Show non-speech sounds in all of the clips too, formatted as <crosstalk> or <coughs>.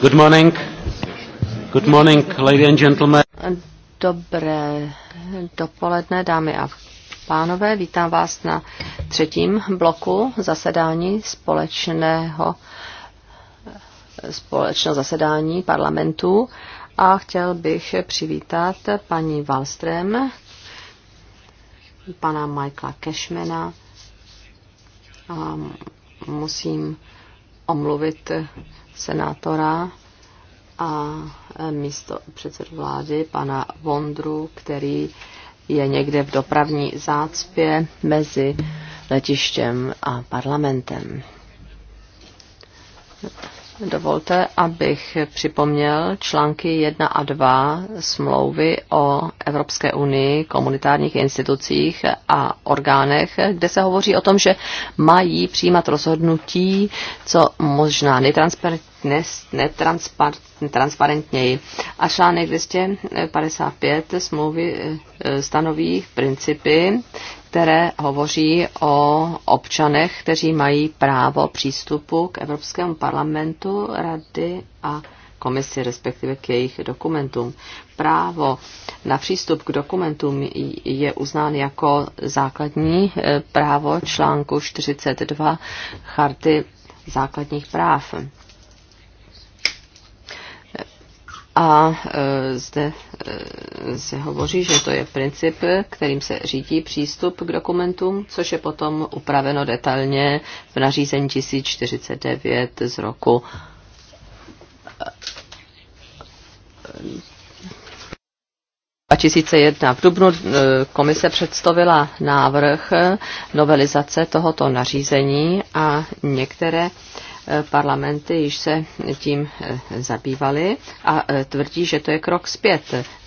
Good morning. Good morning, ladies and gentlemen. Dobré dopoledne, dámy a pánové. Vítám vás na třetím bloku zasedání společného společného zasedání parlamentu a chtěl bych přivítat paní Wallström, pana Michaela Cashmana a musím omluvit senátora a e, místo předsedu vlády pana Vondru, který je někde v dopravní zácpě mezi letištěm a parlamentem. Dovolte, abych připomněl články 1 a 2 smlouvy o Evropské unii, komunitárních institucích a orgánech, kde se hovoří o tom, že mají přijímat rozhodnutí, co možná nejtransparentnější netransparentněji. A článek 255 smlouvy eh, stanoví principy, které hovoří o občanech, kteří mají právo přístupu k Evropskému parlamentu, rady a komisi, respektive k jejich dokumentům. Právo na přístup k dokumentům je uznán jako základní eh, právo článku 42 Charty základních práv. A e, zde e, se hovoří, že to je princip, kterým se řídí přístup k dokumentům, což je potom upraveno detailně v nařízení 1049 z roku 2001 e, v dubnu komise představila návrh novelizace tohoto nařízení a některé parlamenty již se tím eh, zabývaly a eh, tvrdí, že to je krok zpět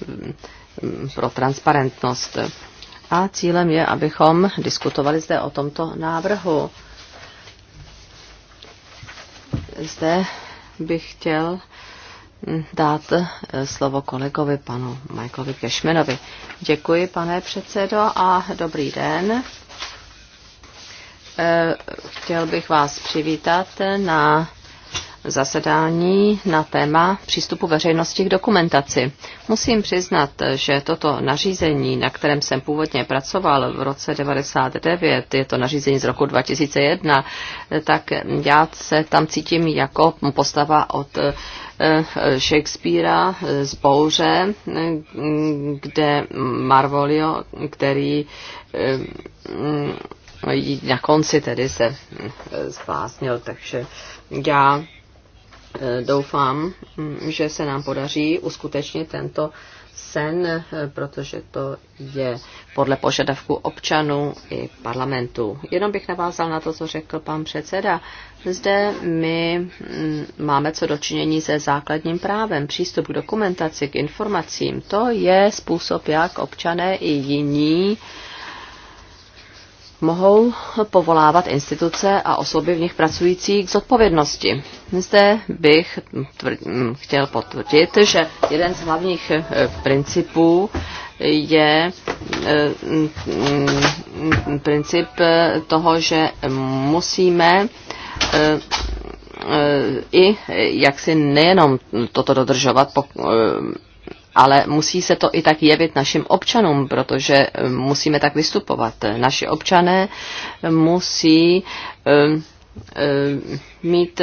mm, pro transparentnost. A cílem je, abychom diskutovali zde o tomto návrhu. Zde bych chtěl mm, dát eh, slovo kolegovi panu Michaelovi Kešmenovi. Děkuji, pane předsedo, a dobrý den. Eh, chtěl bych vás přivítat na zasedání na téma přístupu veřejnosti k dokumentaci. Musím přiznat, že toto nařízení, na kterém jsem původně pracoval v roce 99, je to nařízení z roku 2001, eh, tak já se tam cítím jako postava od eh, Shakespearea z Bouře, kde Marvolio, který na konci tedy se hm, zvláznil, takže já eh, doufám, hm, že se nám podaří uskutečnit tento sen, eh, protože to je podle požadavku občanů i parlamentu. Jenom bych navázal na to, co řekl pan předseda. Zde my hm, máme co dočinění se základním právem, přístup k dokumentaci, k informacím. To je způsob, jak občané i jiní mohou povolávat instituce a osoby v nich pracující k zodpovědnosti. Zde bych tvrd, chtěl potvrdit, že jeden z hlavních eh, principů je eh, princip eh, toho, že musíme i jaksi nejenom toto dodržovat, ale musí se to i tak jevit našim občanům, protože eh, musíme tak vystupovat. Naši občané eh, musí eh, mít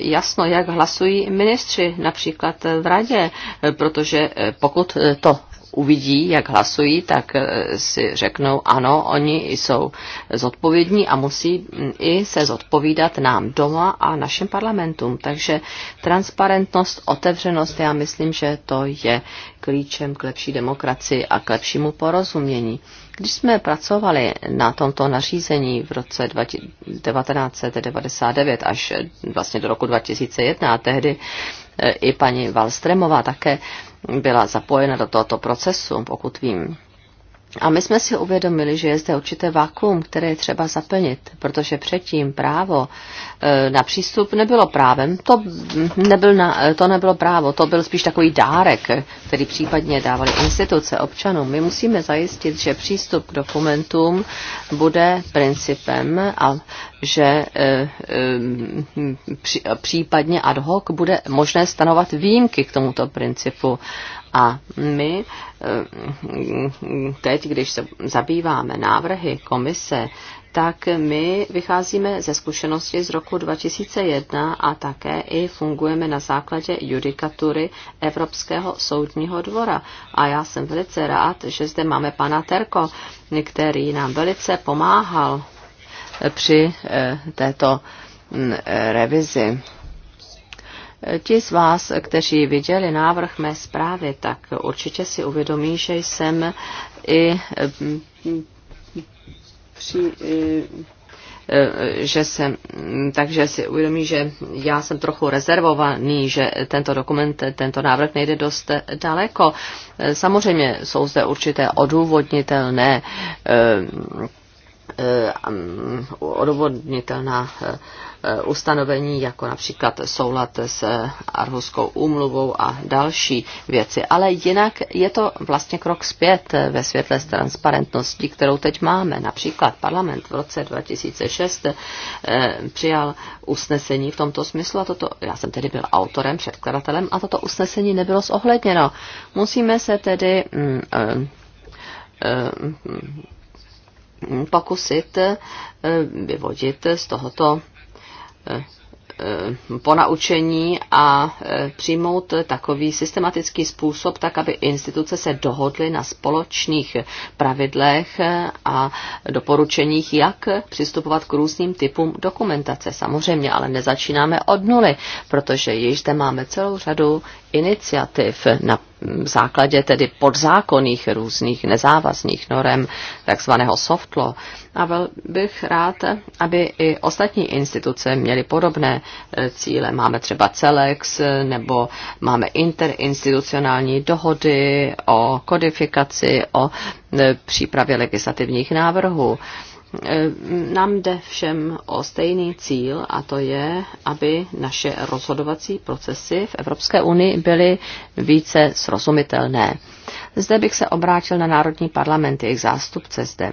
jasno, jak hlasují ministři, například v radě, protože pokud to uvidí, jak hlasují, tak eh, si řeknou, ano, oni jsou zodpovědní a musí mm, i se zodpovídat nám doma a našim parlamentům. Takže transparentnost, otevřenost, já myslím, že to je klíčem k lepší demokracii a k lepšímu porozumění. Když jsme pracovali na tomto nařízení v roce 1999 až eh, vlastně do roku 2001, a tehdy eh, i paní Valstremová také byla zapojena do tohoto procesu, pokud vím. A my jsme si uvědomili, že je zde určité vakuum, které je třeba zaplnit, protože předtím právo e, na přístup nebylo právem. To, nebyl na, e, to nebylo právo, to byl spíš takový dárek, který případně dávali instituce občanům. My musíme zajistit, že přístup k dokumentům bude principem a že e, případně ad hoc bude možné stanovat výjimky k tomuto principu. A my eh, teď, když se zabýváme návrhy komise, tak my vycházíme ze zkušenosti z roku 2001 a také i fungujeme na základě judikatury Evropského soudního dvora. A já jsem velice rád, že zde máme pana Terko, který nám velice pomáhal eh, při eh, této mm, revizi Ti z vás, kteří viděli návrh mé zprávy, tak určitě si uvědomí, že jsem i při, že jsem, takže si uvědomí, že já jsem trochu rezervovaný, že tento dokument, tento návrh nejde dost daleko. Samozřejmě jsou zde určité odůvodnitelné Eh, eh, odvodnitelná eh, ustanovení, jako například soulad s Arhuskou úmluvou a další věci. Ale jinak je to vlastně krok zpět ve světle z transparentnosti, kterou teď máme. Například parlament v roce 2006 přijal usnesení v tomto smyslu a toto, já jsem tedy byl autorem, předkladatelem a toto usnesení nebylo zohledněno. Musíme se tedy mm, mm, mm, pokusit eh, vyvodit z tohoto eh, eh, ponaučení a přijmout takový systematický způsob, tak aby instituce se dohodly na společných pravidlech a doporučeních, jak přistupovat k různým typům dokumentace. Samozřejmě, ale nezačínáme od nuly, protože již zde máme celou řadu iniciativ na základě tedy podzákonných různých nezávazných norem, takzvaného soft law. A byl bych rád, aby i ostatní instituce měly podobné eh, cíle. Máme třeba CELEX, eh, nebo máme interinstitucionální dohody o kodifikaci, o eh, přípravě legislativních návrhů. Eh, nám jde všem o stejný cíl a to je, aby naše rozhodovací procesy v Evropské unii byly více srozumitelné. Zde bych se obrátil na národní parlament, jejich zástupce zde.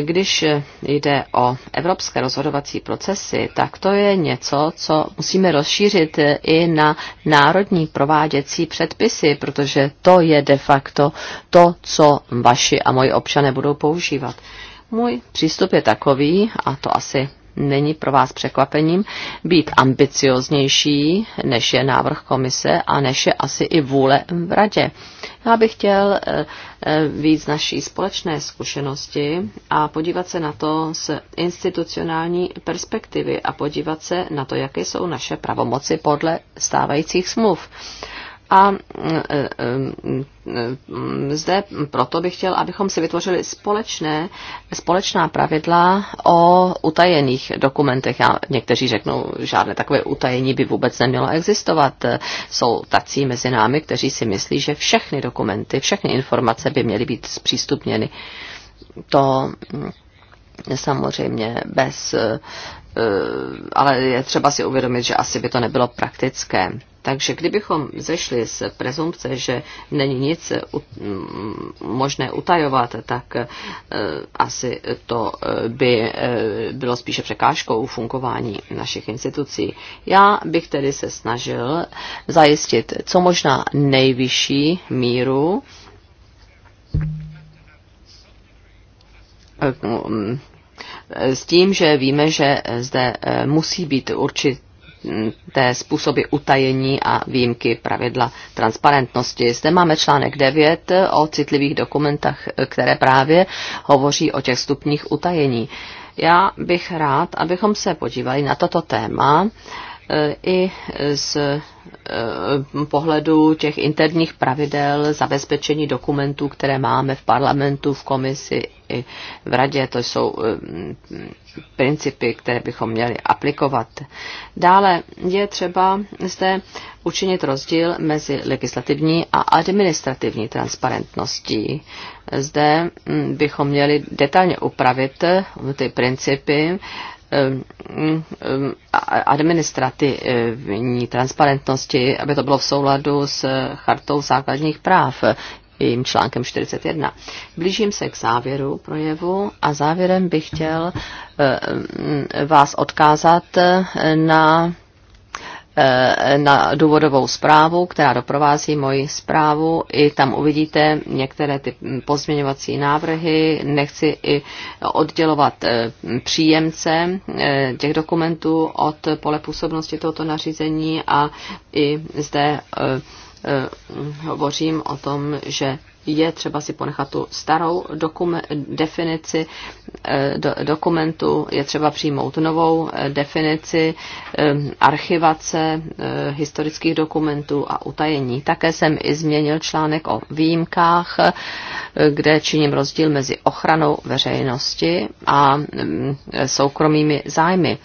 Když jde o evropské rozhodovací procesy, tak to je něco, co musíme rozšířit i na národní prováděcí předpisy, protože to je de facto to, co vaši a moji občané budou používat. Můj přístup je takový, a to asi není pro vás překvapením, být ambicioznější, než je návrh komise a než je asi i vůle v radě. Já bych chtěl eh, eh, víc naší společné zkušenosti a podívat se na to z institucionální perspektivy a podívat se na to, jaké jsou naše pravomoci podle stávajících smluv. A mm, e, mm, e, zde proto bych chtěl, abychom si vytvořili společné, společná pravidla o utajených dokumentech. Já, někteří řeknou, žádné takové utajení by vůbec nemělo existovat. Jsou tací mezi námi, kteří si myslí, že všechny dokumenty, všechny informace by měly být zpřístupněny. To mm, samozřejmě bez e, ale je třeba si uvědomit, že asi by to nebylo praktické. Takže kdybychom zešli z prezumpce, že není nic možné utajovat, tak e, asi to e, by e, bylo spíše překážkou fungování našich institucí. Já bych tedy se snažil zajistit co možná nejvyšší míru s tím, že víme, že zde musí být určitý té způsoby utajení a výjimky pravidla transparentnosti. Zde máme článek 9 o citlivých dokumentech, které právě hovoří o těch stupních utajení. Já bych rád, abychom se podívali na toto téma E, i z e, pohledu těch interních pravidel zabezpečení dokumentů, které máme v parlamentu, v komisi i v radě. To jsou e, principy, které bychom měli aplikovat. Dále je třeba zde učinit rozdíl mezi legislativní a administrativní transparentností. Zde bychom měli detailně upravit ty principy, Eh, eh, administrativní transparentnosti, aby to bylo v souladu s chartou základních práv, jejím článkem 41. Blížím se k závěru projevu a závěrem bych chtěl eh, mm, vás odkázat na Eh, na důvodovou zprávu, která doprovází moji zprávu. I tam uvidíte některé ty pozměňovací návrhy. Nechci i oddělovat eh, příjemce eh, těch dokumentů od pole působnosti tohoto nařízení a i zde hovořím o tom, že je třeba si ponechat tu starou dokumen, definici eh, do, dokumentu, je třeba přijmout novou eh, definici eh, archivace historických dokumentů a utajení. Také jsem i změnil článek o výjimkách, kde činím rozdíl mezi ochranou veřejnosti a mm, soukromými zájmy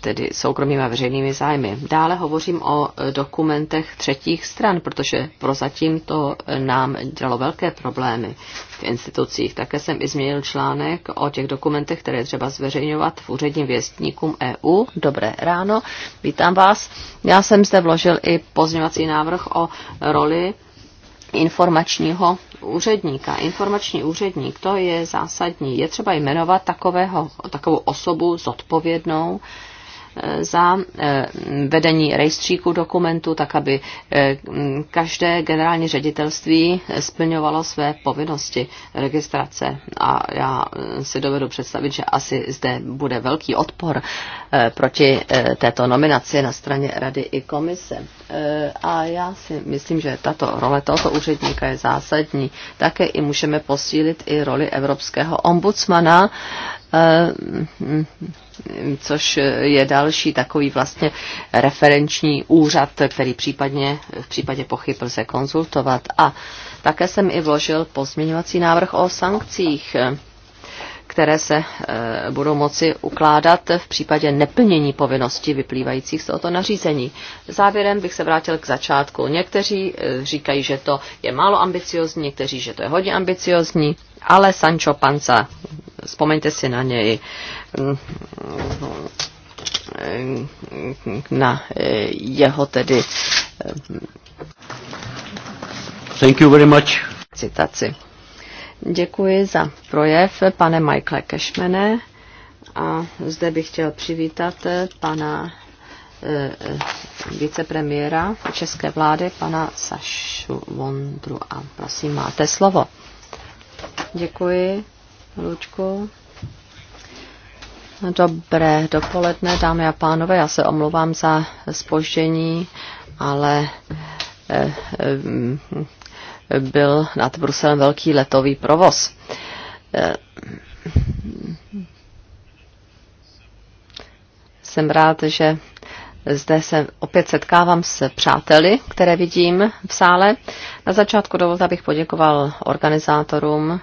tedy soukromými a veřejnými zájmy. Dále hovořím o dokumentech třetích stran, protože prozatím to nám dělalo velké problémy v institucích. Také jsem i změnil článek o těch dokumentech, které třeba zveřejňovat v úředním věstníkům EU. Dobré ráno, vítám vás. Já jsem zde vložil i pozměňovací návrh o roli informačního úředníka. Informační úředník, to je zásadní. Je třeba jmenovat takového, takovou osobu zodpovědnou, za eh, vedení rejstříku dokumentů, tak aby eh, každé generální ředitelství splňovalo své povinnosti registrace. A já eh, si dovedu představit, že asi zde bude velký odpor proti této nominaci na straně Rady i komise. A já si myslím, že tato role tohoto úředníka je zásadní. Také i můžeme posílit i roli evropského ombudsmana, Eh, což je další takový vlastně referenční úřad, který případně v případě pochyb lze konzultovat. A také jsem i vložil pozměňovací návrh o sankcích které se eh, budou moci ukládat v případě neplnění povinností vyplývajících z tohoto nařízení. Závěrem bych se vrátil k začátku. Někteří eh, říkají, že to je málo ambiciozní, někteří, že to je hodně ambiciozní, ale Sancho Panza Vzpomeňte si na něj na jeho tedy Thank you very much. citaci. Děkuji za projev, pane Michael Cashmane. A zde bych chtěl přivítat eh, pana eh, vicepremiéra české vlády, pana Sašu Vondru. A prosím, máte slovo. Děkuji, Lučku. Dobré dopoledne, dámy a pánové. Já se omlouvám za spoždění, ale eh, eh, byl nad Bruselem velký letový provoz. Eh, jsem rád, že zde se opět setkávám s přáteli, které vidím v sále. Na začátku dovolte, abych poděkoval organizátorům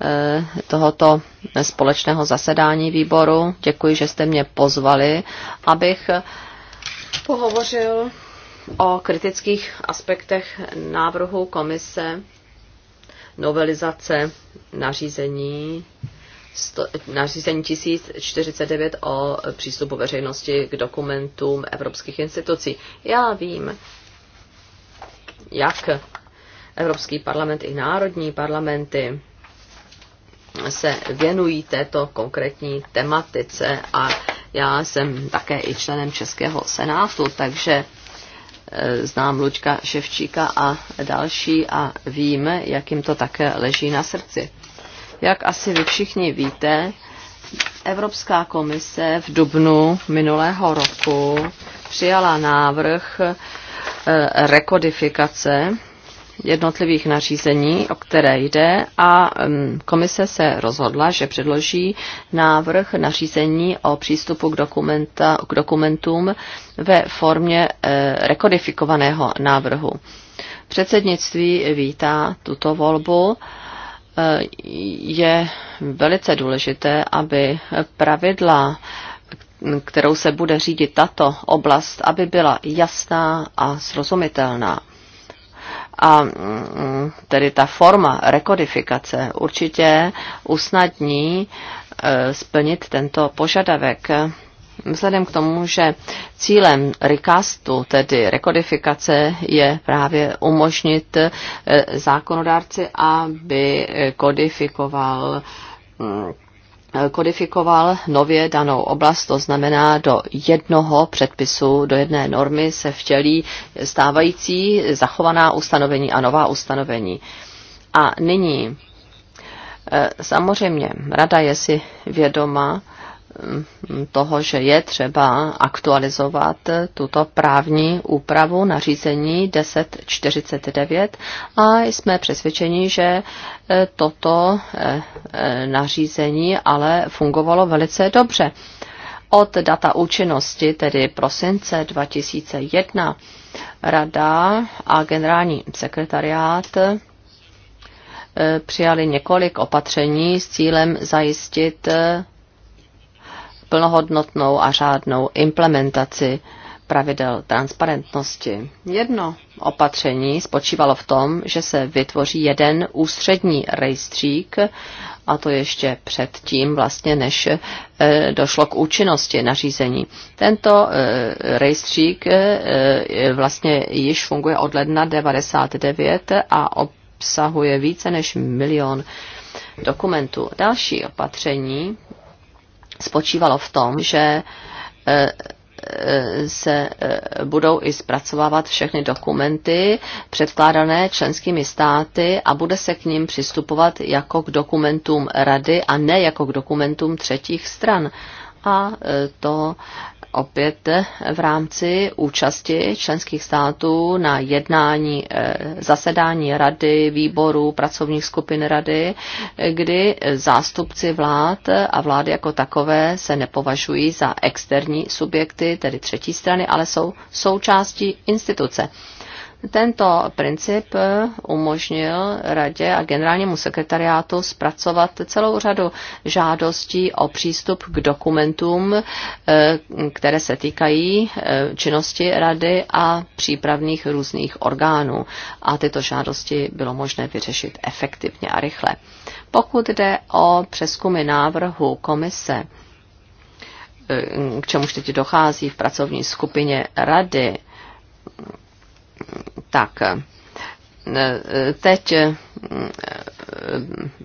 Eh, tohoto společného zasedání výboru. Děkuji, že jste mě pozvali, abych pohovořil o kritických aspektech návrhu komise novelizace nařízení nařízení 1049 o přístupu veřejnosti k dokumentům evropských institucí. Já vím, jak Evropský parlament i národní parlamenty se věnují této konkrétní tematice a já jsem také i členem Českého senátu, takže e, znám Lučka Ševčíka a další a vím, jak jim to také leží na srdci. Jak asi vy všichni víte, Evropská komise v dubnu minulého roku přijala návrh e, rekodifikace jednotlivých nařízení, o které jde, a um, komise se rozhodla, že předloží návrh nařízení o přístupu k, dokumenta, k dokumentům ve formě eh, rekodifikovaného návrhu. Předsednictví vítá tuto volbu eh, je velice důležité, aby pravidla, kterou se bude řídit tato oblast, aby byla jasná a srozumitelná a mm, mm, tedy ta forma rekodifikace určitě usnadní e, splnit tento požadavek. Vzhledem k tomu, že cílem recastu, tedy rekodifikace, je právě umožnit e, zákonodárci, aby kodifikoval mm, kodifikoval nově danou oblast, to znamená do jednoho předpisu, do jedné normy se vtělí stávající zachovaná ustanovení a nová ustanovení. A nyní eh, samozřejmě rada je si vědoma toho, že je třeba aktualizovat tuto právní úpravu nařízení 1049 a jsme přesvědčeni, že eh, toto eh, nařízení ale fungovalo velice dobře. Od data účinnosti, tedy prosince 2001, Rada a generální sekretariát eh, přijali několik opatření s cílem zajistit plnohodnotnou a řádnou implementaci pravidel transparentnosti. Jedno opatření spočívalo v tom, že se vytvoří jeden ústřední rejstřík, a to ještě předtím, vlastně než eh, došlo k účinnosti nařízení. Tento eh, rejstřík eh, vlastně již funguje od ledna 99 a obsahuje více než milion dokumentů. Další opatření spočívalo v tom, že e, e, se e, budou i zpracovávat všechny dokumenty předkládané členskými státy a bude se k ním přistupovat jako k dokumentům rady a ne jako k dokumentům třetích stran. A to opět v rámci účasti členských států na jednání, eh, zasedání rady, výboru, pracovních skupin rady, kdy zástupci vlád a vlády jako takové se nepovažují za externí subjekty, tedy třetí strany, ale jsou součástí instituce. Tento princip eh, umožnil radě a generálnímu sekretariátu zpracovat celou řadu žádostí o přístup k dokumentům, eh, které se týkají eh, činnosti rady a přípravných různých orgánů. A tyto žádosti bylo možné vyřešit efektivně a rychle. Pokud jde o přeskumy návrhu komise, k čemuž teď dochází v pracovní skupině rady, tak eh, teď eh,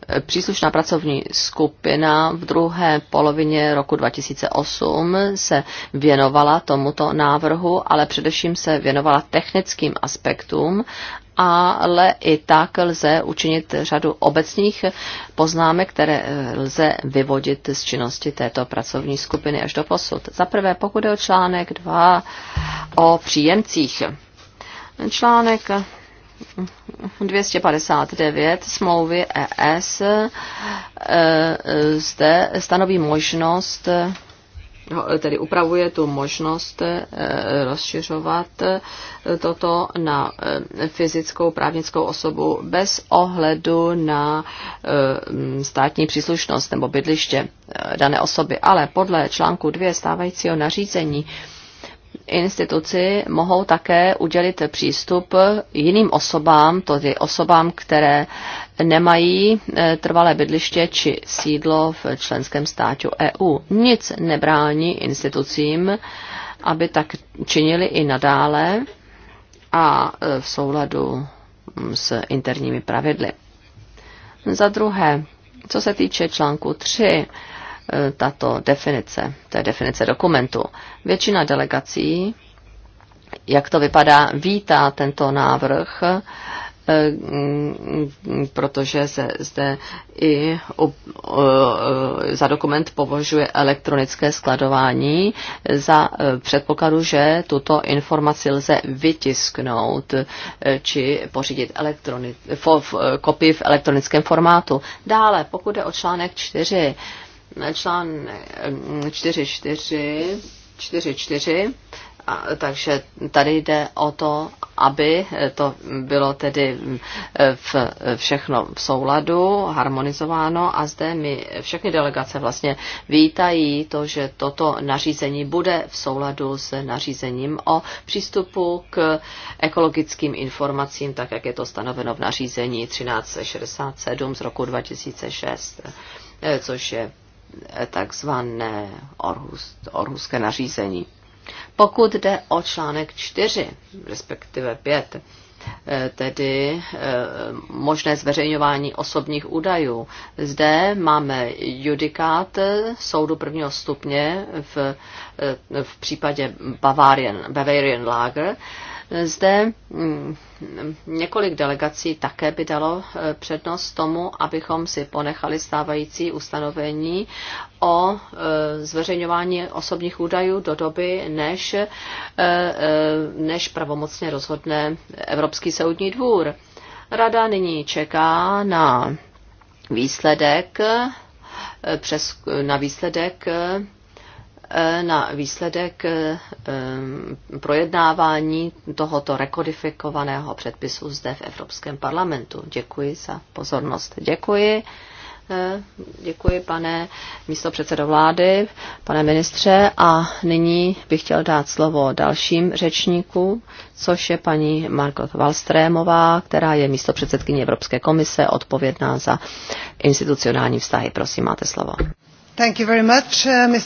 eh, příslušná pracovní skupina v druhé polovině roku 2008 se věnovala tomuto návrhu, ale především se věnovala technickým aspektům, ale i tak lze učinit řadu obecných poznámek, které lze vyvodit z činnosti této pracovní skupiny až do posud. Za prvé, pokud je o článek 2 o příjemcích Článek 259 smlouvy ES e, zde stanoví možnost, no, tedy upravuje tu možnost e, rozšiřovat toto na e, fyzickou právnickou osobu bez ohledu na státní příslušnost nebo bydliště dané osoby. Ale podle článku 2 stávajícího nařízení instituci mohou také udělit přístup jiným osobám, tedy osobám, které nemají e, trvalé bydliště či sídlo v členském státu e EU. Nic nebrání institucím, aby tak činili i nadále a e, v souladu mm, s interními pravidly. Za druhé, co se týče článku 3, Eh, tato definice, to je definice dokumentu. Většina delegací, jak to vypadá, vítá tento návrh, eh, protože se zde i eh, za dokument považuje elektronické skladování za předpokladu, že tuto informaci lze vytisknout či pořídit elektroni- kopii v elektronickém formátu. Dále, pokud je o článek 4, člán 4.4, eh, 4.4, a, takže tady jde o to, aby to bylo tedy eh, v, všechno v souladu, harmonizováno a zde mi všechny delegace vlastně vítají to, že toto nařízení bude v souladu s nařízením o přístupu k ekologickým informacím, tak jak je to stanoveno v nařízení 1367 z roku 2006 eh, což je takzvané Orhus, orhuské nařízení. Pokud jde o článek 4, respektive 5, eh, tedy eh, možné zveřejňování osobních údajů. Zde máme judikát soudu prvního stupně v, eh, v případě Bavarian, Bavarian Lager, zde mm, několik delegací také by dalo eh, přednost tomu, abychom si ponechali stávající ustanovení o eh, zveřejňování osobních údajů do doby, než, eh, než pravomocně rozhodne Evropský soudní dvůr. Rada nyní čeká na výsledek přes, na výsledek E, na výsledek e, e, projednávání tohoto rekodifikovaného předpisu zde v Evropském parlamentu. Děkuji za pozornost. Děkuji. Děkuji, pane místo předsedo vlády, pane ministře. A nyní bych chtěl dát slovo dalším řečníku, což je paní Margot Wallströmová, která je místo předsedkyně Evropské komise, odpovědná za institucionální vztahy. Prosím, máte slovo. Uh,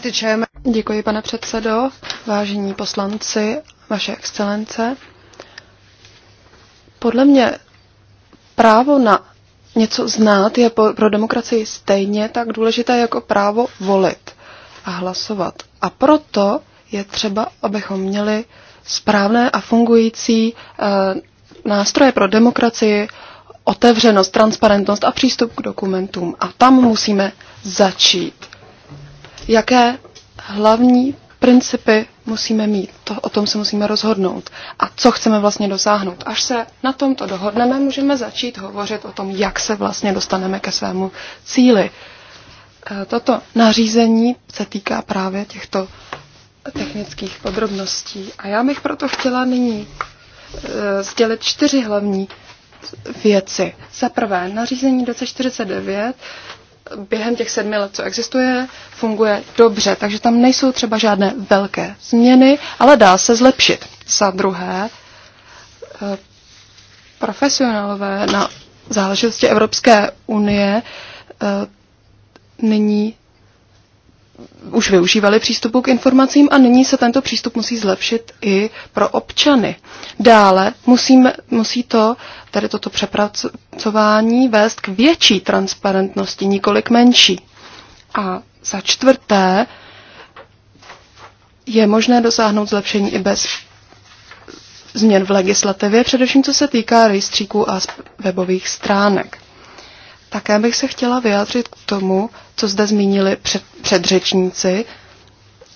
Děkuji, pane předsedo, vážení poslanci, vaše excelence. Podle mě právo na něco znát je pro demokracii stejně tak důležité jako právo volit a hlasovat. A proto je třeba, abychom měli správné a fungující eh, nástroje pro demokracii, otevřenost, transparentnost a přístup k dokumentům. A tam musíme začít jaké hlavní principy musíme mít. To, o tom se musíme rozhodnout. A co chceme vlastně dosáhnout. Až se na tomto dohodneme, můžeme začít hovořit o tom, jak se vlastně dostaneme ke svému cíli. E, toto nařízení se týká právě těchto technických podrobností. A já bych proto chtěla nyní e, sdělit čtyři hlavní věci. Za prvé, nařízení 249 během těch sedmi let, co existuje, funguje dobře, takže tam nejsou třeba žádné velké změny, ale dá se zlepšit. Za druhé, eh, profesionálové na záležitosti Evropské unie eh, nyní už využívali přístupu k informacím a nyní se tento přístup musí zlepšit i pro občany. Dále musíme, musí to, tedy toto přepracování, vést k větší transparentnosti, nikolik menší. A za čtvrté je možné dosáhnout zlepšení i bez změn v legislativě, především co se týká rejstříků a webových stránek. Také bych se chtěla vyjádřit k tomu, co zde zmínili před, předřečníci.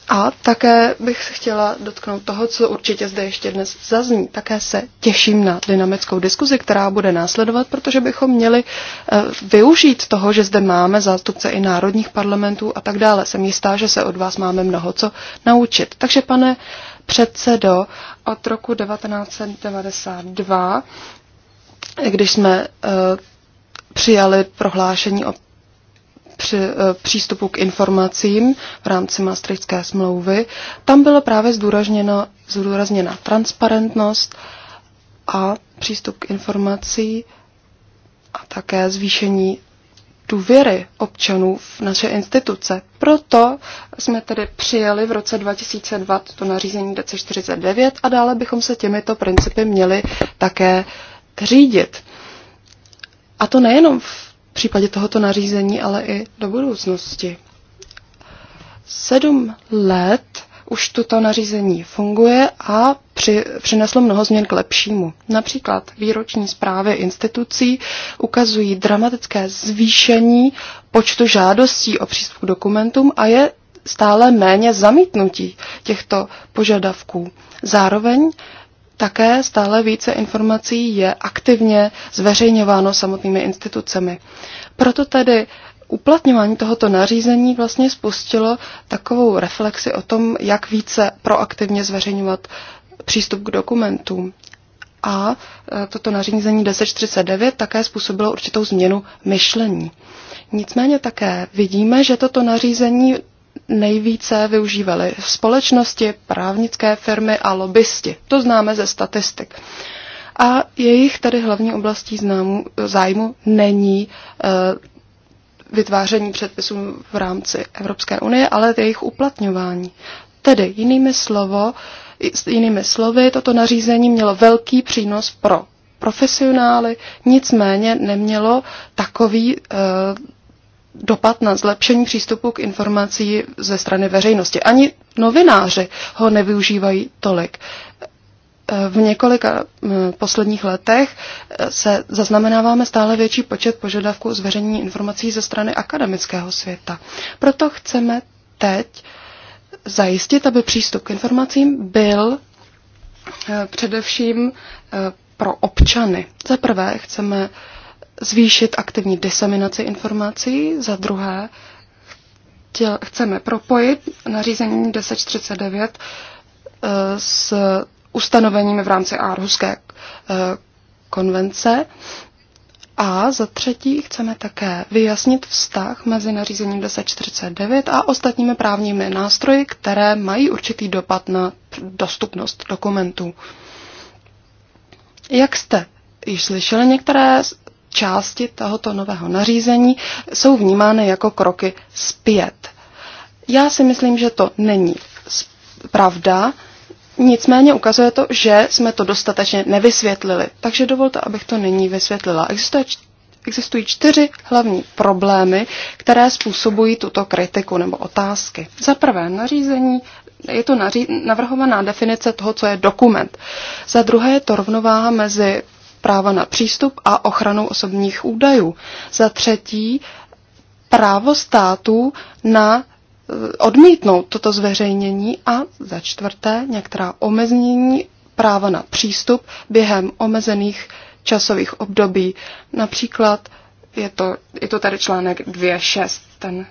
A také bych se chtěla dotknout toho, co určitě zde ještě dnes zazní. Také se těším na dynamickou diskuzi, která bude následovat, protože bychom měli eh, využít toho, že zde máme zástupce i národních parlamentů a tak dále. Jsem jistá, že se od vás máme mnoho co naučit. Takže pane předsedo, od roku 1992, když jsme eh, přijali prohlášení o při, eh, přístupu k informacím v rámci Maastrichtské smlouvy, tam byla právě zdůrazněna, zdůrazněna transparentnost a přístup k informací a také zvýšení důvěry občanů v naše instituce. Proto jsme tedy přijali v roce 2002 to nařízení DC49 a dále bychom se těmito principy měli také řídit. A to nejenom v případě tohoto nařízení, ale i do budoucnosti. Sedm let už toto nařízení funguje a při, přineslo mnoho změn k lepšímu. Například výroční zprávy institucí ukazují dramatické zvýšení počtu žádostí o přístup k dokumentům a je stále méně zamítnutí těchto požadavků. Zároveň také stále více informací je aktivně zveřejňováno samotnými institucemi. Proto tedy uplatňování tohoto nařízení vlastně spustilo takovou reflexi o tom, jak více proaktivně zveřejňovat přístup k dokumentům. A e, toto nařízení 1049 také způsobilo určitou změnu myšlení. Nicméně také vidíme, že toto nařízení nejvíce využívaly společnosti, právnické firmy a lobbysti. To známe ze statistik. A jejich tedy hlavní oblastí známu, zájmu není eh, vytváření předpisů v rámci Evropské unie, ale jejich uplatňování. Tedy jinými, slovo, jinými slovy, toto nařízení mělo velký přínos pro profesionály, nicméně nemělo takový e, dopad na zlepšení přístupu k informací ze strany veřejnosti. Ani novináři ho nevyužívají tolik. V několika posledních letech e, se zaznamenáváme stále větší počet požadavků zveřejnění informací ze strany akademického světa. Proto chceme teď zajistit, aby přístup k informacím byl e, především e, pro občany. Za prvé chceme zvýšit aktivní diseminaci informací, za druhé chtěl, chceme propojit nařízení 1039 eh, s ustanoveními v rámci Aarhuské eh, konvence a za třetí chceme také vyjasnit vztah mezi nařízením 1049 a ostatními právními nástroji, které mají určitý dopad na dostupnost dokumentů. Jak jste již slyšeli, některé části tohoto nového nařízení jsou vnímány jako kroky zpět. Já si myslím, že to není pravda, nicméně ukazuje to, že jsme to dostatečně nevysvětlili. Takže dovolte, abych to nyní vysvětlila. Existuje existují čtyři hlavní problémy, které způsobují tuto kritiku nebo otázky. Za prvé nařízení je to naří, navrhovaná definice toho, co je dokument. Za druhé je to rovnováha mezi práva na přístup a ochranu osobních údajů. Za třetí, právo států na e, odmítnout toto zveřejnění a za čtvrté některá omezení práva na přístup během omezených časových období. Například je to, je to tady článek 2.6, ten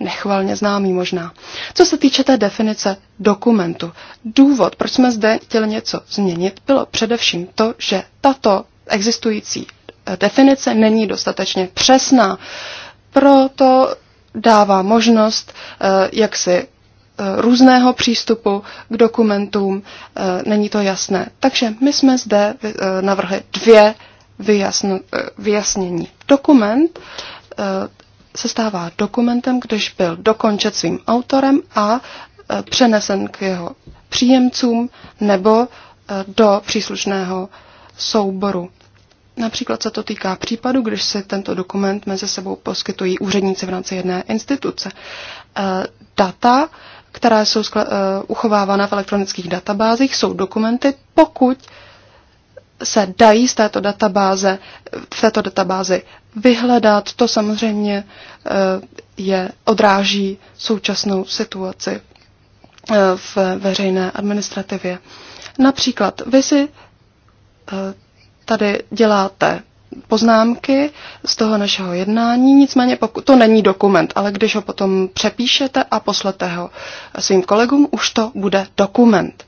nechvalně známý možná. Co se týče té definice dokumentu, důvod, proč jsme zde chtěli něco změnit, bylo především to, že tato existující definice není dostatečně přesná. Proto dává možnost eh, jaksi eh, různého přístupu k dokumentům, eh, není to jasné. Takže my jsme zde navrhli dvě vyjasn, vyjasnění. Dokument se stává dokumentem, když byl dokončen svým autorem a přenesen k jeho příjemcům nebo do příslušného souboru. Například se to týká případu, když si tento dokument mezi sebou poskytují úředníci v rámci jedné instituce. E, data, která jsou e, uchovávána v elektronických databázích, jsou dokumenty, pokud se dají z této databáze, v této databázi vyhledat. To samozřejmě e, je odráží současnou situaci v veřejné administrativě. Například vy si Eh, tady děláte poznámky z toho našeho jednání, nicméně pokud, to není dokument, ale když ho potom přepíšete a poslete ho svým kolegům, už to bude dokument.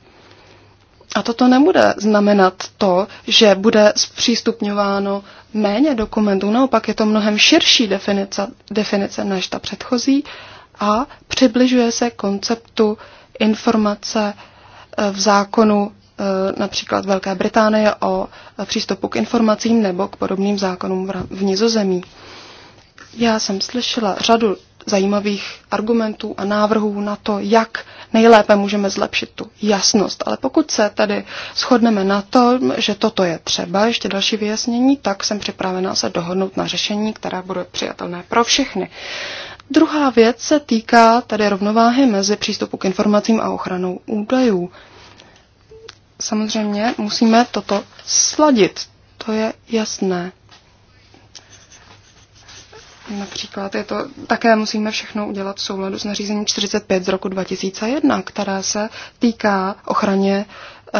A toto nebude znamenat to, že bude zpřístupňováno méně dokumentů, naopak je to mnohem širší definice, definice než ta předchozí a přibližuje se konceptu informace eh, v zákonu Eh, například Velké Británie o přístupu k informacím nebo k podobným zákonům v Nizozemí. Já jsem slyšela řadu zajímavých argumentů a návrhů na to, jak nejlépe můžeme zlepšit tu jasnost. Ale pokud se tady shodneme na to, že toto je třeba, ještě další vyjasnění, tak jsem připravena se dohodnout na řešení, které bude přijatelné pro všechny. Druhá věc se týká tady rovnováhy mezi přístupu k informacím a ochranou údajů samozřejmě musíme toto sladit. To je jasné. Například je to, také musíme všechno udělat v souladu s nařízení 45 z roku 2001, která se týká ochraně e,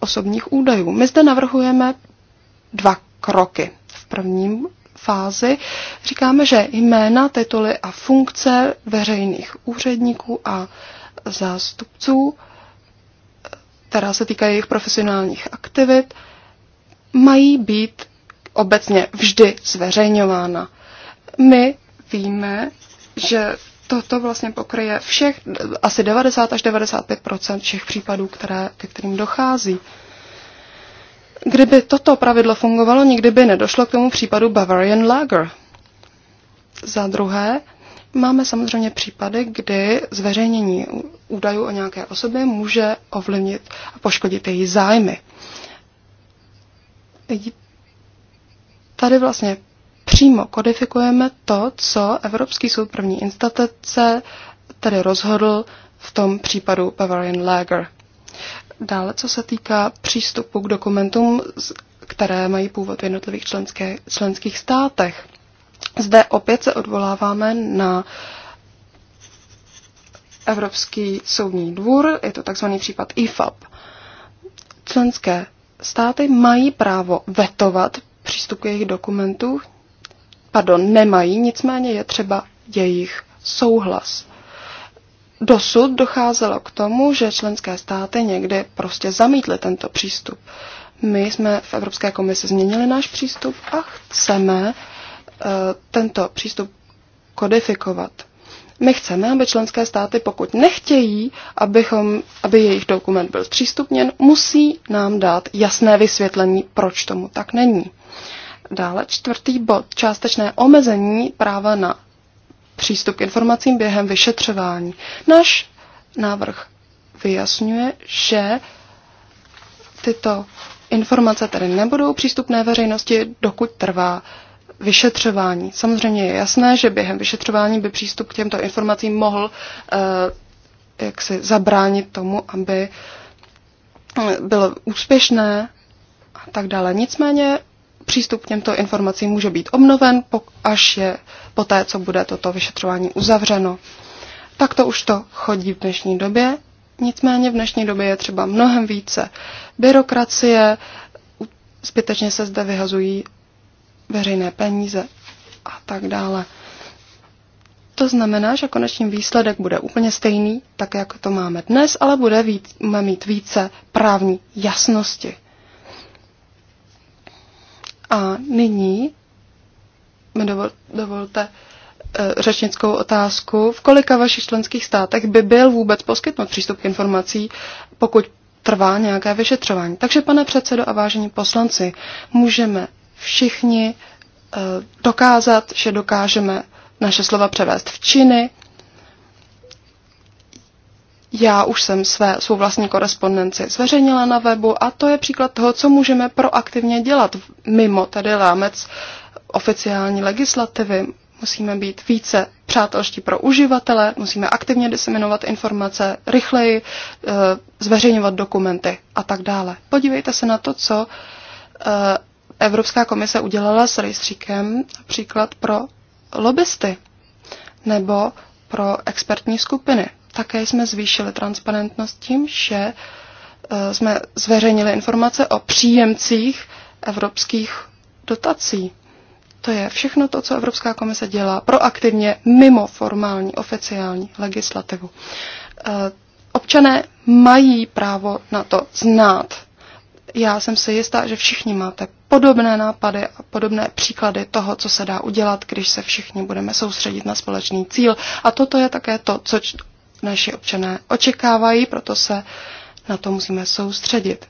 osobních údajů. My zde navrhujeme dva kroky. V prvním fázi říkáme, že jména, tituly a funkce veřejných úředníků a zástupců která se týkají jejich profesionálních aktivit, mají být obecně vždy zveřejňována. My víme, že toto vlastně pokryje všech, asi 90 až 95 všech případů, které, ke kterým dochází. Kdyby toto pravidlo fungovalo, nikdy by nedošlo k tomu případu Bavarian Lager. Za druhé, Máme samozřejmě případy, kdy zveřejnění údajů o nějaké osobě může ovlivnit a poškodit její zájmy. Tady vlastně přímo kodifikujeme to, co Evropský soud první instatece tedy rozhodl v tom případu Bavarian Lager. Dále, co se týká přístupu k dokumentům, které mají původ v jednotlivých členské, členských státech. Zde opět se odvoláváme na Evropský soudní dvůr, je to takzvaný případ IFAP. Členské státy mají právo vetovat přístup k jejich dokumentů, pardon, nemají, nicméně je třeba jejich souhlas. Dosud docházelo k tomu, že členské státy někdy prostě zamítly tento přístup. My jsme v Evropské komisi změnili náš přístup a chceme Eh, tento přístup kodifikovat. My chceme, aby členské státy, pokud nechtějí, abychom, aby jejich dokument byl zpřístupněn, musí nám dát jasné vysvětlení, proč tomu tak není. Dále čtvrtý bod. Částečné omezení práva na přístup k informacím během vyšetřování. Náš návrh vyjasňuje, že tyto informace tedy nebudou přístupné veřejnosti, dokud trvá vyšetřování. Samozřejmě je jasné, že během vyšetřování by přístup k těmto informacím mohl eh, jak si zabránit tomu, aby eh, bylo úspěšné a tak dále. Nicméně přístup k těmto informacím může být obnoven, až je poté, co bude toto vyšetřování uzavřeno. Tak to už to chodí v dnešní době. Nicméně v dnešní době je třeba mnohem více byrokracie, zbytečně se zde vyhazují veřejné peníze a tak dále. To znamená, že konečný výsledek bude úplně stejný, tak jak to máme dnes, ale bude víc, mít více právní jasnosti. A nyní mi dovol, dovolte e, řečnickou otázku. V kolika vašich členských státech by byl vůbec poskytnut přístup k informací, pokud trvá nějaké vyšetřování? Takže, pane předsedo a vážení poslanci, můžeme všichni eh, dokázat, že dokážeme naše slova převést v činy. Já už jsem své, svou vlastní korespondenci zveřejnila na webu a to je příklad toho, co můžeme proaktivně dělat mimo tedy rámec oficiální legislativy. Musíme být více přátelští pro uživatele, musíme aktivně diseminovat informace, rychleji eh, zveřejňovat dokumenty a tak dále. Podívejte se na to, co eh, Evropská komise udělala s rejstříkem, například pro lobbysty nebo pro expertní skupiny. Také jsme zvýšili transparentnost tím, že eh, jsme zveřejnili informace o příjemcích evropských dotací. To je všechno to, co Evropská komise dělá proaktivně mimo formální oficiální legislativu. Eh, občané mají právo na to znát. Já jsem si jistá, že všichni máte podobné nápady a podobné příklady toho, co se dá udělat, když se všichni budeme soustředit na společný cíl. A toto je také to, co naši občané očekávají, proto se na to musíme soustředit.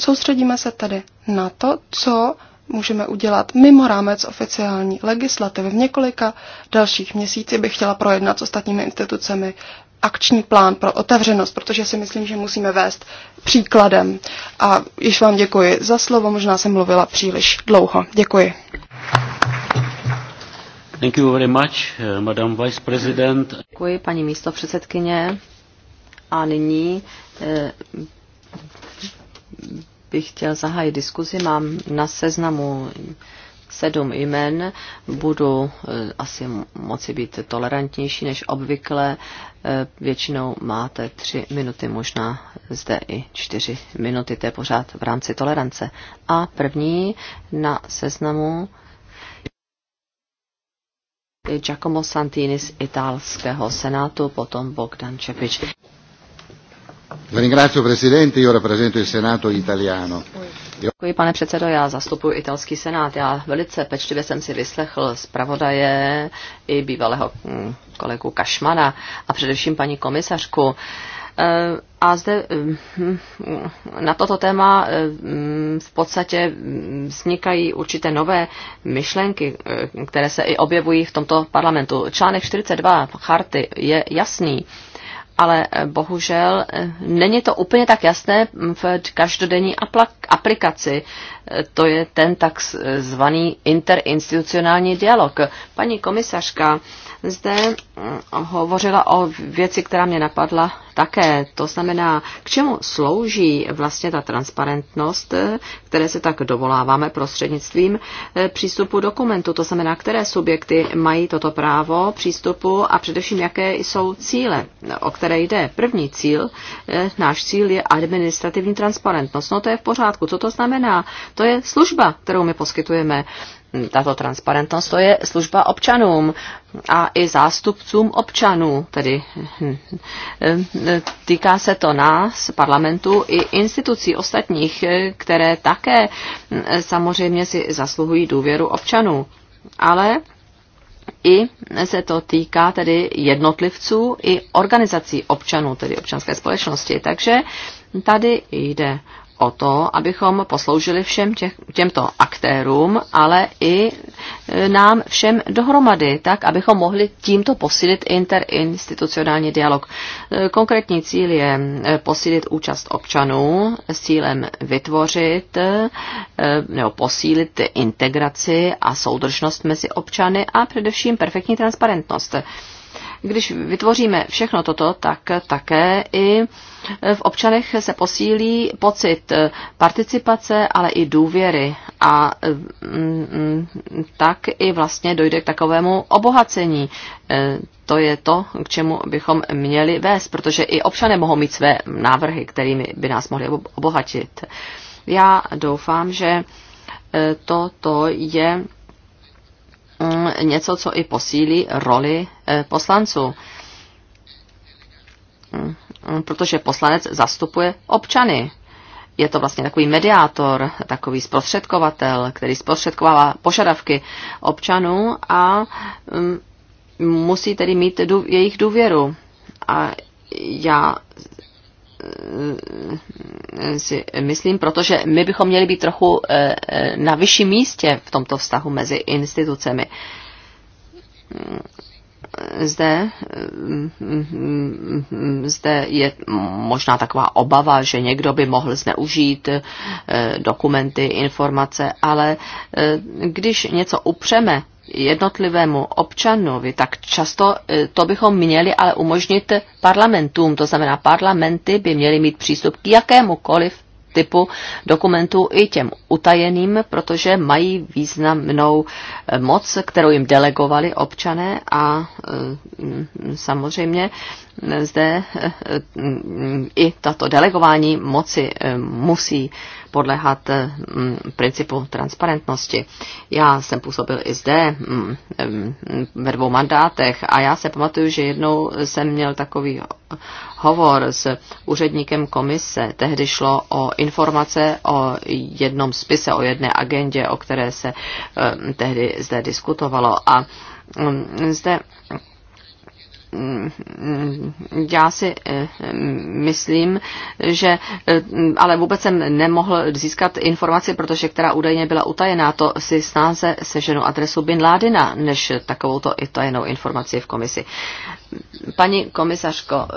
Soustředíme se tedy na to, co můžeme udělat mimo rámec oficiální legislativy. V několika dalších měsících bych chtěla projednat s ostatními institucemi akční plán pro otevřenost, protože si myslím, že musíme vést příkladem. A již vám děkuji za slovo, možná jsem mluvila příliš dlouho. Děkuji. Thank you very much, eh, Madam Vice President. Děkuji, paní místo předsedkyně. A nyní eh, bych chtěl zahájit diskuzi. Mám na seznamu sedm jmen. Budu eh, asi moci být tolerantnější než obvykle. Eh, většinou máte tři minuty, možná zde i čtyři minuty, to je pořád v rámci tolerance. A první na seznamu Giacomo Santini z italského senátu, potom Bogdan Čepič. Ringrazio presidente, io rappresento il Senato italiano. Děkuji, pane předsedo, já zastupuji italský senát. Já velice pečlivě jsem si vyslechl zpravodaje i bývalého mm, kolegu Kašmana a především paní komisařku. Eh, a zde mm, na toto téma eh, v podstatě mm, vznikají určité nové myšlenky, eh, které se i objevují v tomto parlamentu. Článek 42 charty je jasný ale eh, bohužel eh, není to úplně tak jasné v každodenní aplikaci. Eh, to je ten takzvaný interinstitucionální dialog. Paní komisařka zde mm, hovořila o věci, která mě napadla také. To znamená, k čemu slouží vlastně ta transparentnost, které se tak dovoláváme prostřednictvím eh, přístupu dokumentu. To znamená, které subjekty mají toto právo přístupu a především, jaké jsou cíle, o které jde. První cíl, eh, náš cíl je administrativní transparentnost. No to je v pořádku. Co to znamená? To je služba, kterou my poskytujeme tato transparentnost, to je služba občanům a i zástupcům občanů, tedy hm, hm, týká se to nás, parlamentu i institucí ostatních, které také hm, samozřejmě si zasluhují důvěru občanů. Ale i se to týká tedy jednotlivců i organizací občanů, tedy občanské společnosti. Takže tady jde o to, abychom posloužili všem těch, těmto aktérům, ale i e, nám všem dohromady, tak abychom mohli tímto posílit interinstitucionální dialog. E, konkrétní cíl je e, posílit účast občanů s cílem vytvořit nebo posílit integraci a soudržnost mezi občany a především perfektní transparentnost když vytvoříme všechno toto, tak také i v občanech se posílí pocit participace, ale i důvěry. A mm, mm, tak i vlastně dojde k takovému obohacení. E, to je to, k čemu bychom měli vést, protože i občané mohou mít své návrhy, kterými by nás mohli obohatit. Já doufám, že e, toto je Mm, něco, co i posílí roli eh, poslanců. Mm, protože poslanec zastupuje občany. Je to vlastně takový mediátor, takový zprostředkovatel, který zprostředkovává požadavky občanů a mm, musí tedy mít jejich důvěru. A já Eh, si myslím, protože my bychom měli být trochu eh, na vyšším místě v tomto vztahu mezi institucemi. Zde, eh, zde je možná taková obava, že někdo by mohl zneužít dokumenty, informace, ale když něco upřeme jednotlivému občanovi, tak často e, to bychom měli ale umožnit parlamentům. To znamená, parlamenty by měly mít přístup k jakémukoliv typu dokumentů i těm utajeným, protože mají významnou e, moc, kterou jim delegovali občané a e, samozřejmě zde i tato delegování moci musí podlehat eh, mm, principu transparentnosti. Já jsem působil i zde mm, mm, ve dvou mandátech a já se pamatuju, že jednou jsem měl takový hovor s úředníkem komise. Tehdy šlo o informace o jednom spise, o jedné agendě, o které se eh, tehdy zde diskutovalo. A zde já si eh, myslím, že eh, ale vůbec jsem nemohl získat informaci, protože která údajně byla utajená, to si snáze seženu adresu Bin Ládina, než to utajenou informaci v komisi. Paní komisařko, eh,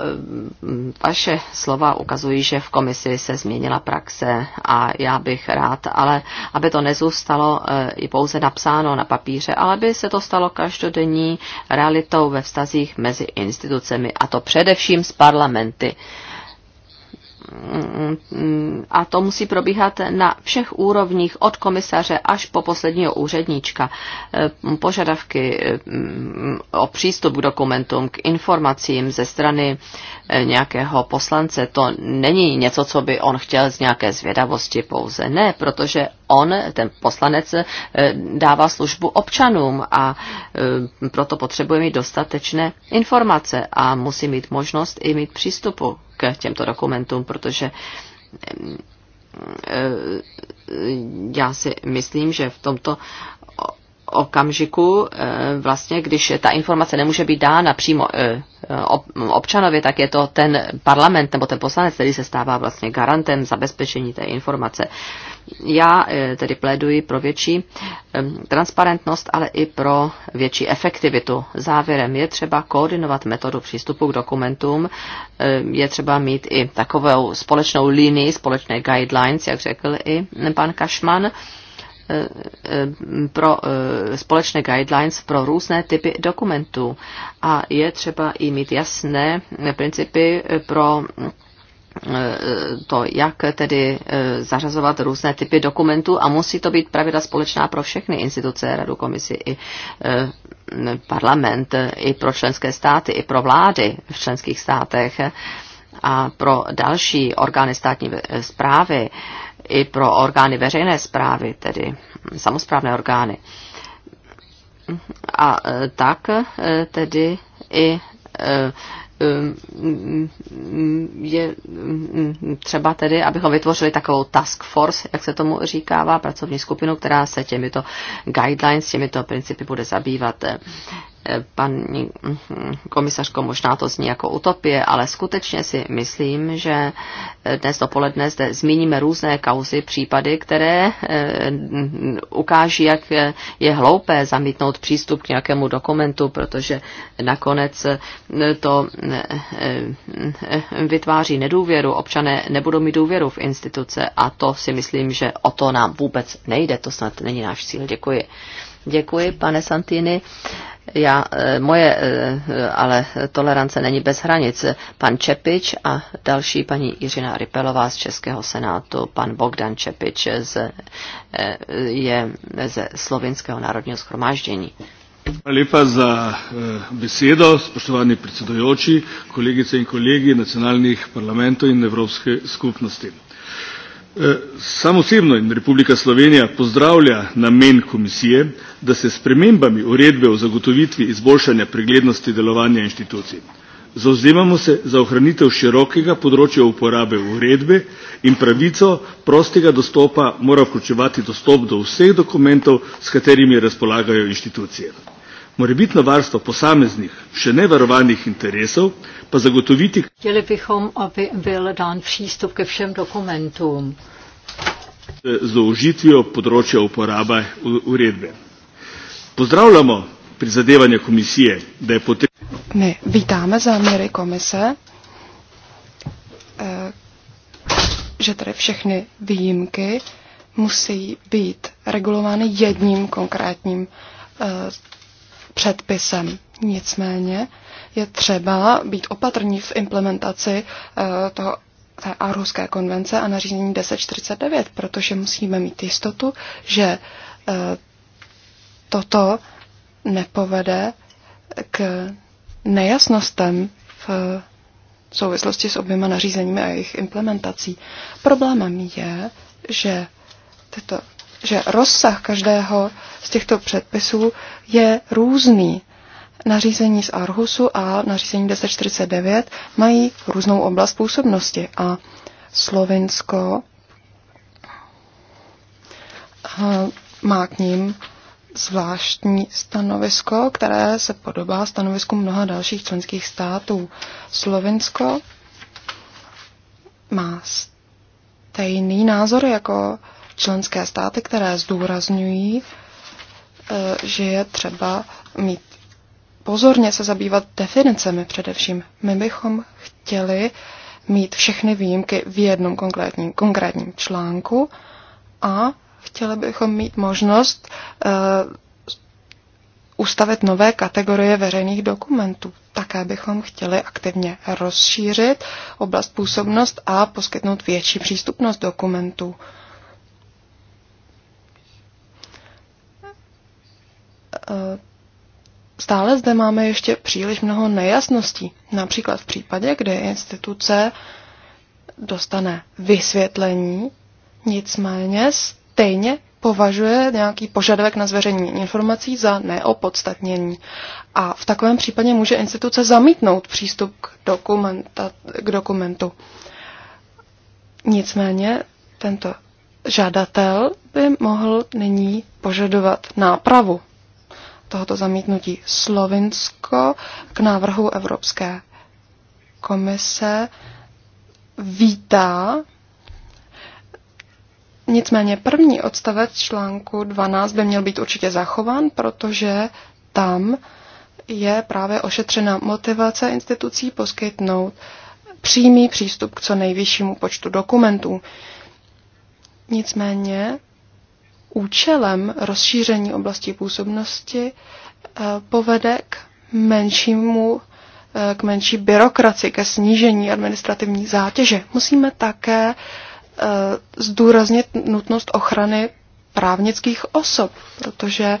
vaše slova ukazují, že v komisi se změnila praxe a já bych rád, ale aby to nezůstalo i pouze napsáno na papíře, ale aby se to stalo každodenní realitou ve vztazích mezi institucemi, a to především s parlamenty. A to musí probíhat na všech úrovních, od komisaře až po posledního úředníčka. Požadavky mm, o přístup k dokumentům, k informacím ze strany eh, nějakého poslance, to není něco, co by on chtěl z nějaké zvědavosti pouze. Ne, protože on, ten poslanec, eh, dává službu občanům a eh, proto potřebuje mít dostatečné informace a musí mít možnost i mít přístupu k těmto dokumentům, protože eh, já si myslím, že v tomto okamžiku, eh, vlastně, když ta informace nemůže být dána přímo eh, občanovi, tak je to ten parlament nebo ten poslanec, který se stává vlastně garantem zabezpečení té informace. Já eh, tedy pléduji pro větší transparentnost, ale i pro větší efektivitu. Závěrem je třeba koordinovat metodu přístupu k dokumentům, je třeba mít i takovou společnou linii, společné guidelines, jak řekl i pan Kašman pro eh, společné guidelines pro různé typy dokumentů. A je třeba i mít jasné principy pro eh, to, jak tedy eh, zařazovat různé typy dokumentů a musí to být pravidla společná pro všechny instituce, radu, komisi i parlament, i pro členské státy, i pro vlády v členských státech a pro další orgány státní zprávy i pro orgány veřejné zprávy, tedy samozprávné orgány. A e, tak e, tedy i e, je třeba tedy, abychom vytvořili takovou task force, jak se tomu říkává, pracovní skupinu, která se těmito guidelines, těmito principy bude zabývat paní komisařko, možná to zní jako utopie, ale skutečně si myslím, že dnes dopoledne zde zmíníme různé kauzy, případy, které eh, ukáží, jak je hloupé zamítnout přístup k nějakému dokumentu, protože nakonec eh, to eh, vytváří nedůvěru. Občané nebudou mít důvěru v instituce a to si myslím, že o to nám vůbec nejde. To snad není náš cíl. Děkuji. Děkuji, pane Santini. Já, eh, moje eh, ale tolerance není bez hranic. Pan Čepič a další paní Jiřina Rypelová z Českého senátu, pan Bogdan Čepič z, eh, je ze Slovinského národního schromáždění. Hvala lepa za besedo, spoštovani predsedujoči, kolegice in kolegi nacionalnih parlamentov in Evropske skupnosti E, sam osebno in Republika Slovenija pozdravlja namen komisije, da se s premembami uredbe o zagotovitvi izboljšanja preglednosti delovanja inštitucij. Zauzemamo se za ohranitev širokega področja uporabe uredbe in pravico prostega dostopa mora vključevati dostop do vseh dokumentov, s katerimi razpolagajo inštitucije. Morebitno varstvo posameznih, še nevarovanih interesov zagotoviti. Chtěli bychom, aby byl dán přístup ke všem dokumentům. E, zaužitvijo področja uporabe uredbe. Pozdravljamo prizadevanje komisije, da je potrebno. My vítáme záměry komise, e, že tady všechny výjimky musí být regulovány jedním konkrétním e, předpisem. Nicméně je třeba být opatrní v implementaci eh, toho té Aarhuské konvence a nařízení 1049, protože musíme mít jistotu, že eh, toto nepovede k nejasnostem v souvislosti s oběma nařízeními a jejich implementací. Problémem je, že, tyto, že rozsah každého z těchto předpisů je různý Nařízení z Arhusu a nařízení 1049 mají různou oblast působnosti a Slovinsko eh, má k ním zvláštní stanovisko, které se podobá stanovisku mnoha dalších členských států. Slovinsko má stejný názor jako členské státy, které zdůrazňují, eh, že je třeba mít pozorně se zabývat definicemi především. My bychom chtěli mít všechny výjimky v jednom konkrétním, konkrétním článku a chtěli bychom mít možnost uh, ustavit nové kategorie veřejných dokumentů. Také bychom chtěli aktivně rozšířit oblast působnost a poskytnout větší přístupnost dokumentů. Uh, stále zde máme ještě příliš mnoho nejasností. Například v případě, kdy instituce dostane vysvětlení, nicméně stejně považuje nějaký požadavek na zveřejnění informací za neopodstatnění. A v takovém případě může instituce zamítnout přístup k, dokumenta, k dokumentu. Nicméně tento žadatel by mohl nyní požadovat nápravu tohoto zamítnutí Slovinsko k návrhu Evropské komise vítá. Nicméně první odstavec článku 12 by měl být určitě zachován, protože tam je právě ošetřena motivace institucí poskytnout přímý přístup k co nejvyššímu počtu dokumentů. Nicméně účelem rozšíření oblasti působnosti eh, povede k menšímu eh, k menší byrokraci, ke snížení administrativní zátěže. Musíme také eh, zdůraznit nutnost ochrany právnických osob, protože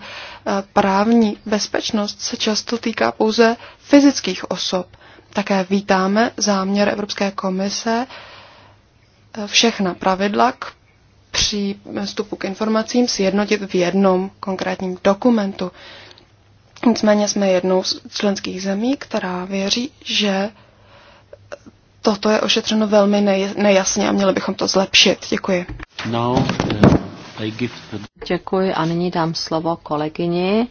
právní bezpečnost se často týká pouze fyzických osob. Také vítáme záměr Evropské komise všechna pravidla k přístupu k informacím sjednotit v jednom konkrétním dokumentu. Nicméně jsme jednou z členských zemí, která věří, že toto je ošetřeno velmi nejasně a měli bychom to zlepšit. Děkuji. Now, eh, I give the... Děkuji a nyní dám slovo kolegyni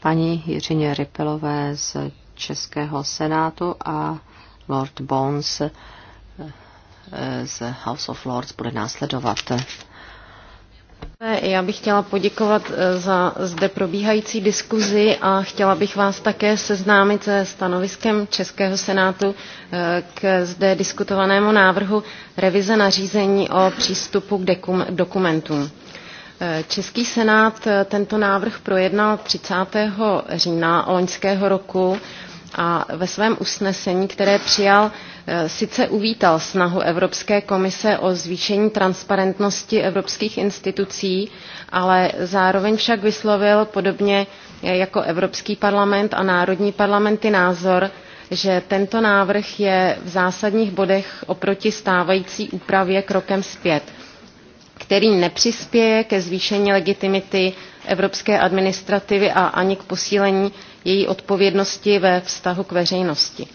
paní Jiřině Rypilové z Českého senátu a Lord Bones eh, z House of Lords bude následovat. Já bych chtěla poděkovat eh, za zde probíhající diskuzi a chtěla bych vás také seznámit se stanoviskem Českého senátu eh, k zde diskutovanému návrhu revize nařízení o přístupu k dokumentům. Eh, Český senát tento návrh projednal 30. října loňského roku a ve svém usnesení, které přijal, Eh, sice uvítal snahu Evropské komise o zvýšení transparentnosti evropských institucí, ale zároveň však vyslovil podobně eh, jako Evropský parlament a národní parlamenty názor, že tento návrh je v zásadních bodech oproti stávající úpravě krokem zpět, který nepřispěje ke zvýšení legitimity evropské administrativy a ani k posílení její odpovědnosti ve vztahu k veřejnosti.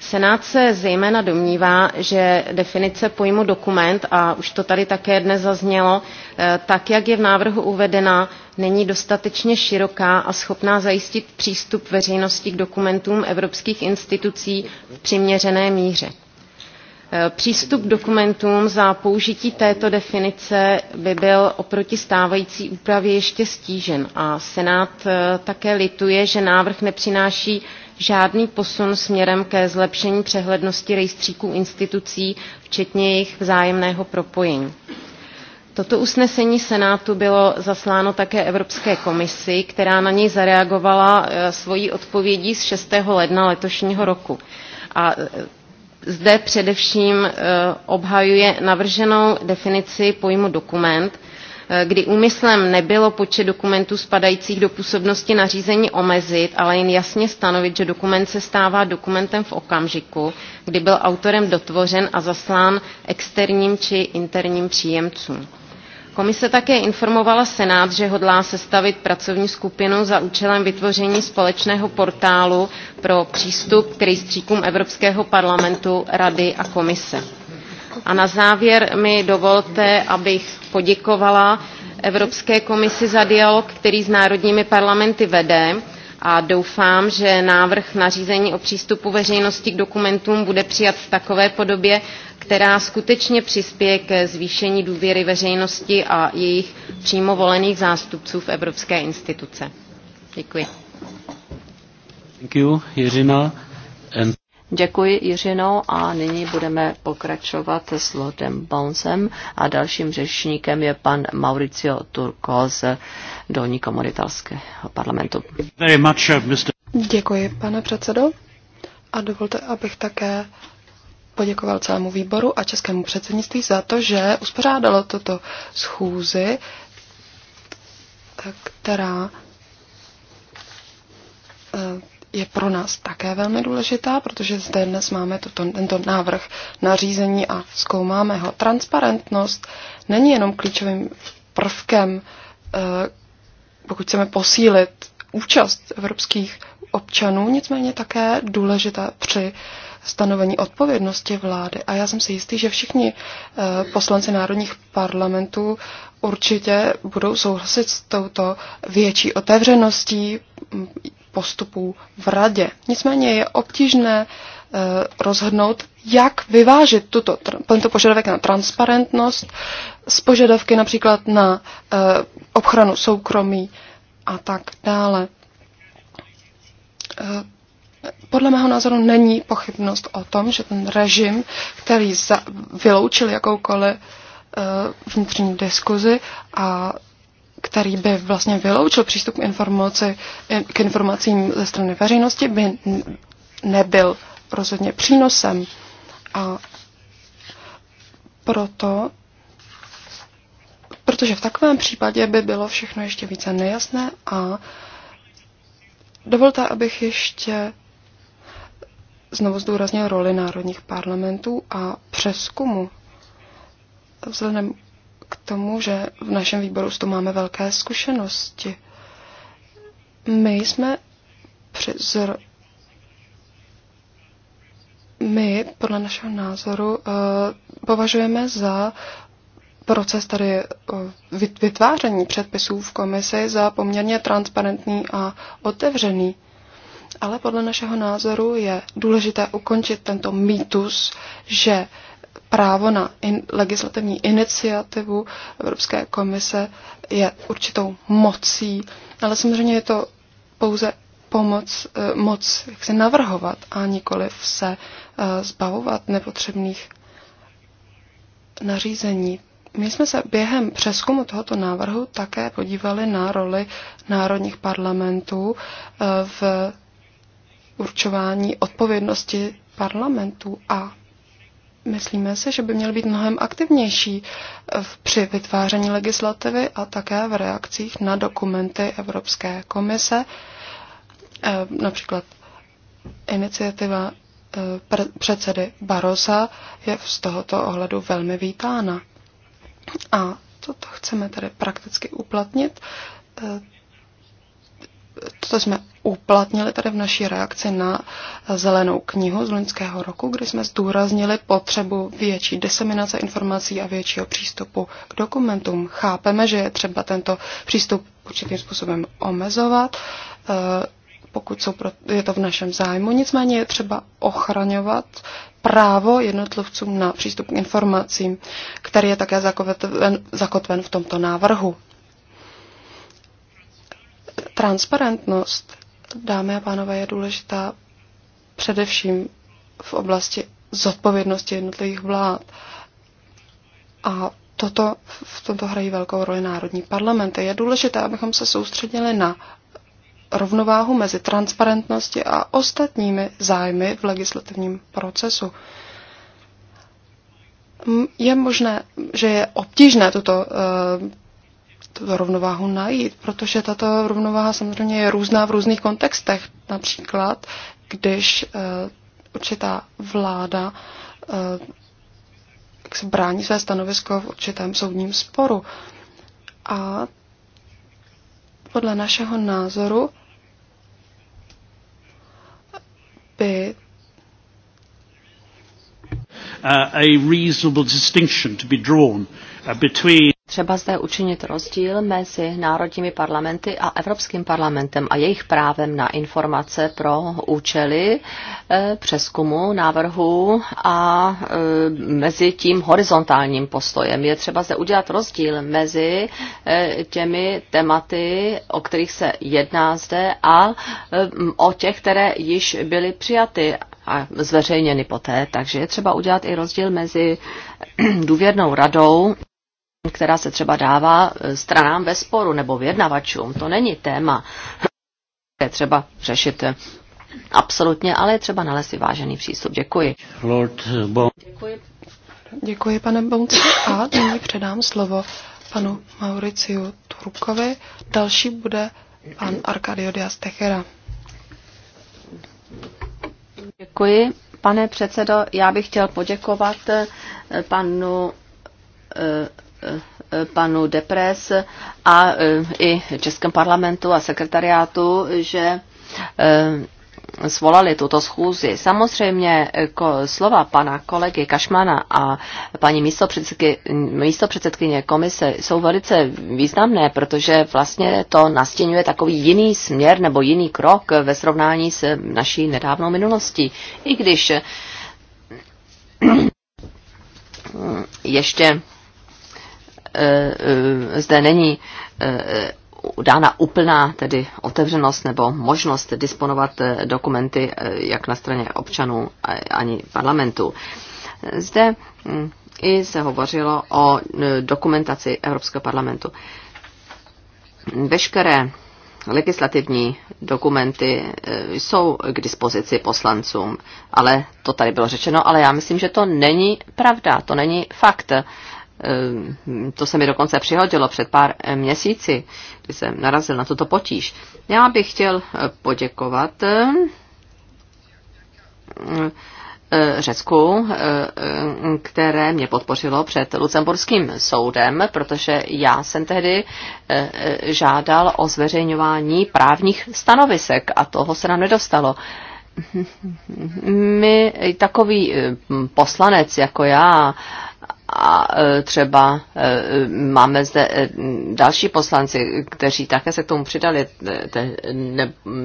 Senát se zejména domnívá, že definice pojmu dokument, a už to tady také dnes zaznělo, eh, tak jak je v návrhu uvedena, není dostatečně široká a schopná zajistit přístup veřejnosti k dokumentům evropských institucí v přiměřené míře. Eh, přístup k dokumentům za použití této definice by byl oproti stávající úpravě ještě stížen a Senát eh, také lituje, že návrh nepřináší žádný posun směrem ke zlepšení přehlednosti rejstříků institucí, včetně jejich vzájemného propojení. Toto usnesení Senátu bylo zasláno také Evropské komisi, která na něj zareagovala e, svojí odpovědí z 6. ledna letošního roku. A e, zde především e, obhajuje navrženou definici pojmu dokument, kdy úmyslem nebylo počet dokumentů spadajících do působnosti nařízení omezit, ale jen jasně stanovit, že dokument se stává dokumentem v okamžiku, kdy byl autorem dotvořen a zaslán externím či interním příjemcům. Komise také informovala Senát, že hodlá sestavit pracovní skupinu za účelem vytvoření společného portálu pro přístup k rejstříkům Evropského parlamentu, Rady a Komise. A na závěr mi dovolte, abych poděkovala Evropské komisi za dialog, který s národními parlamenty vede a doufám, že návrh nařízení o přístupu veřejnosti k dokumentům bude přijat v takové podobě, která skutečně přispěje ke zvýšení důvěry veřejnosti a jejich přímo volených zástupců v evropské instituce. Děkuji. Thank you, Jiřina. And Děkuji Jiřino a nyní budeme pokračovat s Lordem Bouncem a dalším řečníkem je pan Mauricio Turko z Dolní komory parlamentu. Uh, Děkuji, pane předsedo. A dovolte, abych také poděkoval celému výboru a českému předsednictví za to, že uspořádalo toto schůzi, která eh, je pro nás také velmi důležitá, protože zde dnes máme tuto, tento návrh nařízení a zkoumáme ho. Transparentnost není jenom klíčovým prvkem, eh, pokud chceme posílit účast evropských občanů, nicméně také důležitá při stanovení odpovědnosti vlády. A já jsem si jistý, že všichni eh, poslanci národních parlamentů určitě budou souhlasit s touto větší otevřeností postupů v radě. Nicméně je obtížné eh, rozhodnout, jak vyvážit tuto, tento požadavek na transparentnost z požadavky například na eh, ochranu soukromí a tak dále. Eh, podle mého názoru není pochybnost o tom, že ten režim, který za, vyloučil jakoukoliv vnitřní diskuzi a který by vlastně vyloučil přístup k, informaci, k informacím ze strany veřejnosti, by nebyl rozhodně přínosem. A proto, protože v takovém případě by bylo všechno ještě více nejasné a dovolte, abych ještě znovu zdůraznil roli národních parlamentů a přeskumu vzhledem k tomu, že v našem výboru s tom máme velké zkušenosti. My jsme při zr... my podle našeho názoru uh, považujeme za proces tady eh, vytváření předpisů v komisi za poměrně transparentní a otevřený. Ale podle našeho názoru je důležité ukončit tento mýtus, že uh, právo na in, legislativní iniciativu Evropské komise je určitou mocí, ale samozřejmě je to pouze pomoc, eh, moc jak se navrhovat a nikoliv se eh, zbavovat nepotřebných nařízení. My jsme se během přeskumu tohoto návrhu také podívali na roli národních parlamentů eh, v určování odpovědnosti parlamentů a Myslíme si, že by měl být mnohem aktivnější při vytváření legislativy a také v reakcích na dokumenty Evropské komise, eh, například iniciativa eh, předsedy Barosa je z tohoto ohledu velmi vítána. A toto chceme tedy prakticky uplatnit eh, co jsme uplatnili tady v naší reakci na zelenou knihu z loňského roku, kdy jsme zdůraznili potřebu větší diseminace informací a většího přístupu k dokumentům. Chápeme, že je třeba tento přístup určitým způsobem omezovat, eh, pokud jsou pro, je to v našem zájmu. Nicméně je třeba ochraňovat právo jednotlivcům na přístup k informacím, který je také zakotven, zakotven v tomto návrhu. Transparentnost, dámy a pánové, je důležitá především v oblasti zodpovědnosti jednotlivých vlád. A toto, v tomto hrají velkou roli národní parlamenty. Je důležité, abychom se soustředili na rovnováhu mezi transparentností a ostatními zájmy v legislativním procesu. Je možné, že je obtížné tuto eh, tu rovnováhu najít, protože tato rovnováha samozřejmě je různá v různých kontextech. Například, když eh, určitá vláda eh, se brání své stanovisko v určitém soudním sporu. A podle našeho názoru by a reasonable distinction to be drawn uh, between třeba zde učinit rozdíl mezi národními parlamenty a Evropským parlamentem a jejich právem na informace pro účely eh, přeskumu návrhu a eh, mezi tím horizontálním postojem. Je třeba zde udělat rozdíl mezi eh, těmi tématy, o kterých se jedná zde a o těch, které již byly přijaty a zveřejněny poté. Takže je třeba udělat i rozdíl mezi <clears throat> důvěrnou radou která se třeba dává eh, stranám ve sporu nebo vědnavačům. To není téma, je třeba řešit eh, absolutně, ale je třeba nalézt vyvážený přístup. Děkuji. Lord eh, bon. Děkuji. Děkuji, pane Bonci. A nyní předám slovo panu Mauriciu Turkovi. Další bude pan Arkadio Dias Techera. Děkuji, pane předsedo. Já bych chtěl poděkovat panu panu Depres a eh, i Českém parlamentu a sekretariátu, že eh, svolali tuto schůzi. Samozřejmě eh, ko, slova pana kolegy Kašmana a paní místopředsedky, místopředsedkyně komise jsou velice významné, protože vlastně to nastěňuje takový jiný směr nebo jiný krok ve srovnání s naší nedávnou minulostí. I když <clears throat> ještě E, e, zde není e, dána úplná tedy otevřenost nebo možnost disponovat dokumenty jak na straně občanů, ani parlamentu. Zde i se hovořilo o dokumentaci Evropského parlamentu. Veškeré legislativní dokumenty jsou k dispozici poslancům, ale to tady bylo řečeno, ale já myslím, že to není pravda, to není fakt. Ehm, to se mi dokonce přihodilo před pár eh, měsíci, kdy jsem narazil na tuto potíž. Já bych chtěl eh, poděkovat eh, Řecku, které mě podpořilo před Lucemburským soudem, protože já jsem tehdy žádal o zveřejňování právních stanovisek a toho se nám nedostalo my, takový poslanec jako já, a e, třeba e, máme zde e, další poslanci, kteří také se k tomu přidali,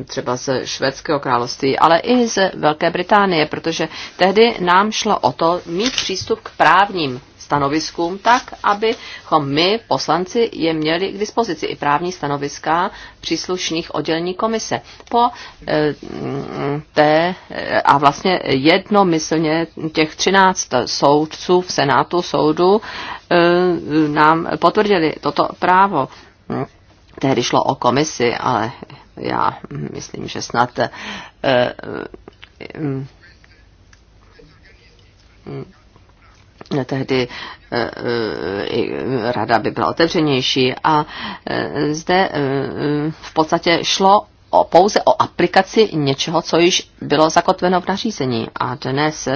třeba z Švédského království, ale i z Velké Británie, protože tehdy nám šlo o to mít přístup k právním stanoviskům tak, abychom my, poslanci, je měli k dispozici i právní stanoviska příslušných oddělení komise. Po eh, mm, té, eh, a vlastně jednomyslně těch 13 soudců v Senátu soudu eh, nám potvrdili toto právo. Tehdy šlo o komisi, ale já myslím, že snad mm, tehdy eh, eh, rada by byla otevřenější a eh, zde v podstatě šlo o, pouze o aplikaci něčeho, co již bylo zakotveno v nařízení. A dnes,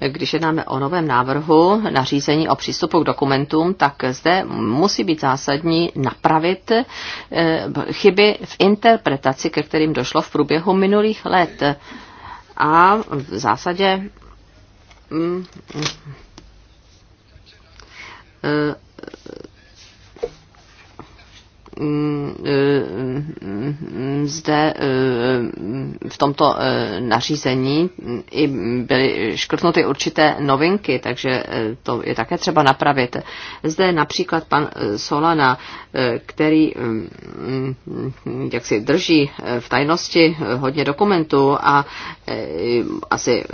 když jednáme o novém návrhu nařízení o přístupu k dokumentům, tak zde musí být zásadní napravit chyby v interpretaci, ke kterým došlo v průběhu minulých let. A v zásadě mm, zde eh, v tomto eh, nařízení i byly škrtnuty určité novinky, takže eh, to je také třeba napravit. Zde například pan Solana, který mm, jak si drží v tajnosti hodně dokumentů a asi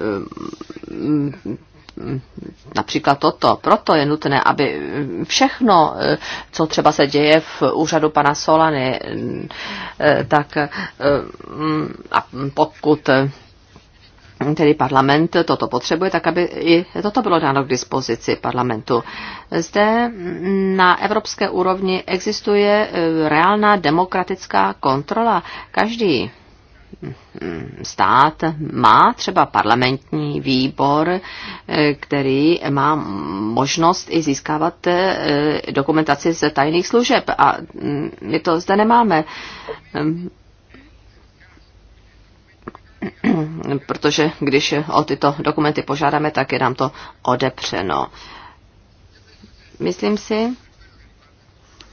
například toto. Proto je nutné, aby všechno, eh, co třeba se děje v úřadu pana Solany, eh, tak eh, mm, a pokud tedy parlament toto potřebuje, tak aby i toto bylo dáno k dispozici parlamentu. Zde na evropské úrovni existuje reálná demokratická kontrola. Každý stát má třeba parlamentní výbor, který má možnost i získávat eh, dokumentaci z tajných služeb. A mm, my to zde nemáme ehm, <clears throat> protože když o tyto dokumenty požádáme, tak je nám to odepřeno. Myslím si,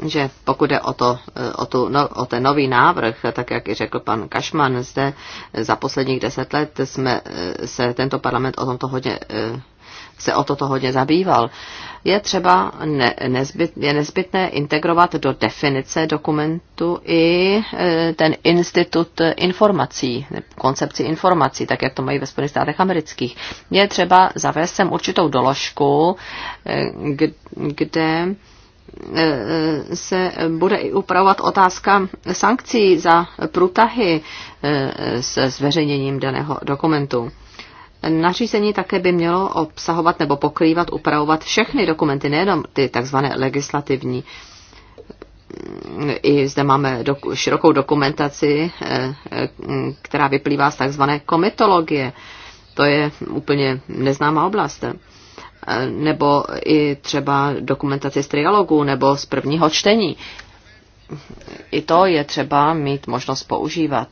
že pokud je o, to, e, o, tu, no, o ten nový návrh, tak jak i řekl pan Kašman, zde e, za posledních deset let jsme e, se tento parlament o tomto hodně se o toto hodně zabýval. Je třeba ne, nezbyt, je nezbytné integrovat do definice dokumentu i ten institut informací, koncepci informací, tak jak to mají ve Spojených státech amerických. Je třeba zavést sem určitou doložku, kde Eh, se bude i upravovat otázka sankcí za průtahy eh, se zveřejněním daného dokumentu. Nařízení také by mělo obsahovat nebo pokrývat, upravovat všechny dokumenty, nejenom ty takzvané legislativní. I zde máme doku, širokou dokumentaci, eh, která vyplývá z takzvané komitologie. To je úplně neznámá oblast nebo i třeba dokumentaci z trialogu nebo z prvního čtení. I to je třeba mít možnost používat.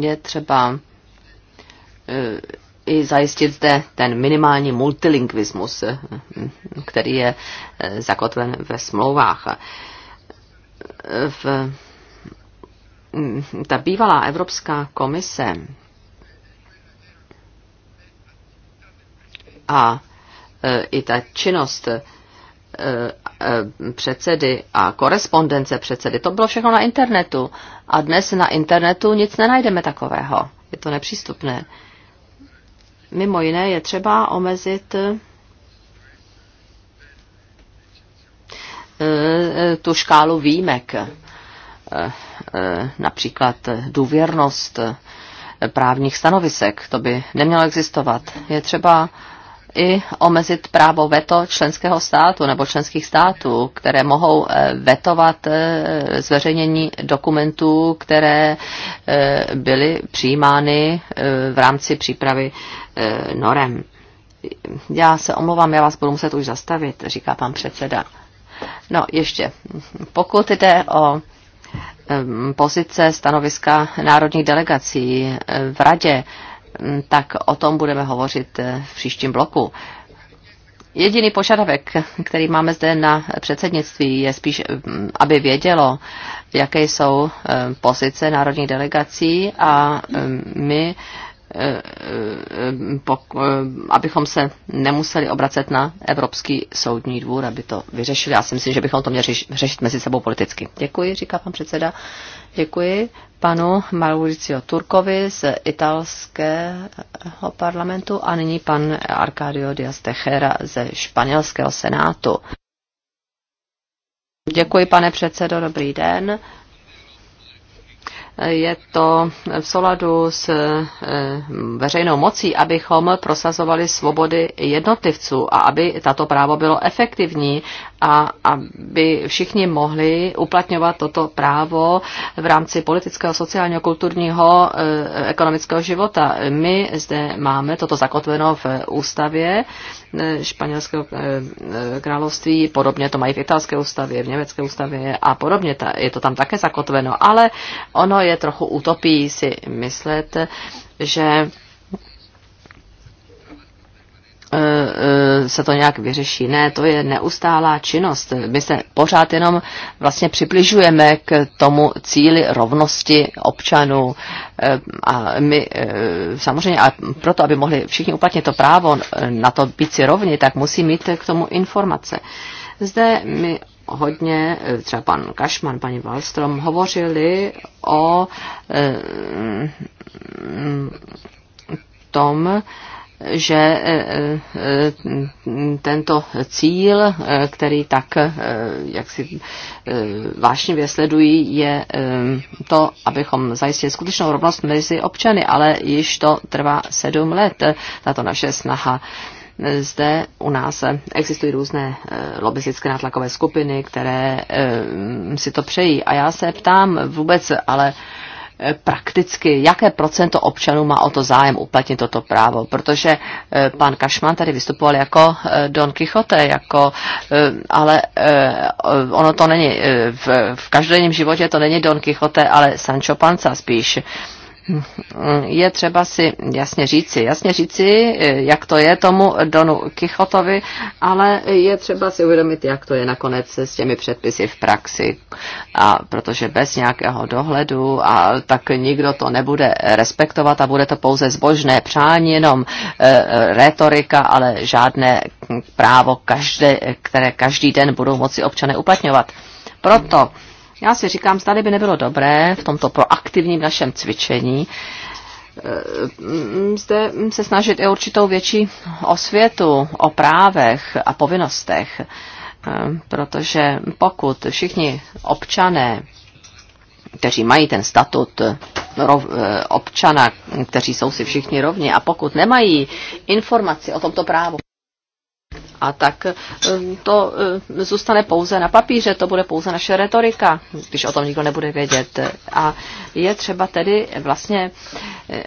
Je třeba eh, i zajistit zde ten minimální multilingvismus, eh, který je eh, zakotven ve smlouvách. V mm, ta bývalá Evropská komise a e, i ta činnost e, e, předsedy a korespondence předsedy, to bylo všechno na internetu. A dnes na internetu nic nenajdeme takového. Je to nepřístupné. Mimo jiné je třeba omezit tu škálu výjimek. Například důvěrnost právních stanovisek, to by nemělo existovat. Je třeba i omezit právo veto členského státu nebo členských států, které mohou eh, vetovat eh, zveřejnění dokumentů, které eh, byly přijímány v rámci přípravy norem. Já se omlouvám, já vás budu muset už zastavit, říká pan předseda. No ještě, pokud jde o pozice stanoviska národních delegací v radě, Mm, tak o tom budeme hovořit eh, v příštím bloku. Jediný požadavek, který máme zde na předsednictví, je spíš, mm, aby vědělo, jaké jsou eh, pozice národních delegací a mm, my eh, abychom se nemuseli obracet na Evropský soudní dvůr, aby to vyřešili. Já si myslím, že bychom to měli řešit mezi sebou politicky. Děkuji, říká pan předseda. Děkuji panu Mauricio Turkovi z italského parlamentu a nyní pan Arcadio Diaz Tejera ze španělského senátu. Děkuji, pane předsedo, dobrý den. Je to v souladu s eh, veřejnou mocí, abychom prosazovali svobody jednotlivců a aby tato právo bylo efektivní a aby všichni mohli uplatňovat toto právo v rámci politického, sociálního, kulturního, eh, ekonomického života. My zde máme toto zakotveno v ústavě eh, španělského eh, království, podobně to mají v italské ústavě, v německé ústavě a podobně, je to tam také zakotveno, ale ono je trochu utopí si myslet, že Eh, eh, se to nějak vyřeší. Ne, to je neustálá činnost. My se pořád jenom vlastně přibližujeme k tomu cíli rovnosti občanů eh, a my samozřejmě, a proto, aby mohli všichni uplatnit to právo na to být si rovni, tak musí mít k tomu informace. Zde my hodně, třeba pan Kašman, paní Wallström, hovořili o mm, tom, že e, e, e, tento cíl, který tak jak si vážně vysledují, je to, abychom zajistili skutečnou rovnost mezi občany, ale již to trvá sedm let, tato naše snaha zde u nás existují různé lobbystické nátlakové skupiny, které si to přejí. A já se ptám vůbec, ale Eh, prakticky, jaké procento občanů má o to zájem uplatnit toto právo. Protože eh, pan Kašman tady vystupoval jako eh, Don Quixote, jako, ale ono to není, v, v každodenním životě to není Don Quixote, ale Sancho Panza spíš je třeba si jasně říci, jasně říci, jak to je tomu Donu Kichotovi, ale je třeba si uvědomit, jak to je nakonec s těmi předpisy v praxi. A protože bez nějakého dohledu a tak nikdo to nebude respektovat a bude to pouze zbožné přání, jenom e, eh, retorika, ale žádné právo, každé, které každý den budou moci občané uplatňovat. Proto já si říkám, zda by nebylo dobré v tomto proaktivním našem cvičení eh, zde se snažit i určitou větší osvětu o právech a povinnostech, eh, protože pokud všichni občané, kteří mají ten statut rov, eh, občana, kteří jsou si všichni rovni, a pokud nemají informaci o tomto právu, a tak eh, to eh, zůstane pouze na papíře, to bude pouze naše retorika, když o tom nikdo nebude vědět. A je třeba tedy vlastně eh,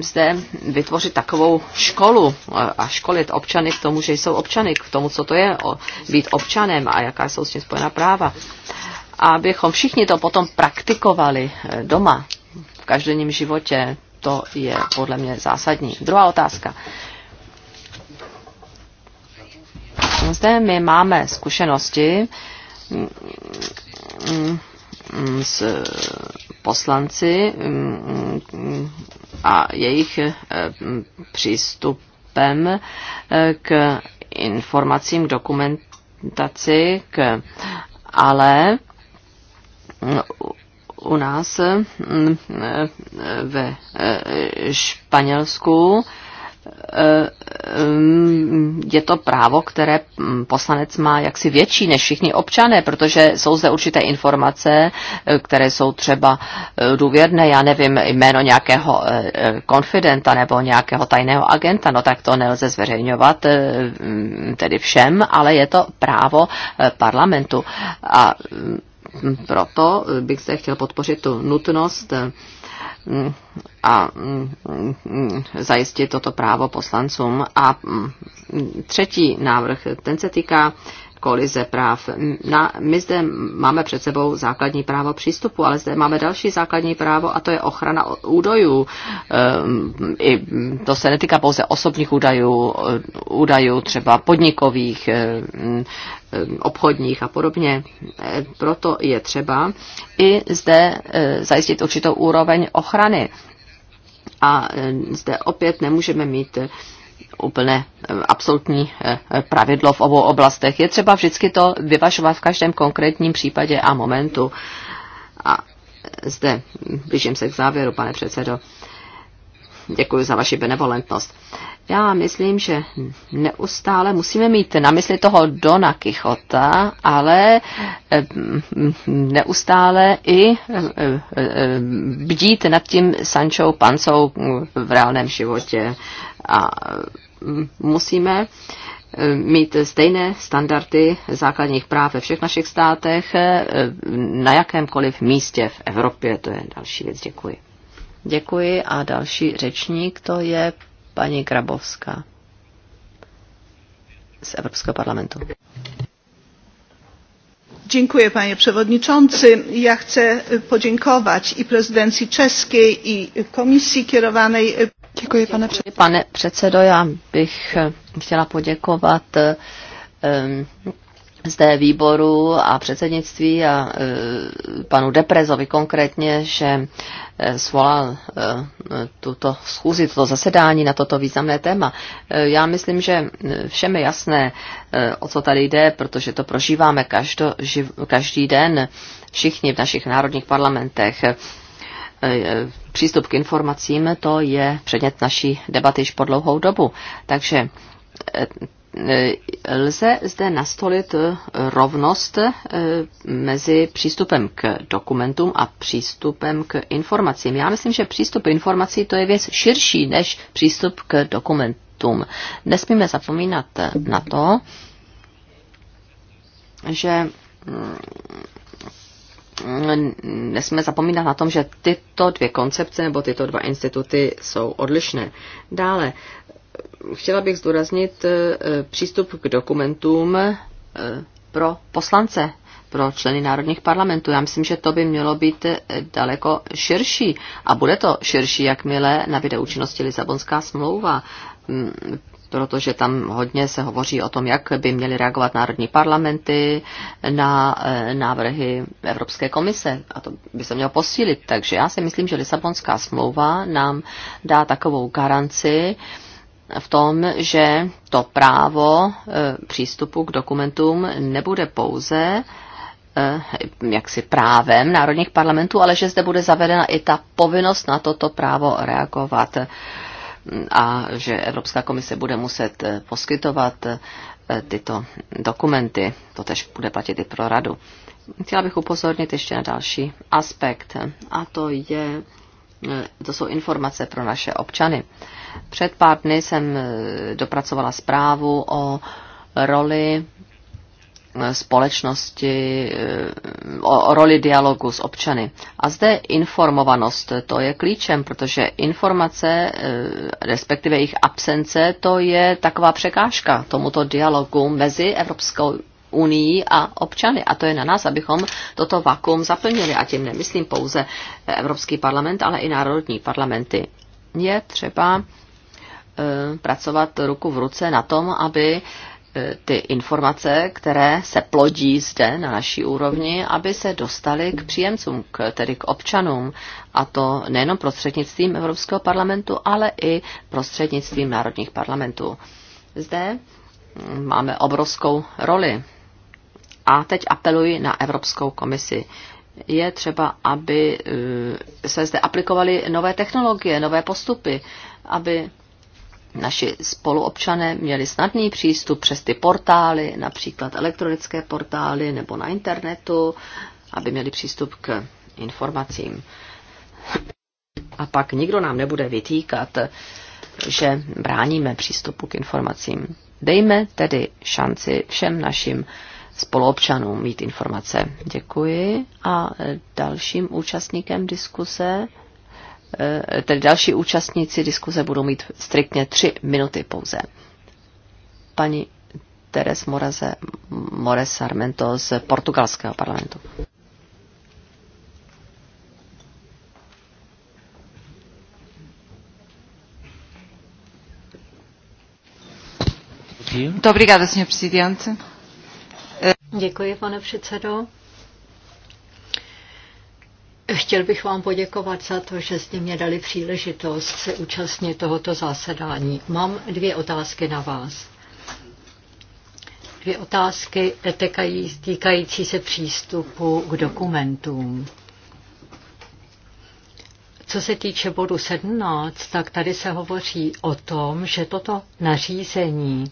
zde vytvořit takovou školu a školit občany k tomu, že jsou občany, k tomu, co to je být občanem a jaká jsou s tím spojená práva. Abychom všichni to potom praktikovali doma, v každodenním životě, to je podle mě zásadní. Druhá otázka. Zde my máme zkušenosti mm, s poslanci mm, a jejich eh, přístupem eh, k informacím, k dokumentaci, k, ale mm, u nás eh, ve Španělsku Eh, eh, je to právo, které poslanec má jaksi větší než všichni občané, protože jsou zde určité informace, eh, které jsou třeba důvěrné, já nevím, jméno nějakého konfidenta nebo nějakého tajného agenta, no tak to nelze zveřejňovat tedy všem, ale je to právo parlamentu. A mm, proto bych se chtěl podpořit tu nutnost a zajistit toto právo poslancům. A třetí návrh, ten se týká kolize práv. Na, my zde máme před sebou základní právo přístupu, ale zde máme další základní právo a to je ochrana údajů. E, to se netýká pouze osobních údajů, eh, údajů třeba podnikových, eh, eh, obchodních a podobně. Proto je třeba i zde zajistit určitou úroveň ochrany. A zde opět nemůžeme mít úplné eh, absolutní eh, pravidlo v obou oblastech. Je třeba vždycky to vyvažovat v každém konkrétním případě a momentu. A zde blížím se k závěru, pane předsedo. Děkuji za vaši benevolentnost. Já myslím, že neustále musíme mít na mysli toho Dona Kichota, ale eh, neustále i bdít nad tím Sančou Pancou v reálném životě. A musíme eh, mít stejné standardy základních práv ve všech našich státech eh, na jakémkoliv místě v Evropě. To je další věc. Děkuji. Děkuji a další řečník to je paní Grabovská z Evropského parlamentu. Dziękuję panie przewodniczący. Ja chcę podziękować i prezydencji czeskiej i komisji kierowanej Děkuji, pane předsedo. Pane předsedo, já bych eh, chtěla poděkovat eh, zde výboru a předsednictví a eh, panu Deprezovi konkrétně, že svolal tuto schůzi, toto zasedání na toto významné téma. Já myslím, že všem je jasné, o co tady jde, protože to prožíváme každo, živ, každý den všichni v našich národních parlamentech. Eh, přístup k informacím, to je předmět naší debaty již po dlouhou dobu. Takže eh, eh, lze zde nastolit rovnost mezi přístupem k dokumentům a přístupem k informacím. Já myslím, že přístup k informací to je věc širší než přístup k dokumentům. Nesmíme zapomínat na to, že mm, nesmíme zapomínat na tom, že tyto dvě koncepce nebo tyto dva instituty jsou odlišné. Dále, chtěla bych zdůraznit eh, přístup k dokumentům eh, pro poslance, pro členy národních parlamentů. Já myslím, že to by mělo být eh, daleko širší a bude to širší, jakmile nabíde účinnosti Lisabonská smlouva mm, protože tam hodně se hovoří o tom, jak by měly reagovat národní parlamenty na eh, návrhy Evropské komise. A to by se mělo posílit. Takže já si myslím, že Lisabonská smlouva nám dá takovou garanci, v tom, že to právo eh, přístupu k dokumentům nebude pouze eh, jaksi právem národních parlamentů, ale že zde bude zavedena i ta povinnost na toto právo reagovat a že Evropská komise bude muset eh, poskytovat eh, tyto dokumenty. To tež bude platit i pro radu. Chtěla bych upozornit ještě na další aspekt a to je eh, to jsou informace pro naše občany. Před pár dny jsem dopracovala zprávu o roli společnosti, eh, o, roli dialogu s občany. A zde informovanost, to je klíčem, protože informace, eh, respektive jejich absence, to je taková překážka tomuto dialogu mezi Evropskou unii a občany. A to je na nás, abychom toto vakuum zaplnili. A tím nemyslím pouze Evropský parlament, ale i národní parlamenty. Je třeba eh, pracovat ruku v ruce na tom, aby Eh, ty informace, které se plodí zde na naší úrovni, aby se dostaly k příjemcům, k, tedy k občanům. A to nejenom prostřednictvím Evropského parlamentu, ale i prostřednictvím národních parlamentů. Zde hm, máme obrovskou roli. A teď apeluji na Evropskou komisi. Je třeba, aby eh, se zde aplikovaly nové technologie, nové postupy, aby naši spoluobčané měli snadný přístup přes ty portály, například elektronické portály nebo na internetu, aby měli přístup k informacím. A pak nikdo nám nebude vytýkat, že bráníme přístupu k informacím. Dejme tedy šanci všem našim spoluobčanům mít informace. Děkuji. A dalším účastníkem diskuse Eh, tedy další účastníci diskuze budou mít striktně tři minuty pouze. Paní Teres Moraze, Mores Sarmento z portugalského parlamentu. Děkuji, pane předsedo. Chtěl bych vám poděkovat za to, že jste mě dali příležitost se účastnit tohoto zasedání. Mám dvě otázky na vás. Dvě otázky týkající se přístupu k dokumentům. Co se týče bodu 17, tak tady se hovoří o tom, že toto nařízení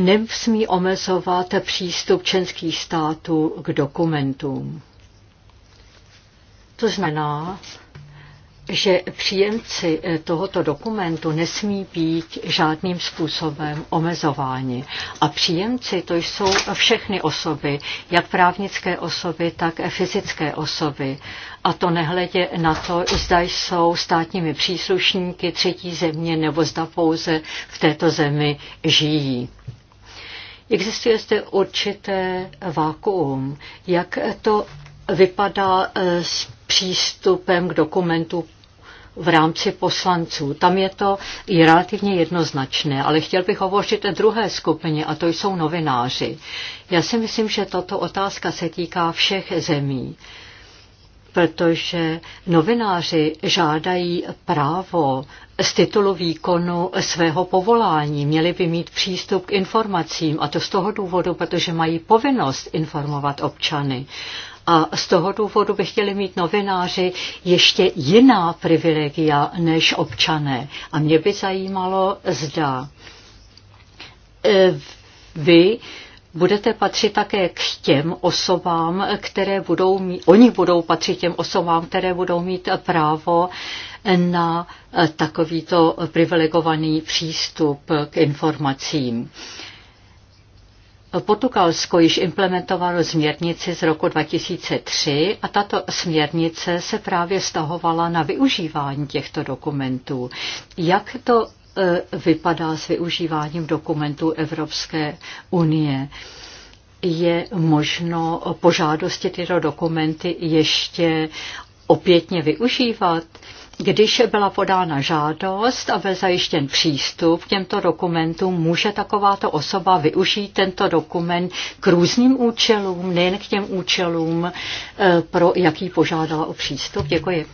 nesmí omezovat přístup členských států k dokumentům. To znamená, že příjemci tohoto dokumentu nesmí být žádným způsobem omezováni. A příjemci to jsou všechny osoby, jak právnické osoby, tak fyzické osoby. A to nehledě na to, zda jsou státními příslušníky třetí země nebo zda pouze v této zemi žijí. Existuje zde určité vákuum. Jak to vypadá eh, s přístupem k dokumentu v rámci poslanců. Tam je to i relativně jednoznačné, ale chtěl bych hovořit o druhé skupině, a to jsou novináři. Já si myslím, že tato otázka se týká všech zemí protože novináři žádají právo z titulu výkonu svého povolání. Měli by mít přístup k informacím a to z toho důvodu, protože mají povinnost informovat občany. A z toho důvodu by chtěli mít novináři ještě jiná privilegia než občané. A mě by zajímalo, zda eh, vy budete patřit také k těm osobám, které budou mít, oni budou patřit těm osobám, které budou mít právo na eh, takovýto privilegovaný přístup k informacím. Portugalsko již implementovalo směrnici z roku 2003 a tato směrnice se právě stahovala na využívání těchto dokumentů. Jak to E, vypadá s využíváním dokumentů Evropské unie je možno po žádosti tyto dokumenty ještě opětně využívat. Když byla podána žádost a byl zajištěn přístup k těmto dokumentům, může takováto osoba využít tento dokument k různým účelům, nejen k těm účelům, e, pro jaký požádala o přístup. Děkuji.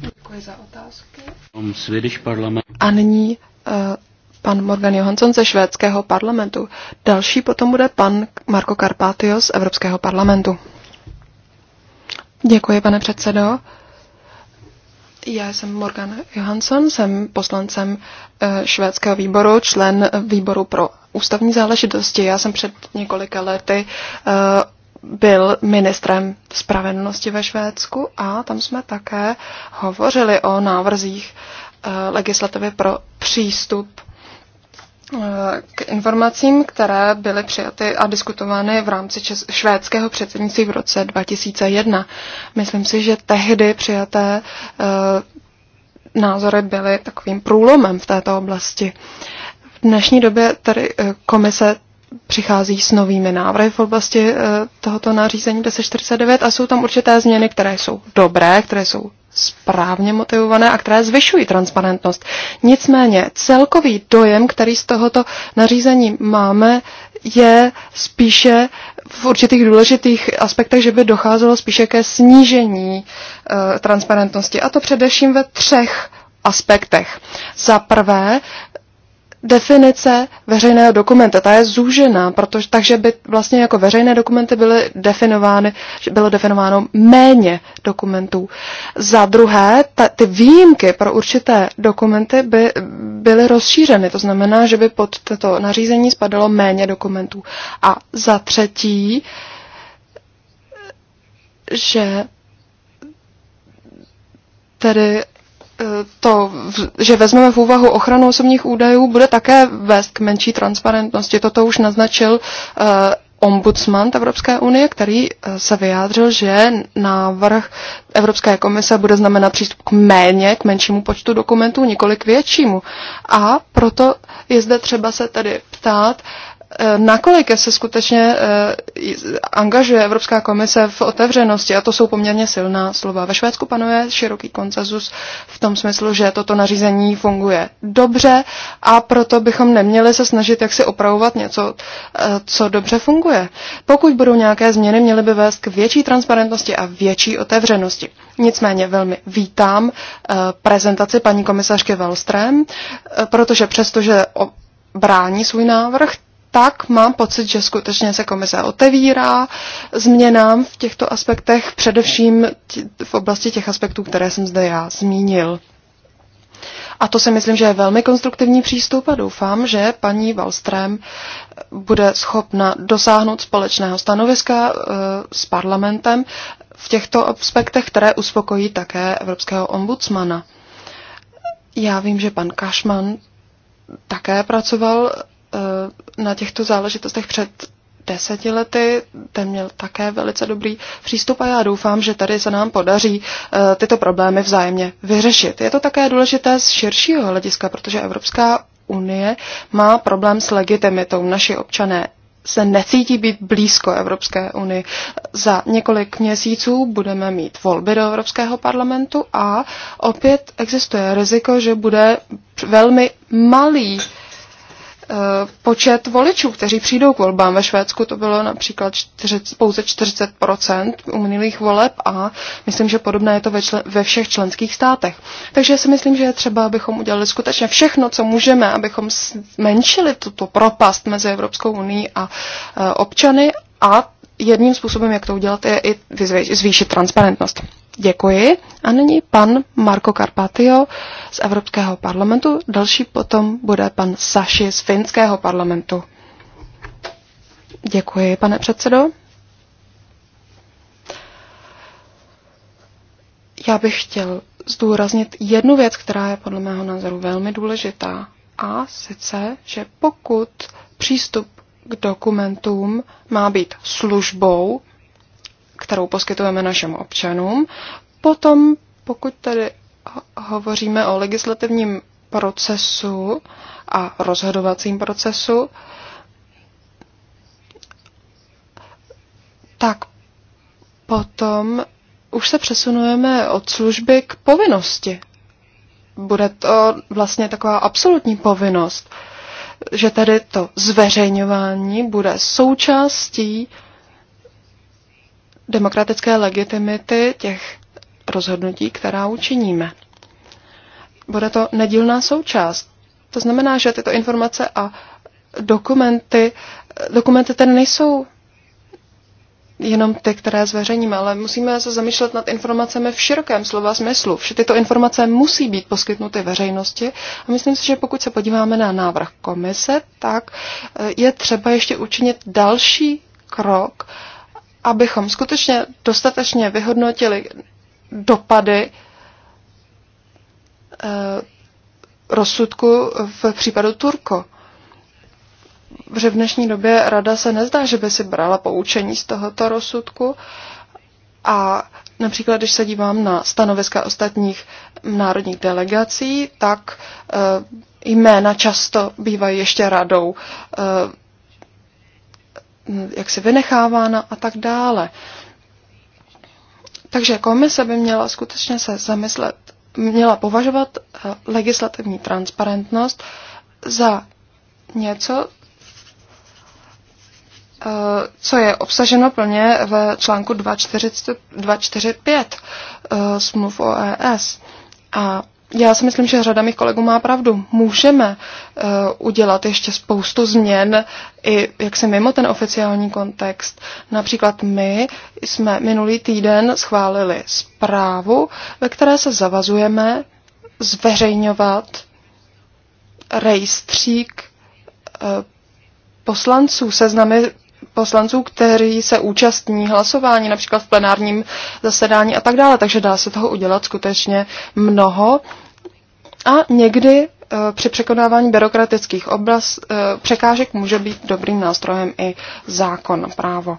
Děkuji za otázky. A nyní uh, pan Morgan Johansson ze švédského parlamentu. Další potom bude pan Marko Karpatio z Evropského parlamentu. Děkuji, pane předsedo. Já jsem Morgan Johansson, jsem poslancem eh, švédského výboru, člen výboru pro ústavní záležitosti. Já jsem před několika lety eh, byl ministrem spravedlnosti ve Švédsku a tam jsme také hovořili o návrzích eh, legislativy pro přístup eh, k informacím, které byly přijaty a diskutovány v rámci švédského předsednictví v roce 2001. Myslím si, že tehdy přijaté eh, názory byly takovým průlomem v této oblasti. V dnešní době tedy komise přichází s novými návrhy v oblasti eh, tohoto nařízení 1049 a jsou tam určité změny, které jsou dobré, které jsou správně motivované a které zvyšují transparentnost. Nicméně celkový dojem, který z tohoto nařízení máme, je spíše v určitých důležitých aspektech, že by docházelo spíše ke snížení e, transparentnosti. A to především ve třech aspektech. Za prvé, definice veřejného dokumenta, ta je zúžená, protože, takže by vlastně jako veřejné dokumenty byly definovány, bylo definováno méně dokumentů. Za druhé, ta, ty výjimky pro určité dokumenty by byly rozšířeny, to znamená, že by pod toto nařízení spadalo méně dokumentů. A za třetí, že tedy Eh, to, že vezmeme v úvahu ochranu osobních údajů, bude také vést k menší transparentnosti. Toto už naznačil eh, ombudsman Evropské unie, který eh, se vyjádřil, že návrh Evropské komise bude znamenat přístup k méně, k menšímu počtu dokumentů, nikoli k většímu. A proto je zde třeba se tedy ptát, Eh, nakolik se skutečně eh, angažuje Evropská komise v otevřenosti, a to jsou poměrně silná slova. Ve Švédsku panuje široký koncezus v tom smyslu, že toto nařízení funguje dobře a proto bychom neměli se snažit jak si opravovat něco, eh, co dobře funguje. Pokud budou nějaké změny, měly by vést k větší transparentnosti a větší otevřenosti. Nicméně velmi vítám prezentaci paní komisařky Wallström, protože přestože brání svůj návrh, tak mám pocit, že skutečně se komise otevírá změnám v těchto aspektech, především v oblasti těch aspektů, které jsem zde já zmínil. A to si myslím, že je velmi konstruktivní přístup a doufám, že paní Wallström bude schopna dosáhnout společného stanoviska eh, s parlamentem v těchto aspektech, které uspokojí také evropského ombudsmana. Já vím, že pan Kašman také pracoval na těchto záležitostech před deseti lety, ten měl také velice dobrý přístup a já doufám, že tady se nám podaří eh, tyto problémy vzájemně vyřešit. Je to také důležité z širšího hlediska, protože Evropská unie má problém s legitimitou. Naši občané se necítí být blízko Evropské unii. Za několik měsíců budeme mít volby do Evropského parlamentu a opět existuje riziko, že bude velmi malý Eh, počet voličů, kteří přijdou k volbám. Ve Švédsku to bylo například pouze 40% u minulých voleb a myslím, že podobné je to ve, ve všech členských státech. Takže já si myslím, že je třeba, abychom udělali skutečně všechno, co můžeme, abychom zmenšili tuto propast mezi Evropskou unii a eh, občany a jedním způsobem, jak to udělat, je i zvýšit transparentnost. Děkuji. A nyní pan Marko Karpatio z Evropského parlamentu. Další potom bude pan Saši z Finského parlamentu. Děkuji, pane předsedo. Já bych chtěl zdůraznit jednu věc, která je podle mého názoru velmi důležitá. A sice, že pokud přístup k dokumentům má být službou, kterou poskytujeme našim občanům. Potom, pokud tedy hovoříme o legislativním procesu a rozhodovacím procesu, tak potom už se přesunujeme od služby k povinnosti. Bude to vlastně taková absolutní povinnost, že tedy to zveřejňování bude součástí demokratické legitimity těch rozhodnutí, která učiníme. Bude to nedílná součást. To znamená, že tyto informace a dokumenty, dokumenty ten nejsou jenom ty, které zveřejníme, ale musíme se zamýšlet nad informacemi v širokém slova smyslu. Vše tyto informace musí být poskytnuty veřejnosti a myslím si, že pokud se podíváme na návrh komise, tak eh, je třeba ještě učinit další krok, abychom skutečně dostatečně vyhodnotili dopady eh, rozsudku v případu Turko. Že v dnešní době rada se nezdá, že by si brala poučení z tohoto rozsudku a Například, když se dívám na stanoviska ostatních národních delegací, tak eh, jména často bývají ještě radou eh, jaksi vynechávána a tak dále. Takže komise by měla skutečně se zamyslet, měla považovat eh, legislativní transparentnost za něco, eh, co je obsaženo plně ve článku 245 eh, smluv o ES. A já si myslím, že řada mých kolegů má pravdu. Můžeme uh, udělat ještě spoustu změn i jak se mimo ten oficiální kontext. Například my jsme minulý týden schválili zprávu, ve které se zavazujeme zveřejňovat rejstřík uh, poslanců, seznamy poslanců, kteří se účastní hlasování, například v plenárním zasedání a tak dále. Takže dá se toho udělat skutečně mnoho. A někdy eh, při překonávání byrokratických oblast, eh, překážek může být dobrým nástrojem i zákon, právo.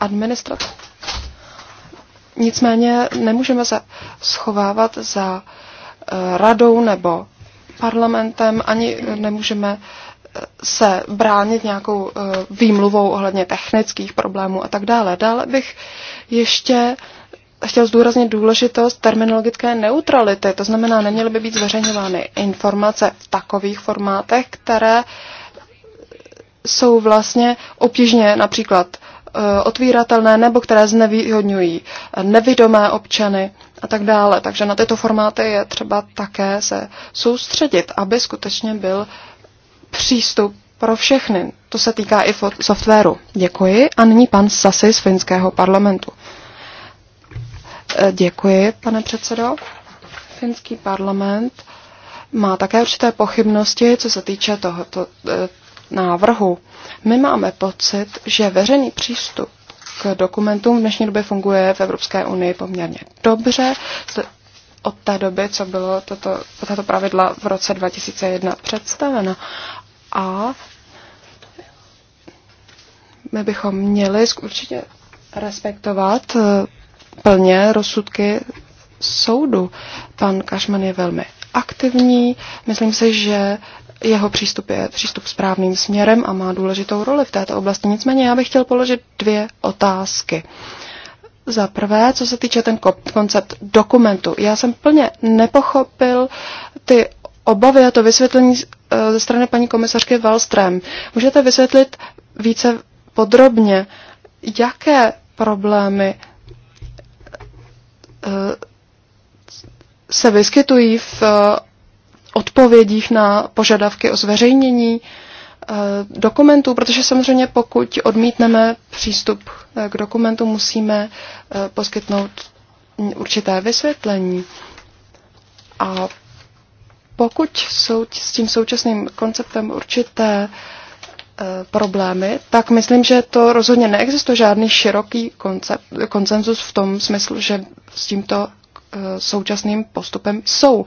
administrace. Nicméně nemůžeme se schovávat za eh, radou nebo parlamentem, ani nemůžeme se bránit nějakou výmluvou ohledně technických problémů a tak dále. Dále bych ještě chtěl zdůraznit důležitost terminologické neutrality. To znamená, neměly by být zveřejňovány informace v takových formátech, které jsou vlastně obtížně například eh, otvíratelné nebo které znevýhodňují nevidomé občany a tak dále. Takže na tyto formáty je třeba také se soustředit, aby skutečně byl přístup pro všechny. To se týká i softwaru. Děkuji. A nyní pan Sasi z finského parlamentu. E, děkuji, pane předsedo. Finský parlament má také určité pochybnosti, co se týče tohoto e, návrhu. My máme pocit, že veřejný přístup k dokumentům v dnešní době funguje v Evropské unii poměrně dobře. Od té doby, co bylo toto, tato pravidla v roce 2001 představena. A my bychom měli určitě respektovat e, plně rozsudky soudu. Pan Kašman je velmi aktivní. Myslím si, že jeho přístup je přístup správným směrem a má důležitou roli v této oblasti. Nicméně já bych chtěl položit dvě otázky. Za prvé, co se týče ten koncept dokumentu. Já jsem plně nepochopil ty obavy a to vysvětlení eh, ze strany paní komisařky Wallström. Můžete vysvětlit více podrobně, jaké problémy Eh, se vyskytují v eh, odpovědích na požadavky o zveřejnění eh, dokumentů, protože samozřejmě pokud odmítneme přístup k dokumentu, musíme poskytnout určité vysvětlení. A pokud jsou s tím současným konceptem určité Eh, problémy, tak myslím, že to rozhodně neexistuje žádný široký koncenzus konsenzus v tom smyslu, že s tímto eh, současným postupem jsou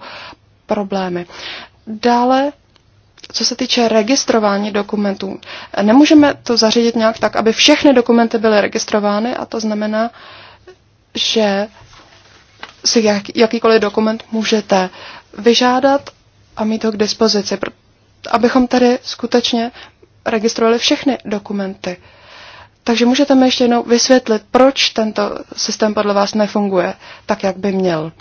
problémy. Dále, co se týče registrování dokumentů, nemůžeme to zařídit nějak tak, aby všechny dokumenty byly registrovány a to znamená, že si jak, jakýkoliv dokument můžete vyžádat a mít ho k dispozici, abychom tady skutečně registrovali všechny dokumenty. Takže můžete mi ještě jednou vysvětlit, proč tento systém podle vás nefunguje tak, jak by měl.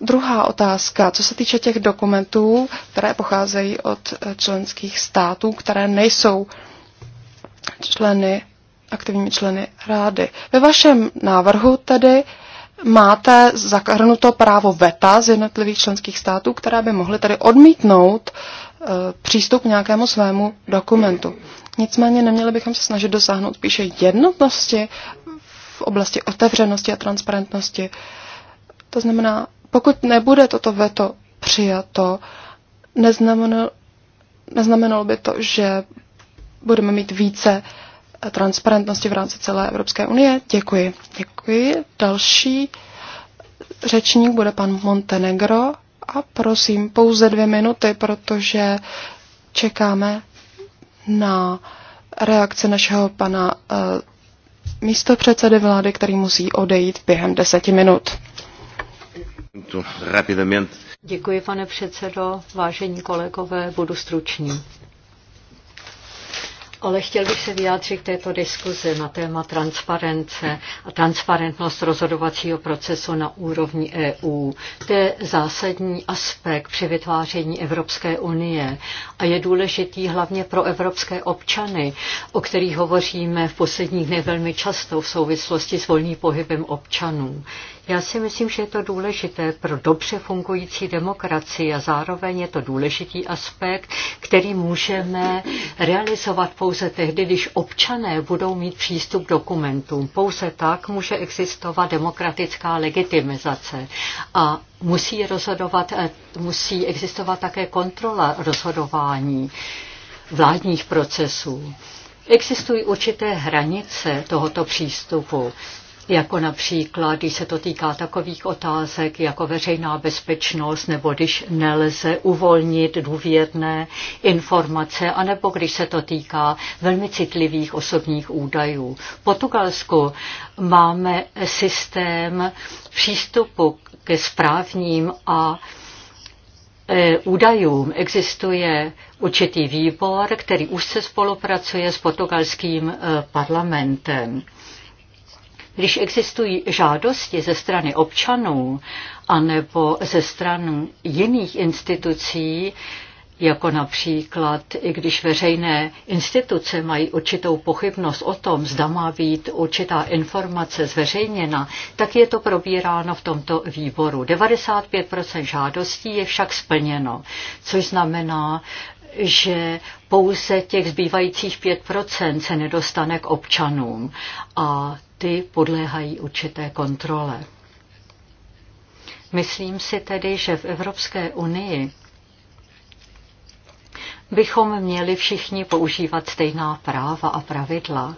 Druhá otázka, co se týče těch dokumentů, které pocházejí od eh, členských států, které nejsou členy, aktivními členy rády. Ve vašem návrhu tedy máte zakrnuto právo VETA z jednotlivých členských států, které by mohly tedy odmítnout Eh, přístup k nějakému svému dokumentu. Nicméně neměli bychom se snažit dosáhnout spíše jednotnosti v oblasti otevřenosti a transparentnosti. To znamená, pokud nebude toto veto přijato, neznamenalo, neznamenalo by to, že budeme mít více eh, transparentnosti v rámci celé Evropské unie. Děkuji. Děkuji. Další řečník bude pan Montenegro a prosím, pouze dvě minuty, protože čekáme na reakce našeho pana uh, eh, předsedy vlády, který musí odejít během deseti minut. Děkuji, pane předsedo. Vážení kolegové, budu stručný ale chtěl bych se vyjádřit k této diskuzi na téma transparence a transparentnost rozhodovacího procesu na úrovni EU. To je zásadní aspekt při vytváření Evropské unie a je důležitý hlavně pro evropské občany, o kterých hovoříme v posledních dnech velmi často v souvislosti s volným pohybem občanů. Já si myslím, že je to důležité pro dobře fungující demokracii a zároveň je to důležitý aspekt, který můžeme realizovat pouze tehdy, když občané budou mít přístup k dokumentům. Pouze tak může existovat demokratická legitimizace. A musí rozhodovat, eh, musí existovat také kontrola rozhodování vládních procesů. Existují určité hranice tohoto přístupu, jako například, když se to týká takových otázek jako veřejná bezpečnost, nebo když nelze uvolnit důvěrné informace, anebo když se to týká velmi citlivých osobních údajů. V Portugalsku máme systém přístupu ke správním a e, údajům existuje určitý výbor, který už se spolupracuje s portugalským e, parlamentem. Když existují žádosti ze strany občanů anebo ze stran jiných institucí, jako například, i když veřejné instituce mají určitou pochybnost o tom, zda má být určitá informace zveřejněna, tak je to probíráno v tomto výboru. 95% žádostí je však splněno, což znamená, že pouze těch zbývajících 5% se nedostane k občanům a ty podléhají určité kontrole. Myslím si tedy, že v Evropské unii bychom měli všichni používat stejná práva a pravidla.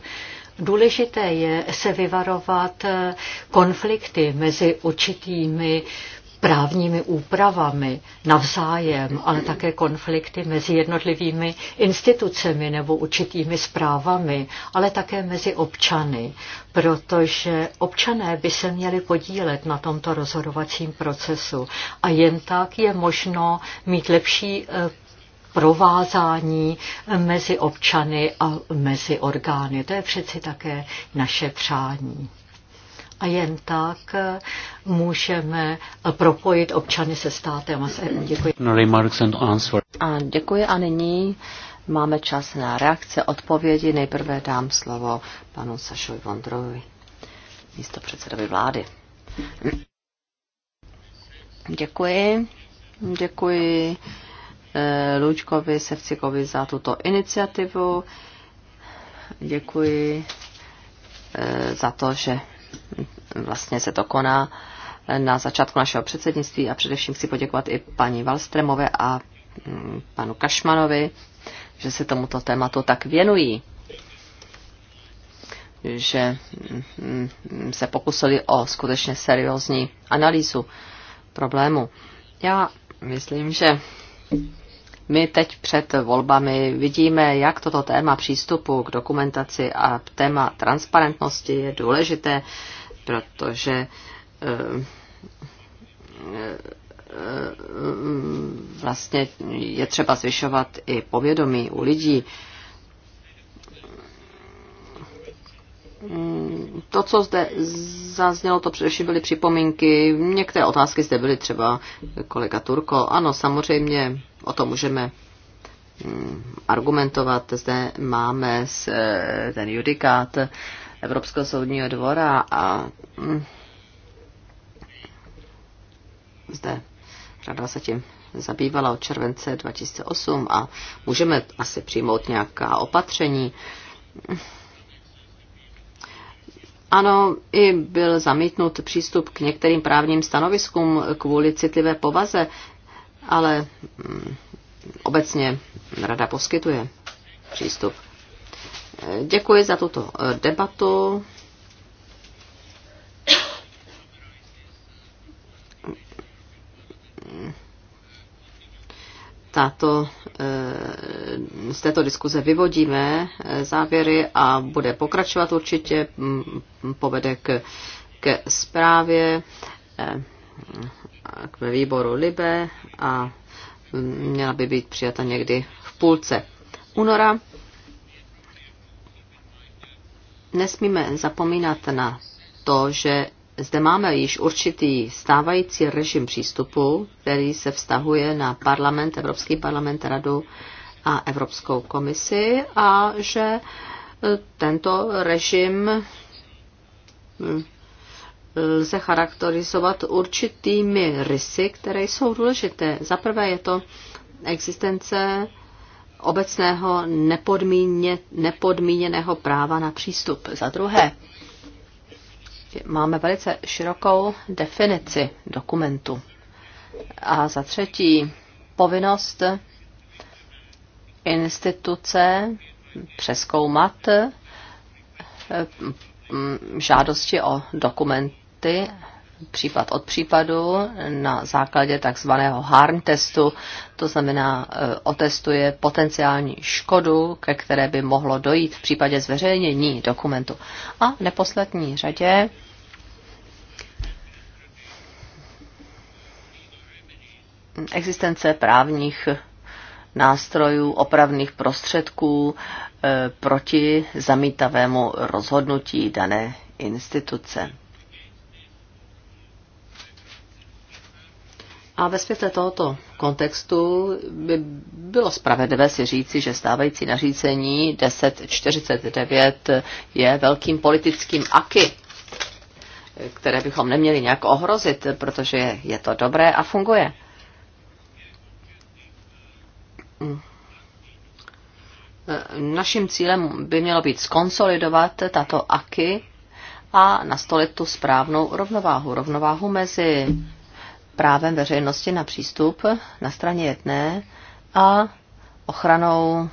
Důležité je se vyvarovat eh, konflikty mezi určitými právními úpravami navzájem, ale také konflikty mezi jednotlivými institucemi nebo určitými zprávami, ale také mezi občany, protože občané by se měli podílet na tomto rozhodovacím procesu a jen tak je možno mít lepší eh, provázání mezi občany a mezi orgány. To je přeci také naše přání. A jen tak můžeme propojit občany se státem a e Děkuji. No, a děkuji a nyní máme čas na reakce, odpovědi. Nejprve dám slovo panu Sašovi Vondrovi, místo předsedovi vlády. Děkuji. Děkuji Lučkovi Sevcikovi za tuto iniciativu. Děkuji eh, za to, že vlastně se to koná na začátku našeho předsednictví a především chci poděkovat i paní Valstremové a mm, panu Kašmanovi, že se tomuto tématu tak věnují že mm, se pokusili o skutečně seriózní analýzu problému. Já myslím, že my teď před volbami vidíme, jak toto téma přístupu k dokumentaci a téma transparentnosti je důležité, protože eh, eh, eh, vlastně je třeba zvyšovat i povědomí u lidí to, co zde zaznělo, to především byly připomínky. Některé otázky zde byly třeba kolega Turko. Ano, samozřejmě o tom můžeme mm, argumentovat. Zde máme eh, ten judikát Evropského soudního dvora a mm, zde rada se tím zabývala od července 2008 a můžeme asi přijmout nějaká opatření ano, i byl zamítnut přístup k některým právním stanoviskům kvůli citlivé povaze, ale mm, obecně rada poskytuje přístup. Děkuji za tuto eh, debatu tato, eh, z této diskuze vyvodíme eh, závěry a bude pokračovat určitě, mm, povede k, eh, k zprávě k výboru Libe a mm, měla by být přijata někdy v půlce února. Nesmíme zapomínat na to, že zde máme již určitý stávající režim přístupu, který se vztahuje na parlament, Evropský parlament, radu a Evropskou komisi a že e, tento režim e, lze charakterizovat určitými rysy, které jsou důležité. Za prvé je to existence obecného nepodmíně, nepodmíněného práva na přístup. Za druhé Máme velice širokou definici dokumentu. A za třetí, povinnost instituce přeskoumat eh, žádosti o dokumenty případ od případu na základě takzvaného harm testu, to znamená e, otestuje potenciální škodu, ke které by mohlo dojít v případě zveřejnění dokumentu. A v neposlední řadě existence právních nástrojů, opravných prostředků e, proti zamítavému rozhodnutí dané instituce. A ve světle tohoto kontextu by bylo spravedlivé si říci, že stávající nařízení 1049 je velkým politickým aky, které bychom neměli nějak ohrozit, protože je to dobré a funguje. Naším cílem by mělo být skonsolidovat tato aky a nastolit tu správnou rovnováhu. Rovnováhu mezi právem veřejnosti na přístup na straně jedné a ochranou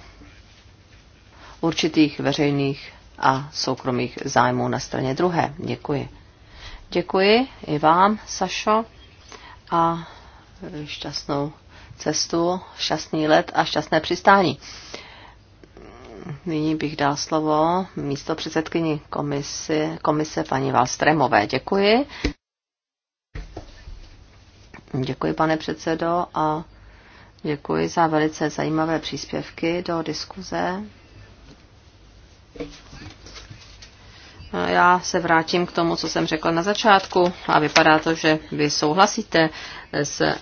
určitých veřejných a soukromých zájmů na straně druhé. Děkuji. Děkuji i vám, Sašo, a šťastnou cestu, šťastný let a šťastné přistání. Nyní bych dal slovo místo předsedkyni komise, komise paní Valstremové. Děkuji. Děkuji, pane předsedo, a děkuji za velice zajímavé příspěvky do diskuze. Já se vrátím k tomu, co jsem řekla na začátku a vypadá to, že vy souhlasíte s eh,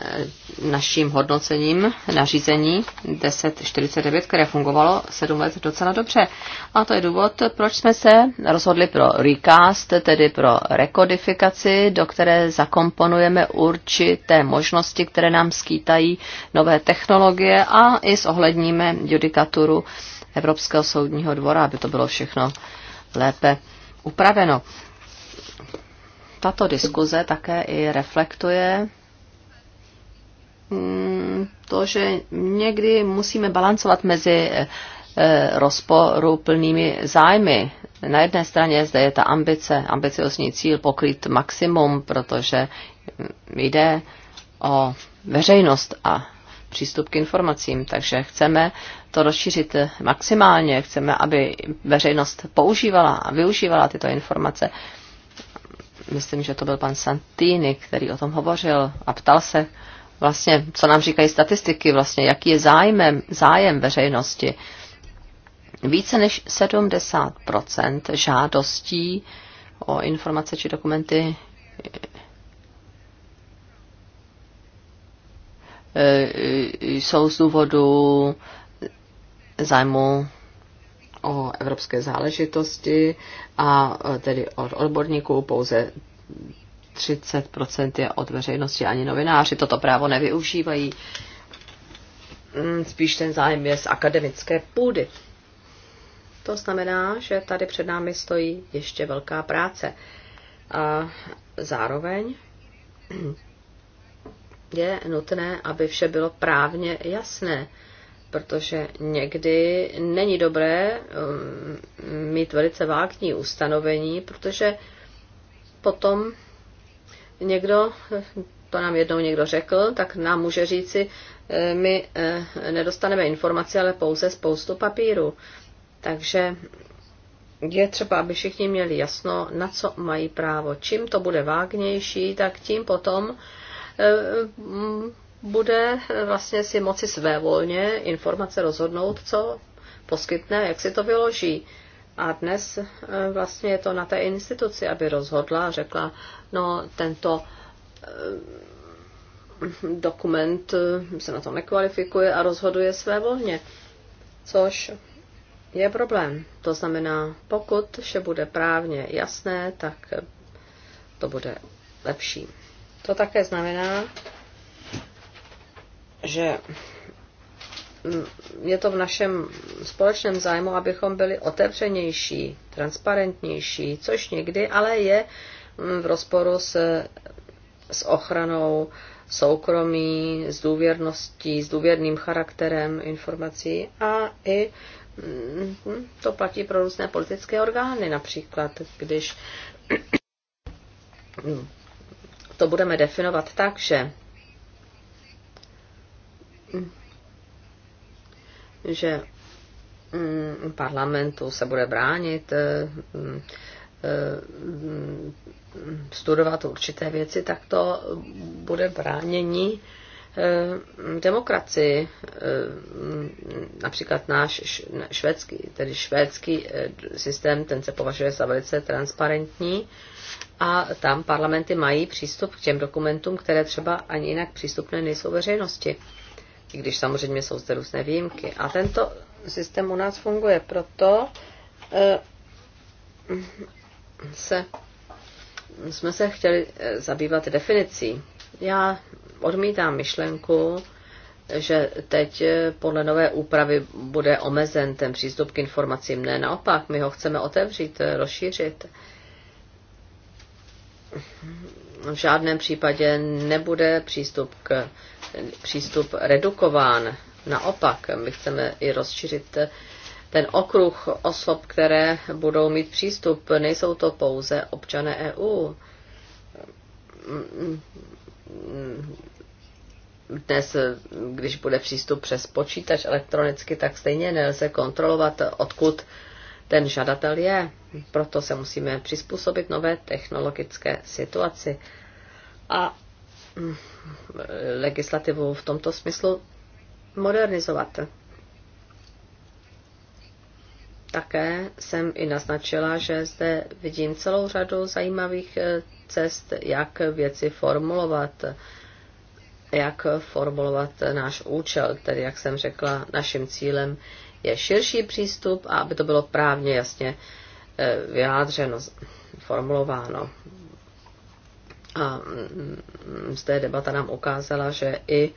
naším hodnocením nařízení 1049, které fungovalo 7 let docela dobře. A to je důvod, proč jsme se rozhodli pro recast, tedy pro rekodifikaci, do které zakomponujeme určité možnosti, které nám skýtají nové technologie a i zohledníme judikaturu Evropského soudního dvora, aby to bylo všechno lépe upraveno. Tato diskuze také i reflektuje mm, to, že někdy musíme balancovat mezi eh, rozporuplnými zájmy. Na jedné straně zde je ta ambice, ambiciozní cíl pokryt maximum, protože jde o veřejnost a přístup k informacím. Takže chceme to rozšířit maximálně, chceme, aby veřejnost používala a využívala tyto informace. Myslím, že to byl pan Santini, který o tom hovořil a ptal se vlastně, co nám říkají statistiky, vlastně, jaký je zájem, zájem veřejnosti. Více než 70 žádostí o informace či dokumenty Eh, jsou z důvodu zájmu o evropské záležitosti a eh, tedy od odborníků pouze 30% je od veřejnosti, ani novináři toto právo nevyužívají. Mm, spíš ten zájem je z akademické půdy. To znamená, že tady před námi stojí ještě velká práce. A zároveň je nutné, aby vše bylo právně jasné, protože někdy není dobré um, mít velice vágní ustanovení, protože potom někdo, to nám jednou někdo řekl, tak nám může říci, eh, my eh, nedostaneme informace, ale pouze spoustu papíru. Takže je třeba, aby všichni měli jasno, na co mají právo. Čím to bude vágnější, tak tím potom Eh, bude vlastně si moci svévolně informace rozhodnout, co poskytne, jak si to vyloží. A dnes eh, vlastně je to na té instituci, aby rozhodla a řekla, no tento eh, dokument se na to nekvalifikuje a rozhoduje své volně. Což je problém. To znamená, pokud vše bude právně jasné, tak to bude lepší. To také znamená, že je to v našem společném zájmu, abychom byli otevřenější, transparentnější, což někdy ale je v rozporu s, s ochranou soukromí, s důvěrností, s důvěrným charakterem informací a i mm, to platí pro různé politické orgány, například když to budeme definovat tak, že že mm, parlamentu se bude bránit eh, mm, eh, mm, studovat určité věci, tak to bude bránění Eh, demokracii. Eh, například náš švédský, tedy švédský eh, systém, ten se považuje za velice transparentní a tam parlamenty mají přístup k těm dokumentům, které třeba ani jinak přístupné nejsou veřejnosti. I když samozřejmě jsou zde různé výjimky. A tento systém u nás funguje, proto se, jsme se chtěli zabývat definicí. Já Odmítám myšlenku, že teď eh, podle nové úpravy bude omezen ten přístup k informacím. Ne, naopak, my ho chceme otevřít, eh, rozšířit. V žádném případě nebude přístup, k, přístup redukován. Naopak, my chceme i rozšířit eh, ten okruh osob, které budou mít přístup. Nejsou to pouze občané EU dnes, když bude přístup přes počítač elektronicky, tak stejně nelze kontrolovat, odkud ten žadatel je. Proto se musíme přizpůsobit nové technologické situaci. A mm, legislativu v tomto smyslu modernizovat. Také jsem i naznačila, že zde vidím celou řadu zajímavých eh, cest, jak věci formulovat, jak formulovat náš účel, tedy, jak jsem řekla, naším cílem je širší přístup a aby to bylo právně jasně eh, vyjádřeno, formulováno. A mm, zde debata nám ukázala, že i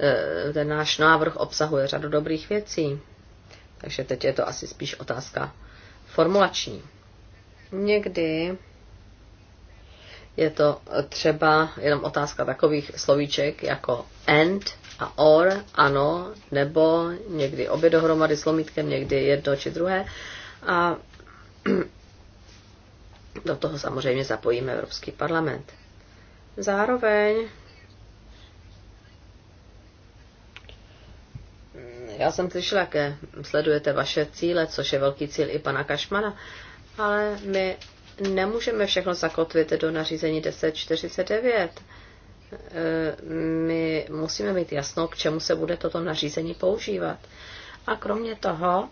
eh, ten náš návrh obsahuje řadu dobrých věcí. Takže teď je to asi spíš otázka formulační. Někdy je to třeba jenom otázka takových slovíček jako and a or, ano, nebo někdy obě dohromady s lomítkem, někdy jedno či druhé. A <clears throat> do toho samozřejmě zapojíme Evropský parlament. Zároveň Já jsem slyšela, jaké sledujete vaše cíle, což je velký cíl i pana Kašmana, ale my nemůžeme všechno zakotvit do nařízení 1049. Eh, my musíme mít jasno, k čemu se bude toto nařízení používat. A kromě toho,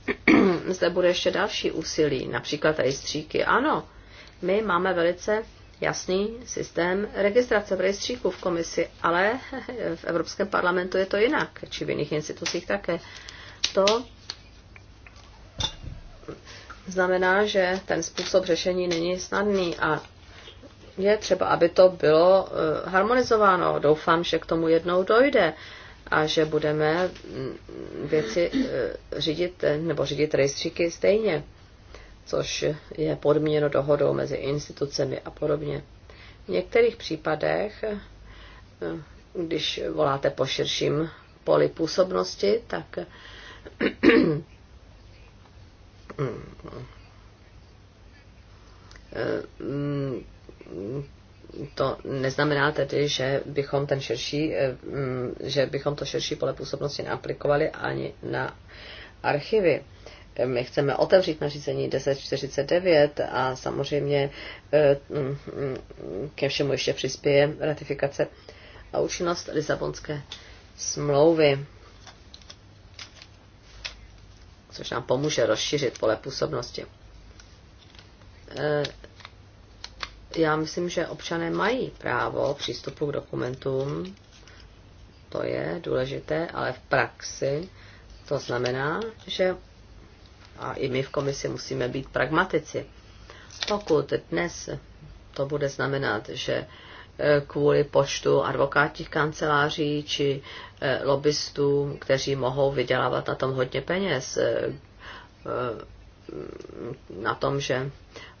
<clears throat> zde bude ještě další úsilí, například rejstříky. Ano, my máme velice jasný systém registrace v rejstříku v komisi, ale v Evropském parlamentu je to jinak, či v jiných institucích také. To znamená, že ten způsob řešení není snadný a je třeba, aby to bylo eh, harmonizováno. Doufám, že k tomu jednou dojde a že budeme mm, věci eh, řídit nebo řídit rejstříky stejně což je podmíněno dohodou mezi institucemi a podobně. V některých případech, eh, když voláte po širším poli působnosti, tak eh, to neznamená tedy, že bychom, ten širší, eh, že bychom to širší pole působnosti neaplikovali ani na archivy my chceme otevřít nařízení 1049 a samozřejmě eh, mm, mm, ke všemu ještě přispěje ratifikace a účinnost Lisabonské smlouvy, což nám pomůže rozšířit pole působnosti. Eh, já myslím, že občané mají právo přístupu k dokumentům, to je důležité, ale v praxi to znamená, že a i my v komisi musíme být pragmatici. Pokud dnes to bude znamenat, že e, kvůli počtu advokátních kanceláří či e, lobbystů, kteří mohou vydělávat na tom hodně peněz, e, na tom, že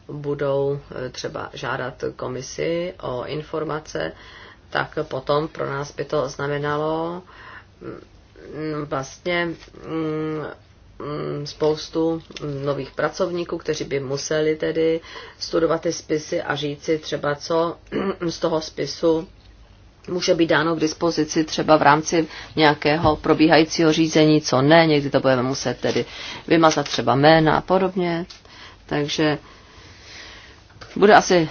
budou třeba žádat komisi o informace, tak potom pro nás by to znamenalo vlastně Mm, spoustu nových pracovníků, kteří by museli tedy studovat ty spisy a říci třeba, co <clears throat> z toho spisu může být dáno k dispozici třeba v rámci nějakého probíhajícího řízení, co ne, někdy to budeme muset tedy vymazat třeba jména a podobně. Takže bude asi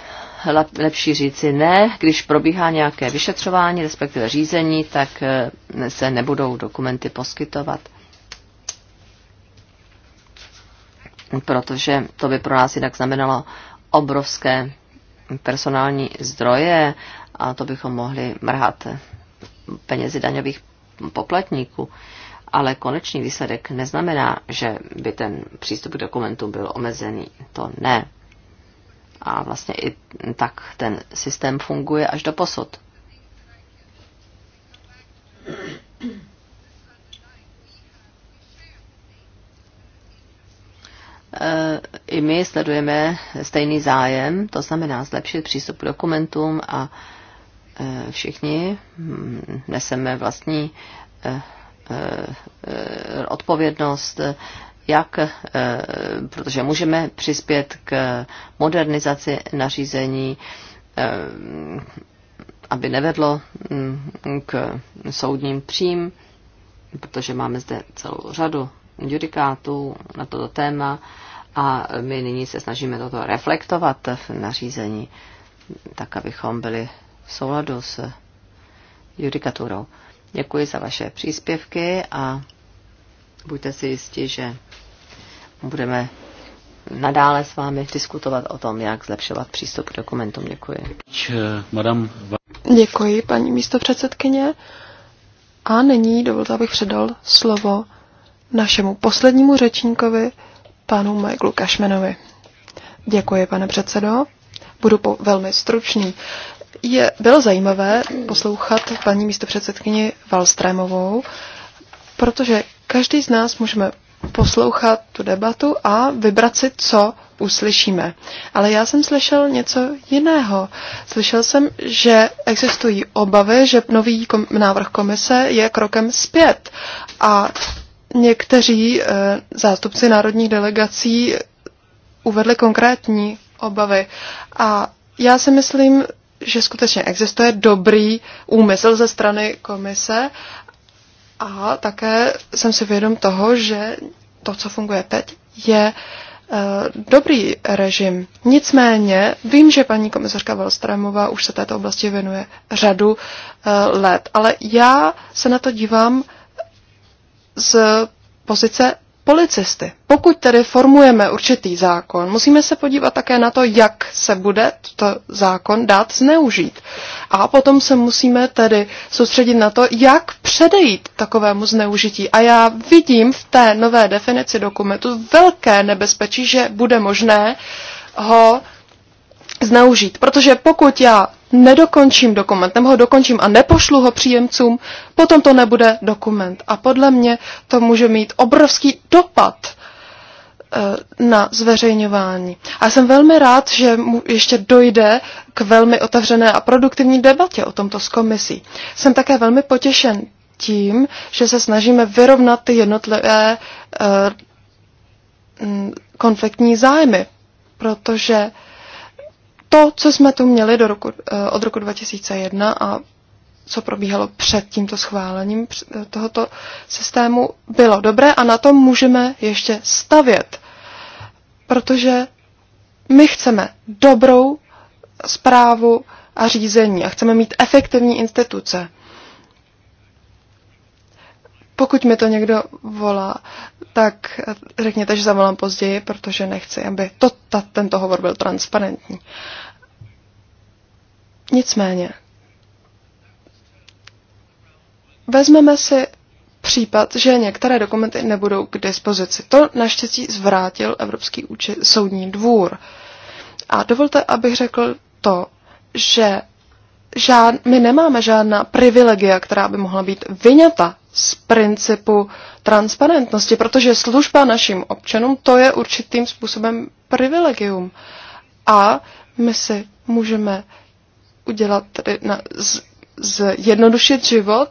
lepší říci ne, když probíhá nějaké vyšetřování, respektive řízení, tak eh, se nebudou dokumenty poskytovat. protože to by pro nás jinak znamenalo obrovské personální zdroje a to bychom mohli mrhat penězi daňových poplatníků. Ale konečný výsledek neznamená, že by ten přístup k dokumentu byl omezený. To ne. A vlastně i tak ten systém funguje až do posud. i my sledujeme stejný zájem, to znamená zlepšit přístup k dokumentům a e, všichni hm, neseme vlastní e, e, odpovědnost, jak, protože můžeme přispět k modernizaci nařízení, aby nevedlo hm, k soudním přím, protože máme zde celou řadu judikátů na toto téma a my nyní se snažíme toto reflektovat v nařízení, tak abychom byli v souladu s judikaturou. Děkuji za vaše příspěvky a buďte si jistí, že budeme nadále s vámi diskutovat o tom, jak zlepšovat přístup k dokumentům. Děkuji. Děkuji, paní místopředsedkyně. A nyní dovolte, abych předal slovo našemu poslednímu řečníkovi, panu Michaelu Kašmenovi. Děkuji, pane předsedo. Budu po- velmi stručný. Je, bylo zajímavé poslouchat paní místopředsedkyni Valstrémovou, protože každý z nás můžeme poslouchat tu debatu a vybrat si, co uslyšíme. Ale já jsem slyšel něco jiného. Slyšel jsem, že existují obavy, že nový kom- návrh komise je krokem zpět. A někteří eh, zástupci národních delegací uvedli konkrétní obavy. A já si myslím, že skutečně existuje dobrý úmysl ze strany komise a také jsem si vědom toho, že to, co funguje teď, je eh, dobrý režim. Nicméně vím, že paní komisařka Valstrémová už se této oblasti věnuje řadu eh, let, ale já se na to dívám z pozice policisty. Pokud tedy formujeme určitý zákon, musíme se podívat také na to, jak se bude to zákon dát zneužít. A potom se musíme tedy soustředit na to, jak předejít takovému zneužití. A já vidím v té nové definici dokumentu velké nebezpečí, že bude možné ho zneužít. Protože pokud já nedokončím dokument, nebo ho dokončím a nepošlu ho příjemcům, potom to nebude dokument. A podle mě to může mít obrovský dopad eh, na zveřejňování. A jsem velmi rád, že mu ještě dojde k velmi otevřené a produktivní debatě o tomto s komisí. Jsem také velmi potěšen tím, že se snažíme vyrovnat ty jednotlivé eh, konfliktní zájmy, protože to, co jsme tu měli do roku, eh, od roku 2001 a co probíhalo před tímto schválením eh, tohoto systému, bylo dobré a na tom můžeme ještě stavět. Protože my chceme dobrou zprávu a řízení a chceme mít efektivní instituce. Pokud mi to někdo volá, tak řekněte, že zavolám později, protože nechci, aby to, ta, tento hovor byl transparentní. Nicméně, vezmeme si případ, že některé dokumenty nebudou k dispozici. To naštěstí zvrátil Evropský soudní dvůr. A dovolte, abych řekl to, že žád, my nemáme žádná privilegia, která by mohla být vyňata z principu transparentnosti, protože služba našim občanům to je určitým způsobem privilegium. A my si můžeme udělat tedy na, z, zjednodušit život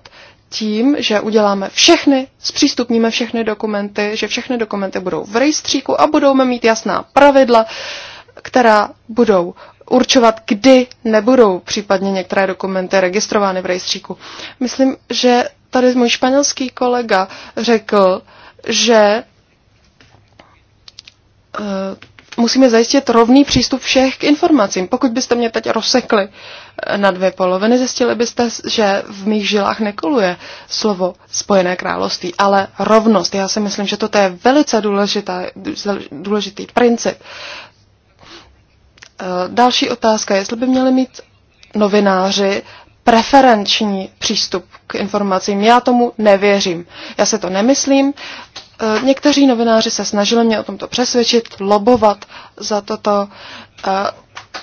tím, že uděláme všechny, zpřístupníme všechny dokumenty, že všechny dokumenty budou v rejstříku a budou mít jasná pravidla, která budou určovat, kdy nebudou případně některé dokumenty registrovány v rejstříku. Myslím, že tady můj španělský kolega řekl, že eh, musíme zajistit rovný přístup všech k informacím. Pokud byste mě teď rozsekli eh, na dvě poloviny, zjistili byste, že v mých žilách nekoluje slovo Spojené království, ale rovnost. Já si myslím, že toto je velice důležitá, důležitý princip. Eh, další otázka, jestli by měli mít novináři preferenční přístup k informacím. Já tomu nevěřím. Já se to nemyslím. Eh, někteří novináři se snažili mě o tomto přesvědčit, lobovat za toto. Eh,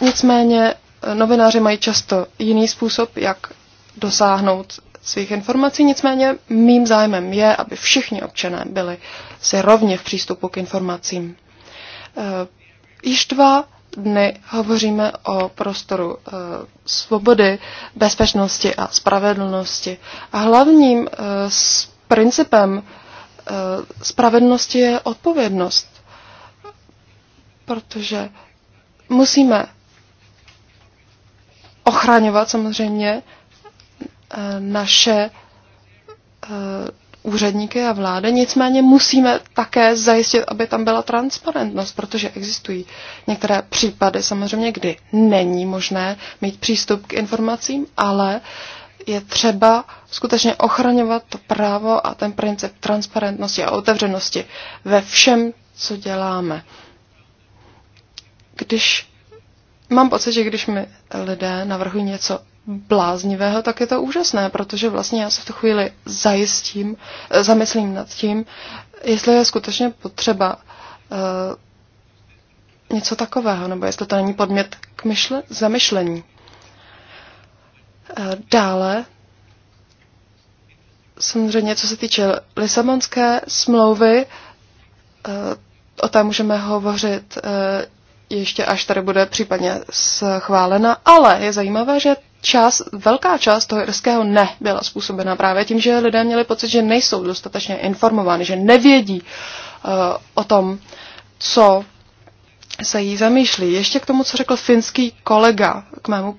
nicméně novináři mají často jiný způsob, jak dosáhnout svých informací. Nicméně mým zájmem je, aby všichni občané byli si rovně v přístupu k informacím. Již dva dny hovoříme o prostoru eh, svobody, bezpečnosti a spravedlnosti. A hlavním eh, principem eh, spravedlnosti je odpovědnost, protože musíme ochraňovat samozřejmě naše úředníky a vlády, nicméně musíme také zajistit, aby tam byla transparentnost, protože existují některé případy samozřejmě, kdy není možné mít přístup k informacím, ale je třeba skutečně ochraňovat to právo a ten princip transparentnosti a otevřenosti ve všem, co děláme. Když mám pocit, že když mi lidé navrhují něco bláznivého, tak je to úžasné, protože vlastně já se v tu chvíli zajistím, eh, zamyslím nad tím, jestli je skutečně potřeba eh, něco takového, nebo jestli to není podmět k myšle, zamyšlení. Eh, dále, samozřejmě, co se týče Lisabonské smlouvy, o té můžeme hovořit ještě až tady bude případně schválena, ale je zajímavé, že část, velká část toho irského ne byla způsobena právě tím, že lidé měli pocit, že nejsou dostatečně informováni, že nevědí uh, o tom, co se jí zamýšlí. Ještě k tomu, co řekl finský kolega k mému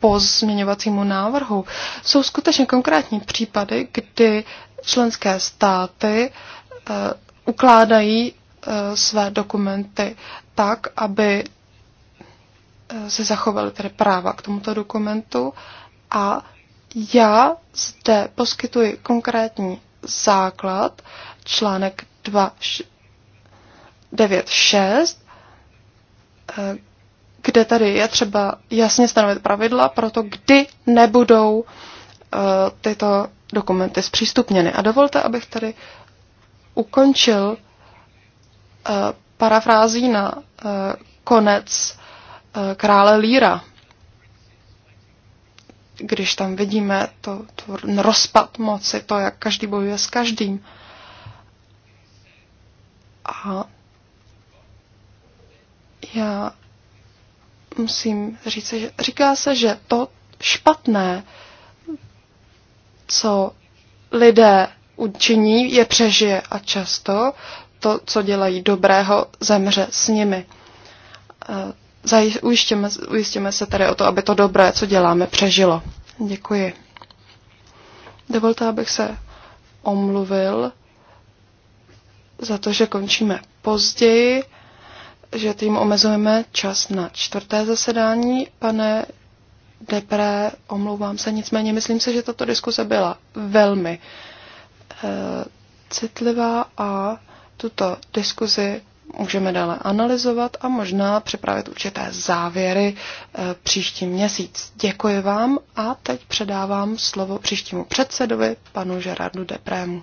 pozměňovacímu návrhu, jsou skutečně konkrétní případy, kdy členské státy uh, ukládají uh, své dokumenty tak, aby eh, se zachovaly tedy práva k tomuto dokumentu a já zde poskytuji konkrétní základ, článek 296, eh, kde tady je třeba jasně stanovit pravidla pro to, kdy nebudou eh, tyto dokumenty zpřístupněny. A dovolte, abych tady ukončil parafrází na eh, konec eh, krále Líra, když tam vidíme to, to rozpad moci, to, jak každý bojuje s každým. A já musím říct, že říká se, že to špatné, co lidé učiní, je přežije. A často to, co dělají dobrého, zemře s nimi. E, ujistíme, ujistíme se tedy o to, aby to dobré, co děláme, přežilo. Děkuji. Dovolte, abych se omluvil za to, že končíme později, že tím omezujeme čas na čtvrté zasedání. Pane Depré, omlouvám se, nicméně myslím si, že tato diskuse byla velmi e, citlivá a tuto diskuzi můžeme dále analyzovat a možná připravit určité závěry eh, příští měsíc. Děkuji vám a teď předávám slovo příštímu předsedovi, panu Gerardu Deprému.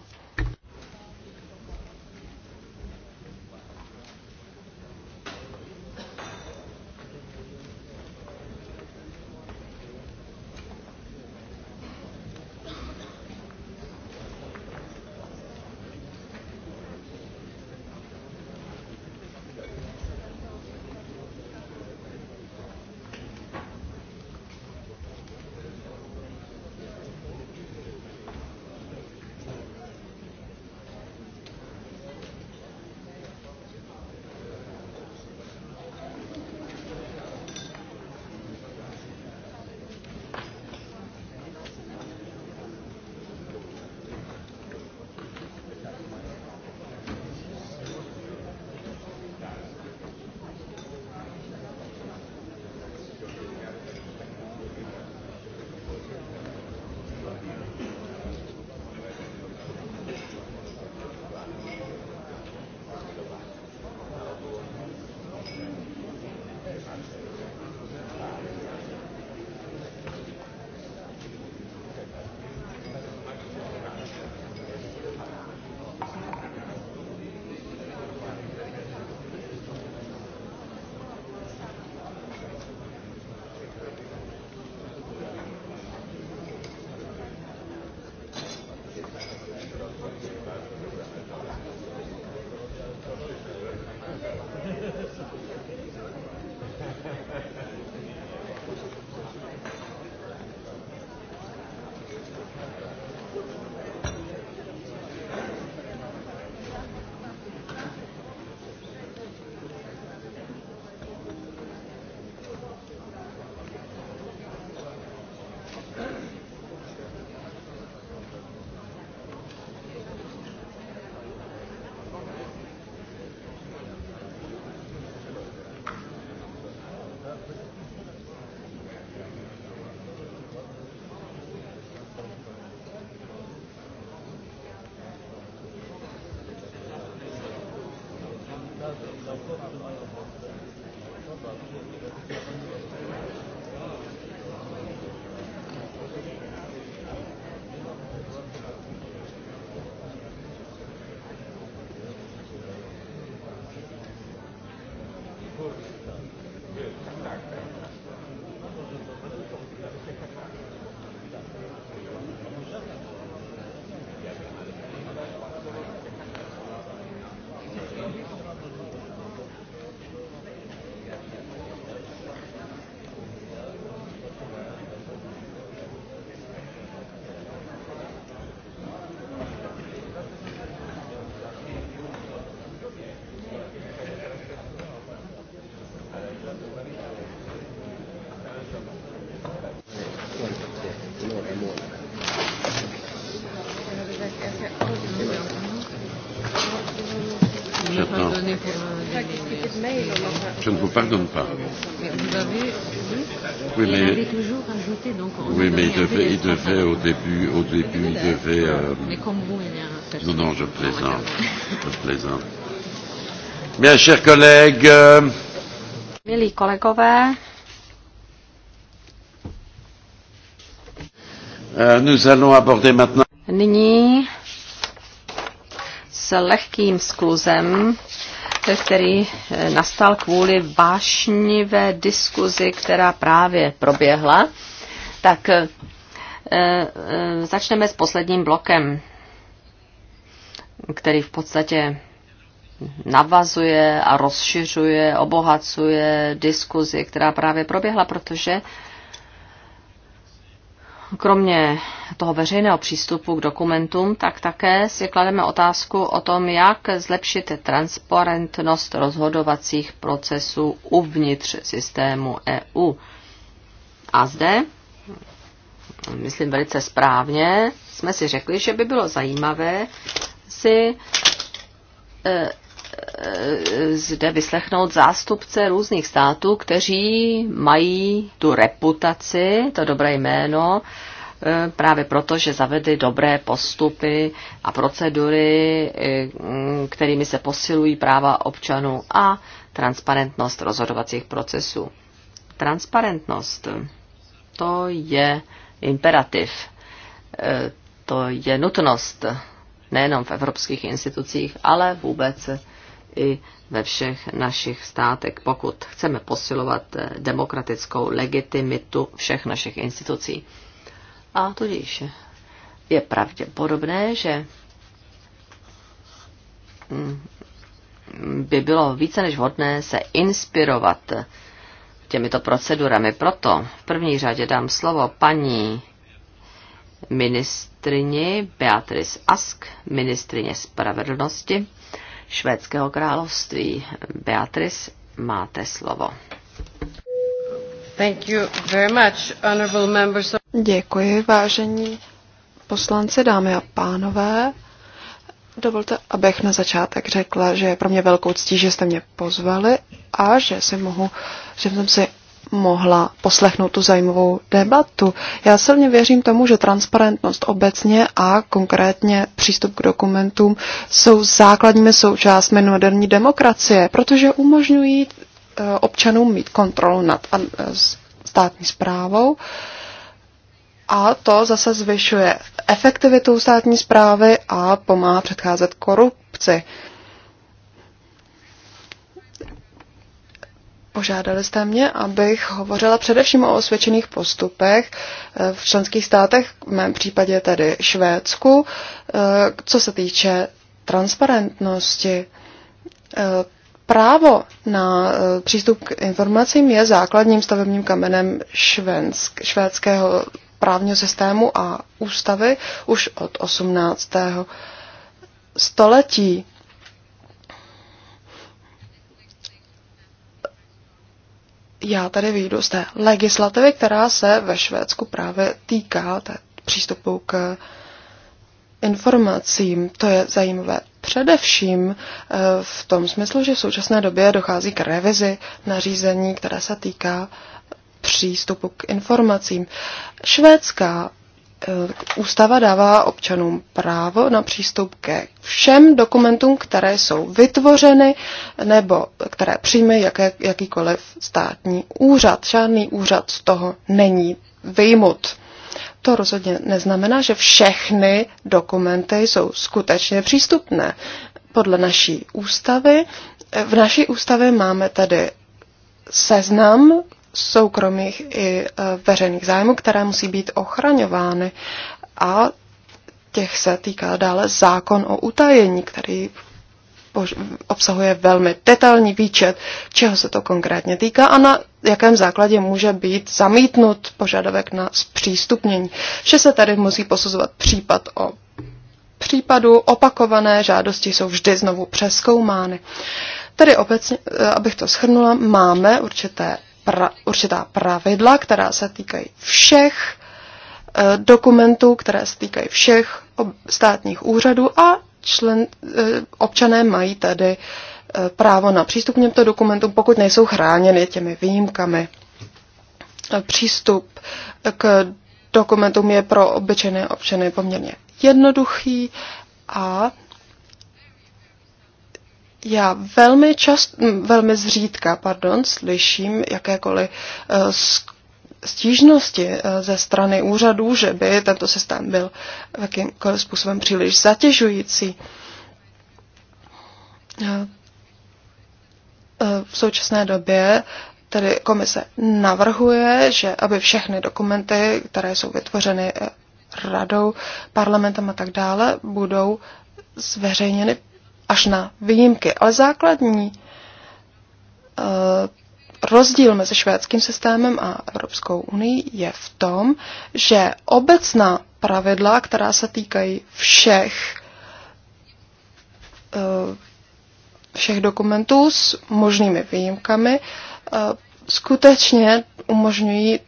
pardon pas. vous avez, oui, oui, mais, il avait toujours ajouté, donc on oui, mais il devait, il devait au début, au début, il devait. Euh, mais comme vous, il y a un Non, non, je plaisante, je plaisante. Bien, chers collègues. Euh, Milí kolegové. Euh, nous allons aborder maintenant. Nyní s lehkým skluzem který eh, nastal kvůli vášnivé diskuzi, která právě proběhla. Tak eh, eh, začneme s posledním blokem, který v podstatě navazuje a rozšiřuje, obohacuje diskuzi, která právě proběhla, protože kromě toho veřejného přístupu k dokumentům, tak také si klademe otázku o tom, jak zlepšit transparentnost rozhodovacích procesů uvnitř systému EU. A zde, myslím velice správně, jsme si řekli, že by bylo zajímavé si eh, Eh, zde vyslechnout zástupce různých států, kteří mají tu reputaci, to dobré jméno, eh, právě proto, že zavedly dobré postupy a procedury, eh, kterými se posilují práva občanů a transparentnost rozhodovacích procesů. Transparentnost, to je imperativ, to je nutnost nejenom v evropských institucích, ale vůbec i ve všech našich státech, pokud chceme posilovat eh, demokratickou legitimitu všech našich institucí. A tudíž je pravděpodobné, že mm, by bylo více než vhodné se inspirovat těmito procedurami. Proto v první řadě dám slovo paní ministrině Beatrice Ask, ministrině spravedlnosti švédského království. Beatrice, máte slovo. Thank you very much, honorable members of... Děkuji, vážení poslanci, dámy a pánové. Dovolte, abych na začátek řekla, že je pro mě velkou ctí, že jste mě pozvali a že si mohu, že jsem si mohla poslechnout tu zajímavou debatu. Já silně věřím tomu, že transparentnost obecně a konkrétně přístup k dokumentům jsou základními součástmi moderní demokracie, protože umožňují eh, občanům mít kontrolu nad eh, státní zprávou a to zase zvyšuje efektivitu státní zprávy a pomáhá předcházet korupci. Požádali jste mě, abych hovořila především o osvědčených postupech eh, v členských státech, v mém případě tedy Švédsku, eh, co se týče transparentnosti. Eh, právo na přístup k informacím je základním stavebním kamenem švensk, švédského právního systému a ústavy už od 18. století. já tady vyjdu z té legislativy, která se ve Švédsku právě týká té přístupu k informacím. To je zajímavé především eh, v tom smyslu, že v současné době dochází k revizi nařízení, které se týká přístupu k informacím. Švédská Eh, ústava dává občanům právo na přístup ke všem dokumentům, které jsou vytvořeny nebo které přijme jaké, jakýkoliv státní úřad. Žádný úřad z toho není vyjmut. To rozhodně neznamená, že všechny dokumenty jsou skutečně přístupné. Podle naší ústavy, eh, v naší ústavě máme tedy seznam soukromých i e, veřejných zájmů, které musí být ochraňovány. A těch se týká dále zákon o utajení, který obsahuje velmi detailní výčet, čeho se to konkrétně týká a na jakém základě může být zamítnut požadavek na zpřístupnění. Vše se tady musí posuzovat případ o případu, opakované žádosti jsou vždy znovu přeskoumány. Tedy obecně, e, abych to shrnula, máme určité pra, určitá pravidla, která se týkají všech eh, dokumentů, které se týkají všech státních úřadů a člen, eh, občané mají tady eh, právo na přístup k těmto dokumentům, pokud nejsou chráněny těmi výjimkami. Přístup k dokumentům je pro obyčejné občany poměrně jednoduchý a já velmi čast, mm, velmi zřídka, pardon, slyším jakékoliv uh, stížnosti eh, ze strany úřadů, že by tento systém byl jakýmkoliv způsobem příliš zatěžující. Eh, v současné době tedy komise navrhuje, že aby všechny dokumenty, které jsou vytvořeny radou, parlamentem a tak dále, budou zveřejněny až na výjimky. Ale základní eh, rozdíl mezi švédským systémem a Evropskou unii je v tom, že obecná pravidla, která se týkají všech eh, všech dokumentů s možnými výjimkami eh, skutečně umožňují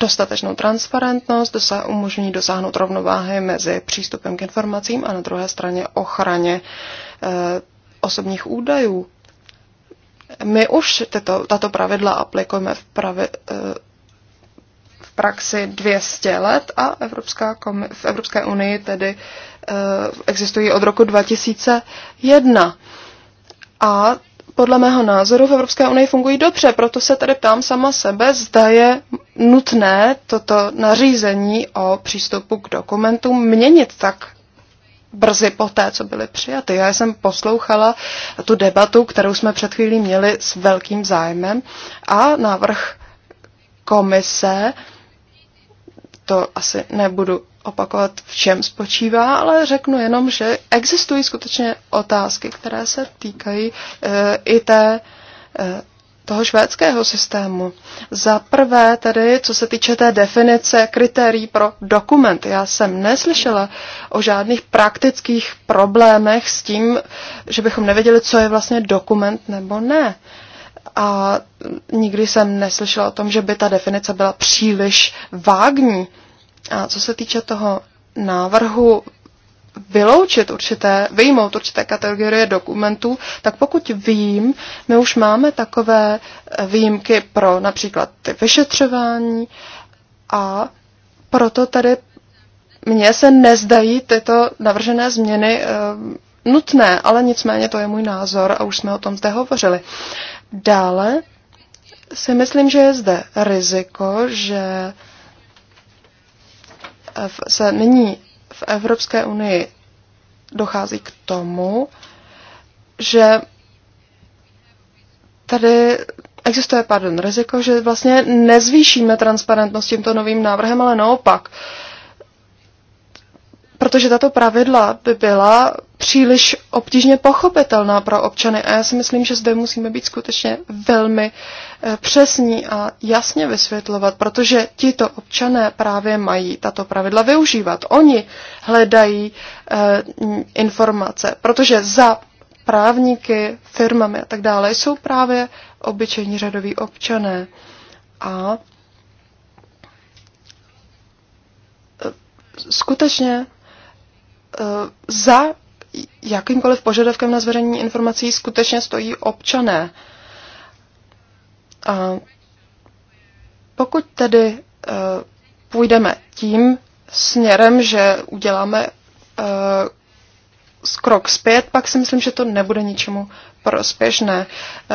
dostatečnou transparentnost, umožní dosáhnout rovnováhy mezi přístupem k informacím a na druhé straně ochraně e, osobních údajů. My už tato, tato pravidla aplikujeme v, pravi, e, v praxi 200 let a Evropská komi- v Evropské unii tedy e, existují od roku 2001. A podle mého názoru v Evropské unii fungují dobře, proto se tady ptám sama sebe, zda je nutné toto nařízení o přístupu k dokumentům měnit tak brzy po té, co byly přijaty. Já jsem poslouchala tu debatu, kterou jsme před chvílí měli s velkým zájmem a návrh komise, to asi nebudu opakovat, v čem spočívá, ale řeknu jenom, že existují skutečně otázky, které se týkají e, i té e, toho švédského systému. Za prvé tedy, co se týče té definice kritérií pro dokument. Já jsem neslyšela o žádných praktických problémech s tím, že bychom nevěděli, co je vlastně dokument nebo ne. A nikdy jsem neslyšela o tom, že by ta definice byla příliš vágní. A co se týče toho návrhu vyloučit určité, vyjmout určité kategorie dokumentů, tak pokud vím, my už máme takové eh, výjimky pro například ty vyšetřování a proto tady mně se nezdají tyto navržené změny eh, nutné, ale nicméně to je můj názor a už jsme o tom zde hovořili. Dále si myslím, že je zde riziko, že eh, se nyní v Evropské unii dochází k tomu, že tady existuje pardon, riziko, že vlastně nezvýšíme transparentnost tímto novým návrhem, ale naopak. Uh, protože tato pravidla by byla příliš obtížně pochopitelná pro občany a já si myslím, že zde musíme být skutečně velmi eh, přesní a jasně vysvětlovat, protože tito občané právě mají tato pravidla využívat. Oni hledají eh, informace, protože za právníky, firmami a tak dále jsou právě obyčejní řadoví občané. A eh, skutečně E, za jakýmkoliv požadavkem na zveřejnění informací skutečně stojí občané. A pokud tedy e, půjdeme tím směrem, že uděláme e, krok zpět, pak si myslím, že to nebude ničemu prospěšné.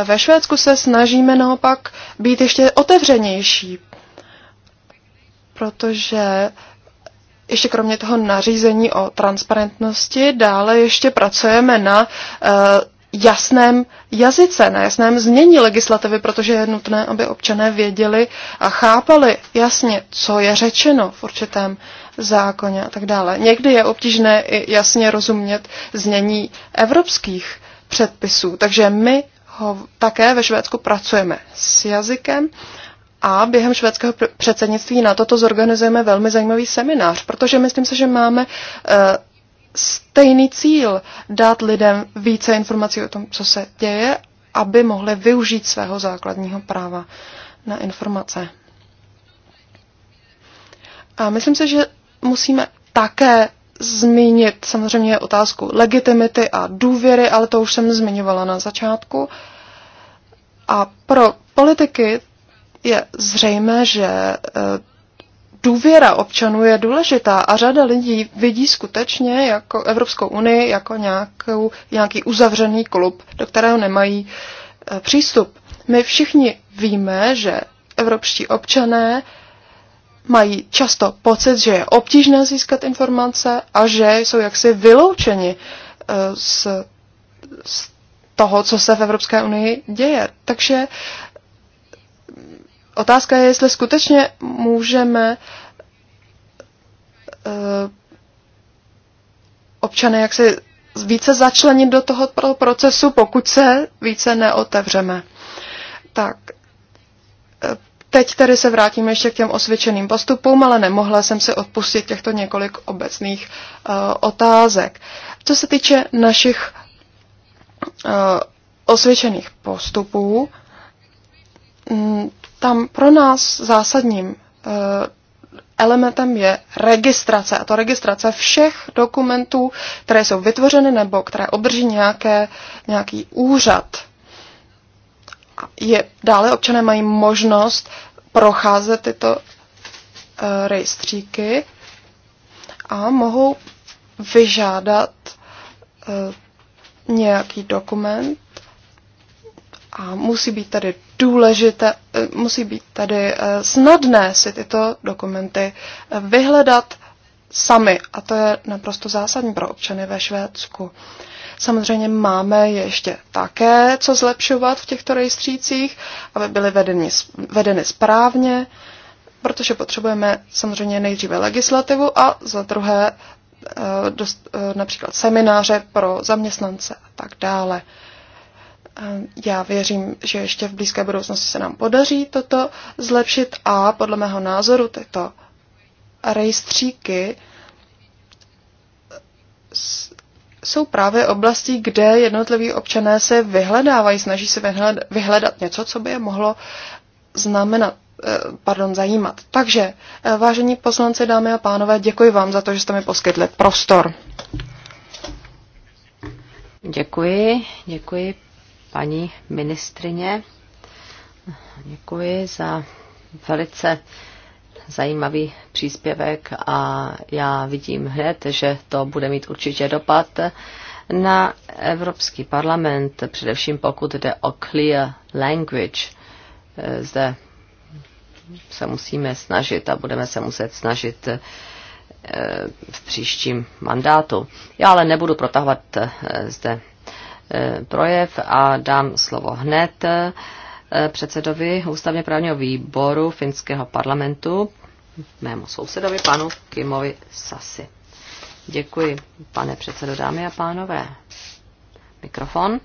Ve Švédsku se snažíme naopak být ještě otevřenější, protože ještě kromě toho nařízení o transparentnosti dále ještě pracujeme na eh, jasném jazyce, na jasném znění legislativy, protože je nutné, aby občané věděli a chápali jasně, co je řečeno v určitém zákoně a tak dále. Někdy je obtížné i jasně rozumět znění evropských předpisů, takže my ho také ve Švédsku pracujeme s jazykem a během švédského předsednictví na toto zorganizujeme velmi zajímavý seminář, protože myslím se, že máme eh, stejný cíl dát lidem více informací o tom, co se děje, aby mohli využít svého základního práva na informace. A myslím se, že musíme také zmínit samozřejmě otázku legitimity a důvěry, ale to už jsem zmiňovala na začátku. A pro politiky je zřejmé, že e, důvěra občanů je důležitá a řada lidí vidí skutečně jako Evropskou unii jako nějakou, nějaký uzavřený klub, do kterého nemají e, přístup. My všichni víme, že evropští občané mají často pocit, že je obtížné získat informace a že jsou jaksi vyloučeni e, z, z toho, co se v Evropské unii děje. Takže otázka je, jestli skutečně můžeme eh, občany jak se více začlenit do toho procesu, pokud se více neotevřeme. Tak, eh, teď tedy se vrátíme ještě k těm osvědčeným postupům, ale nemohla jsem si odpustit těchto několik obecných uh, otázek. Co se týče našich uh, osvědčených postupů, mm, tam pro nás zásadním eh, elementem je registrace, a to registrace všech dokumentů, které jsou vytvořeny nebo které obdrží nějaké, nějaký úřad. Je, dále občané mají možnost procházet tyto uh, rejstříky a mohou vyžádat uh, nějaký dokument a musí být tady důležité, eh, musí být tady eh, snadné si tyto dokumenty eh, vyhledat sami. A to je naprosto zásadní pro občany ve Švédsku. Samozřejmě máme ještě také co zlepšovat v těchto rejstřících, aby byly vedeny, vedeny správně, protože potřebujeme samozřejmě nejdříve legislativu a za druhé například semináře pro zaměstnance a tak dále. Já věřím, že ještě v blízké budoucnosti se nám podaří toto zlepšit a podle mého názoru tyto rejstříky jsou právě oblasti, kde jednotliví občané se vyhledávají, snaží se vyhledat něco, co by je mohlo znamenat, eh, pardon, zajímat. Takže, eh, vážení poslanci, dámy a pánové, děkuji vám za to, že jste mi poskytli prostor. Děkuji, děkuji paní ministrině. Děkuji za velice zajímavý příspěvek a já vidím hned, že to bude mít určitě dopad na Evropský parlament, především pokud jde o clear language. Zde se musíme snažit a budeme se muset snažit eh, v příštím mandátu. Já ale nebudu protahovat eh, zde E, projev a dám slovo hned e, předsedovi ústavně právního výboru finského parlamentu, mému sousedovi, panu Kimovi Sasi. Děkuji, pane předsedo, dámy a pánové. Mikrofon.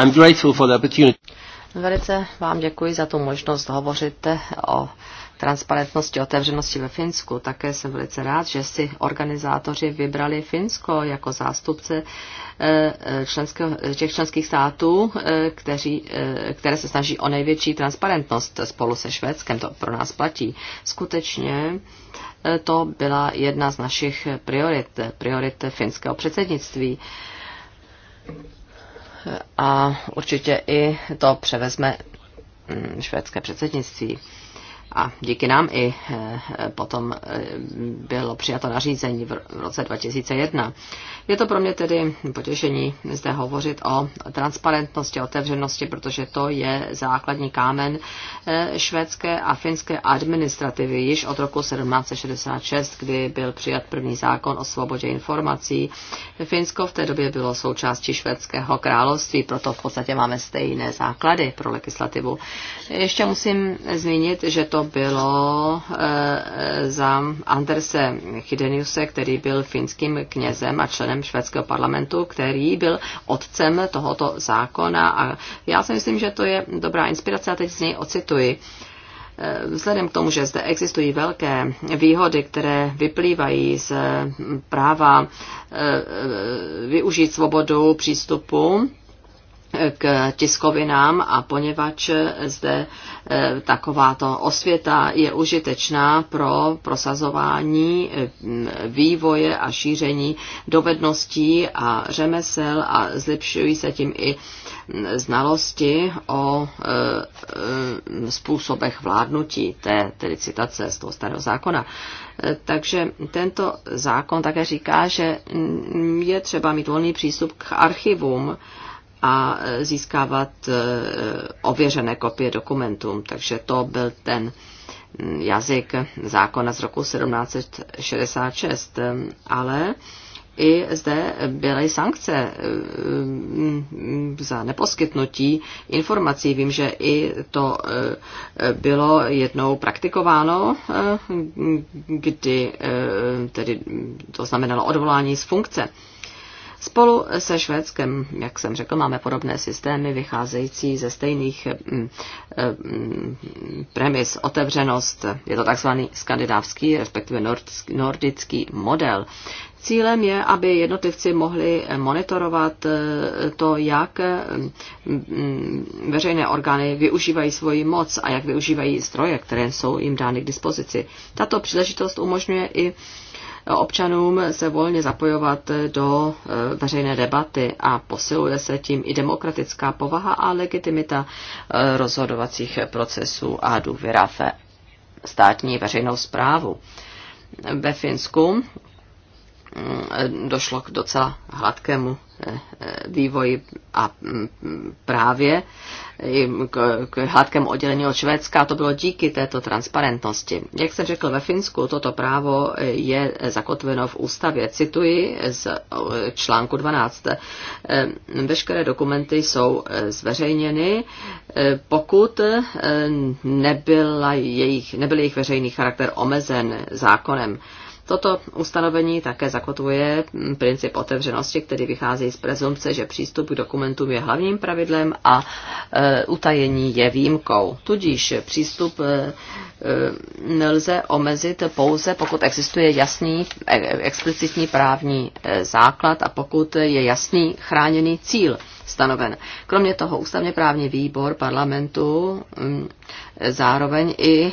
I'm grateful for the opportunity. Velice vám děkuji za tu možnost hovořit o transparentnosti, otevřenosti ve Finsku. Také jsem velice rád, že si organizátoři vybrali Finsko jako zástupce eh, eh, těch členských států, eh, kteří, které se snaží o největší transparentnost spolu se Švédskem. To pro nás platí. Skutečně to byla jedna z našich priorit, priorit finského předsednictví a určitě i to převezme mm, švédské předsednictví a díky nám i eh, potom eh, bylo přijato nařízení v roce 2001. Je to pro mě tedy potěšení zde hovořit o transparentnosti, otevřenosti, protože to je základní kámen eh, švédské a finské administrativy již od roku 1766, kdy byl přijat první zákon o svobodě informací. Finsko v té době bylo součástí švédského království, proto v podstatě máme stejné základy pro legislativu. Ještě musím zmínit, že to to bylo eh, za Anderse Chideniuse, který byl finským knězem a členem švédského parlamentu, který byl otcem tohoto zákona. A já si myslím, že to je dobrá inspirace a teď z něj ocituji. Eh, vzhledem k tomu, že zde existují velké výhody, které vyplývají z práva eh, využít svobodu přístupu k tiskovinám a poněvadž zde e, takováto osvěta je užitečná pro prosazování e, vývoje a šíření dovedností a řemesel a zlepšují se tím i znalosti o e, způsobech vládnutí. té tedy citace z toho starého zákona. Takže tento zákon také říká, že je třeba mít volný přístup k archivům, a získávat e, ověřené kopie dokumentů. Takže to byl ten mm, jazyk zákona z roku 1766, ale i zde byly sankce e, mm, za neposkytnutí informací. Vím, že i to e, bylo jednou praktikováno, kdy tedy to znamenalo odvolání z funkce. Spolu se Švédskem, jak jsem řekl, máme podobné systémy vycházející ze stejných mm, mm, premis otevřenost. Je to takzvaný skandinávský, respektive nordický model. Cílem je, aby jednotlivci mohli monitorovat eh, to, jak mm, veřejné orgány využívají svoji moc a jak využívají stroje, které jsou jim dány k dispozici. Tato příležitost umožňuje i občanům se volně zapojovat do eh, veřejné debaty a posiluje se tím i demokratická povaha a legitimita eh, rozhodovacích procesů a důvěra ve státní veřejnou zprávu. Ve Finsku Mm, došlo k docela hladkému eh, eh, vývoji a mm, právě k hladkému oddělení od Švédska a to bylo díky této transparentnosti. Jak jsem řekl, ve Finsku toto právo eh, je zakotveno v ústavě. Cituji z článku 12. Veškeré dokumenty jsou zveřejněny, pokud nebyla jejich, nebyl jejich veřejný charakter omezen zákonem. Toto ustanovení také zakotvuje princip otevřenosti, který vychází z prezumce, že přístup k dokumentům je hlavním pravidlem a e, utajení je výjimkou. Tudíž přístup e, e nelze omezit pouze, pokud existuje jasný, e, explicitní právní e, základ a pokud je jasný chráněný cíl stanoven. Kromě toho ústavně právní výbor parlamentu mm, zároveň i e,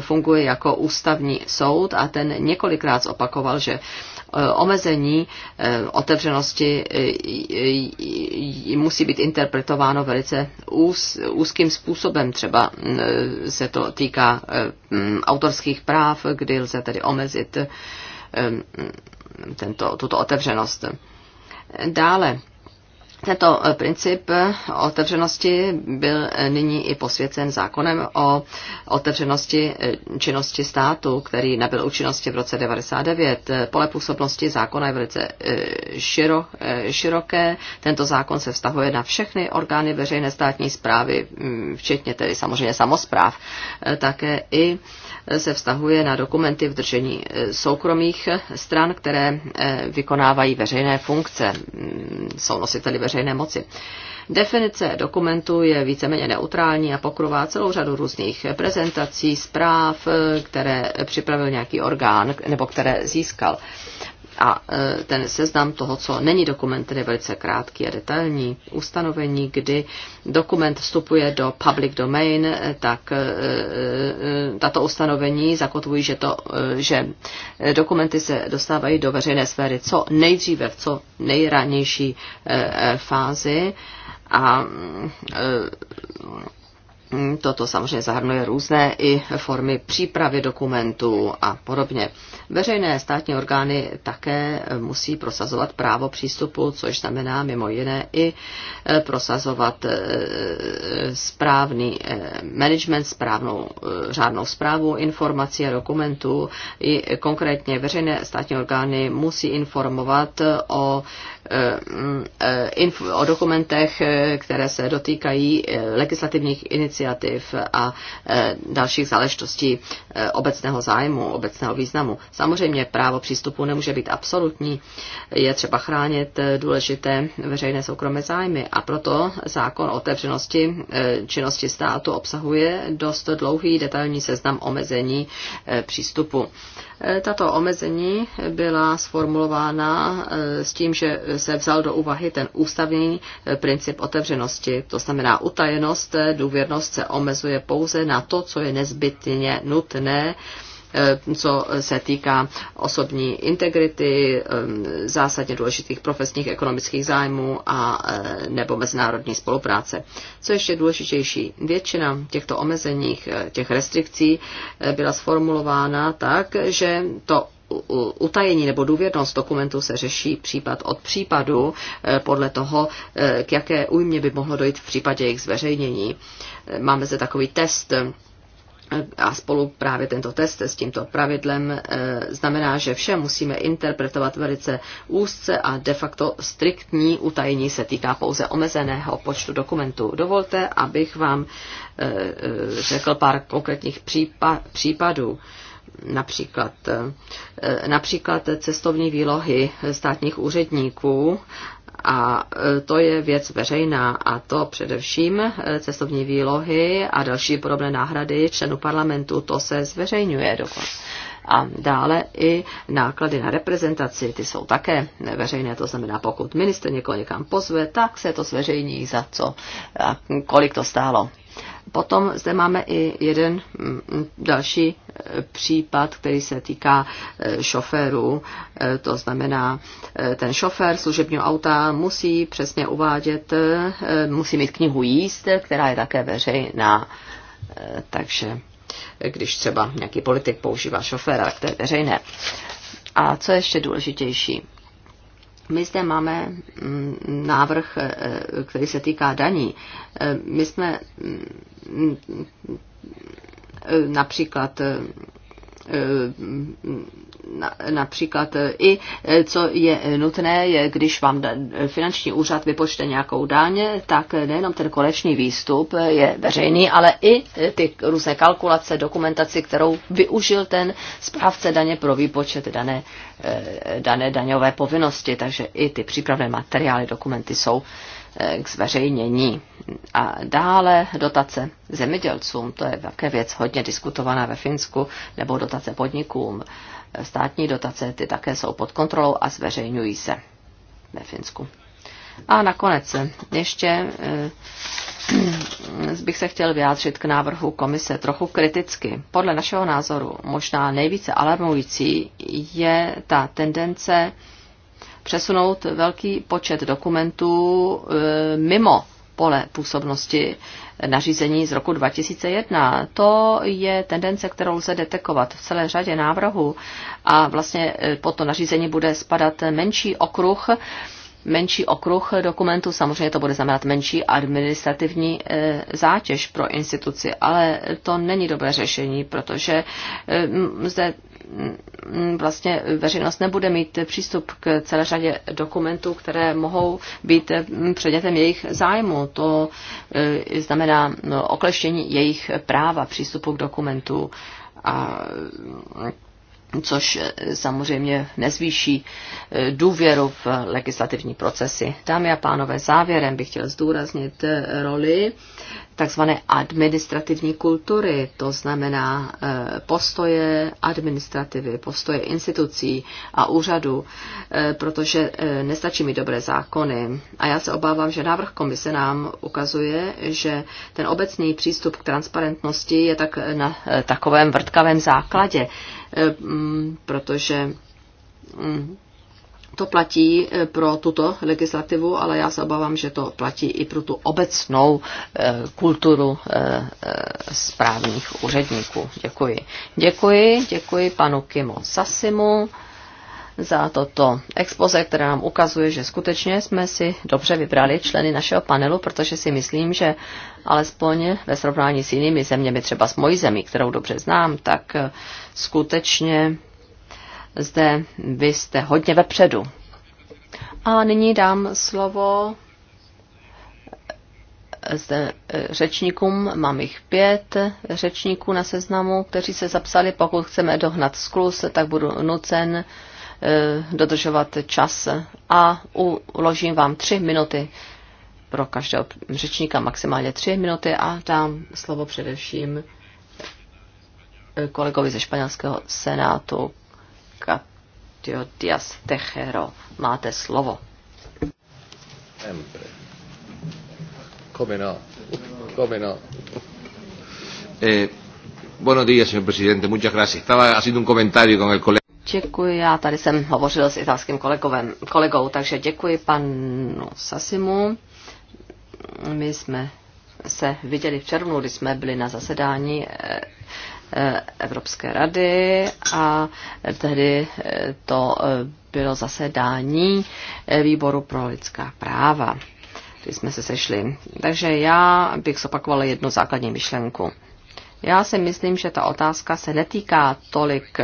funguje jako ústavní soud a ten několikrát zopakoval, že e, omezení e, otevřenosti musí být interpretováno velice úz, úzkým způsobem. Třeba mm, se to týká mm, autorských práv, kdy lze tedy omezit tento, tuto otevřenost. Dále tento eh, princip eh, otevřenosti byl eh, nyní i posvěcen zákonem o otevřenosti činnosti státu, který nabyl účinnosti v roce 1999. Pole působnosti zákona je velice širo, široké. Tento zákon se vztahuje na všechny orgány veřejné státní zprávy, mm, včetně tedy samozřejmě samozpráv, také i se vztahuje na dokumenty v držení eh, soukromých eh, stran, které eh, vykonávají veřejné funkce, mm, jsou nositeli veřejné moci. Definice dokumentu je víceméně neutrální a pokrývá celou řadu různých prezentací, zpráv, které připravil nějaký orgán nebo které získal. A e, ten seznam toho, co není dokument, je velice krátký a detailní ustanovení, kdy dokument vstupuje do public domain, e, tak e, tato ustanovení zakotvují, že, to, že dokumenty se dostávají do veřejné sféry co nejdříve, v co nejranější fázi a Toto samozřejmě zahrnuje různé i formy přípravy dokumentů a podobně. Veřejné státní orgány také musí prosazovat právo přístupu, což znamená mimo jiné i e, prosazovat e, správný e, management, správnou řádnou zprávu informací a dokumentů. I konkrétně veřejné státní orgány musí informovat o, o dokumentech, které se dotýkají legislativních iniciativ iniciativ a e, dalších záležitostí e, obecného zájmu, obecného významu. Samozřejmě právo přístupu nemůže být absolutní, je třeba chránit e, důležité veřejné soukromé zájmy a proto zákon o otevřenosti činnosti státu obsahuje dost dlouhý detailní seznam omezení přístupu. Tato omezení byla sformulována eh, s tím, že se vzal do úvahy ten ústavní eh, princip otevřenosti. To znamená, utajenost, eh, důvěrnost se omezuje pouze na to, co je nezbytně nutné Eh, co se týká osobní integrity, eh, zásadně důležitých profesních ekonomických zájmů a eh, nebo mezinárodní spolupráce. Co ještě důležitější, většina těchto omezeních, těch restrikcí byla sformulována tak, že to utajení nebo důvěrnost dokumentu se řeší případ od případu podle toho, k jaké újmě by mohlo dojít v případě jejich zveřejnění. Máme zde takový test a spolu právě tento test s tímto pravidlem eh, znamená, že vše musíme interpretovat velice úzce a de facto striktní utajení se týká pouze omezeného počtu dokumentů. Dovolte, abych vám eh, eh, řekl pár konkrétních případů například, například cestovní výlohy státních úředníků a e, to je věc veřejná a to především e, cestovní výlohy a další podobné náhrady členů parlamentu, to se zveřejňuje dokonce. A dále i náklady na reprezentaci, ty jsou také veřejné, to znamená, pokud minister někoho někam pozve, tak se to zveřejní za co a kolik to stálo. Potom zde máme i jeden mm, mm, další e, případ, který se týká e, šoférů. E, to znamená, ten šofér služebního auta musí přesně uvádět, musí mít knihu jíst, která je také veřejná. Takže když třeba nějaký politik používá šoféra, tak to je veřejné. A co je ještě důležitější? My zde máme mm, návrh, eh, který se týká daní. Eh, my jsme mm, eh, například na, například e, i e, co je nutné, je, když vám finanční úřad vypočte nějakou daň, tak nejenom ten konečný výstup je veřejný, ale i e, ty různé kalkulace, dokumentaci, kterou využil ten správce daně pro výpočet dané, dané daňové povinnosti. Takže i ty přípravné materiály, dokumenty jsou k zveřejnění. A dále dotace zemědělcům, to je také věc hodně diskutovaná ve Finsku, nebo dotace podnikům. E, státní dotace, ty také jsou pod kontrolou a zveřejňují se ve Finsku. A nakonec ještě eh, bych se chtěl vyjádřit k návrhu komise trochu kriticky. Podle našeho názoru možná nejvíce alarmující je ta tendence přesunout velký počet dokumentů eh, mimo pole působnosti nařízení z roku 2001. To je tendence, kterou lze detekovat v celé řadě návrhů a vlastně e, po to nařízení bude spadat menší okruh menší okruh dokumentů, samozřejmě to bude znamenat menší administrativní e, zátěž pro instituci, ale to není dobré řešení, protože e, zde vlastně veřejnost nebude mít přístup k celé řadě dokumentů, které mohou být předmětem jejich zájmu. To eh, znamená no, okleštění jejich práva přístupu k dokumentu a což eh, samozřejmě nezvýší eh, důvěru v legislativní procesy. Dámy a pánové, závěrem bych chtěl zdůraznit eh, roli takzvané administrativní kultury, to znamená postoje administrativy, postoje institucí a úřadů, protože nestačí mi dobré zákony. A já se obávám, že návrh komise nám ukazuje, že ten obecný přístup k transparentnosti je tak na takovém vrtkavém základě, protože mm, to platí eh, pro tuto legislativu, ale já se obávám, že to platí i pro tu obecnou eh, kulturu eh, správních úředníků. Děkuji. Děkuji, děkuji panu Kimo Sasimu za toto expoze, které nám ukazuje, že skutečně jsme si dobře vybrali členy našeho panelu, protože si myslím, že alespoň ve srovnání s jinými zeměmi, třeba s mojí zemí, kterou dobře znám, tak eh, skutečně zde vy jste hodně vepředu. A nyní dám slovo eh, zde eh, řečníkům, mám jich pět řečníků na seznamu, kteří se zapsali, pokud chceme dohnat sklus, tak budu nucen E, dodržovat čas a uložím vám tři minuty pro každého řečníka maximálně tři minuty a dám slovo především e, kolegovi ze španělského senátu Katio Díaz Tejero. Máte slovo. Sempre. Come no. Come no. Eh, buenos días, señor presidente. Muchas gracias. Estaba haciendo un comentario con el colega. Děkuji, já tady jsem hovořil s italským kolegovem, kolegou, takže děkuji panu Sasimu. My jsme se viděli v červnu, kdy jsme byli na zasedání eh, eh, Evropské rady a tehdy eh, to bylo zasedání výboru pro lidská práva, kdy jsme se sešli. Takže já bych zopakovala jednu základní myšlenku. Já si myslím, že ta otázka se netýká tolik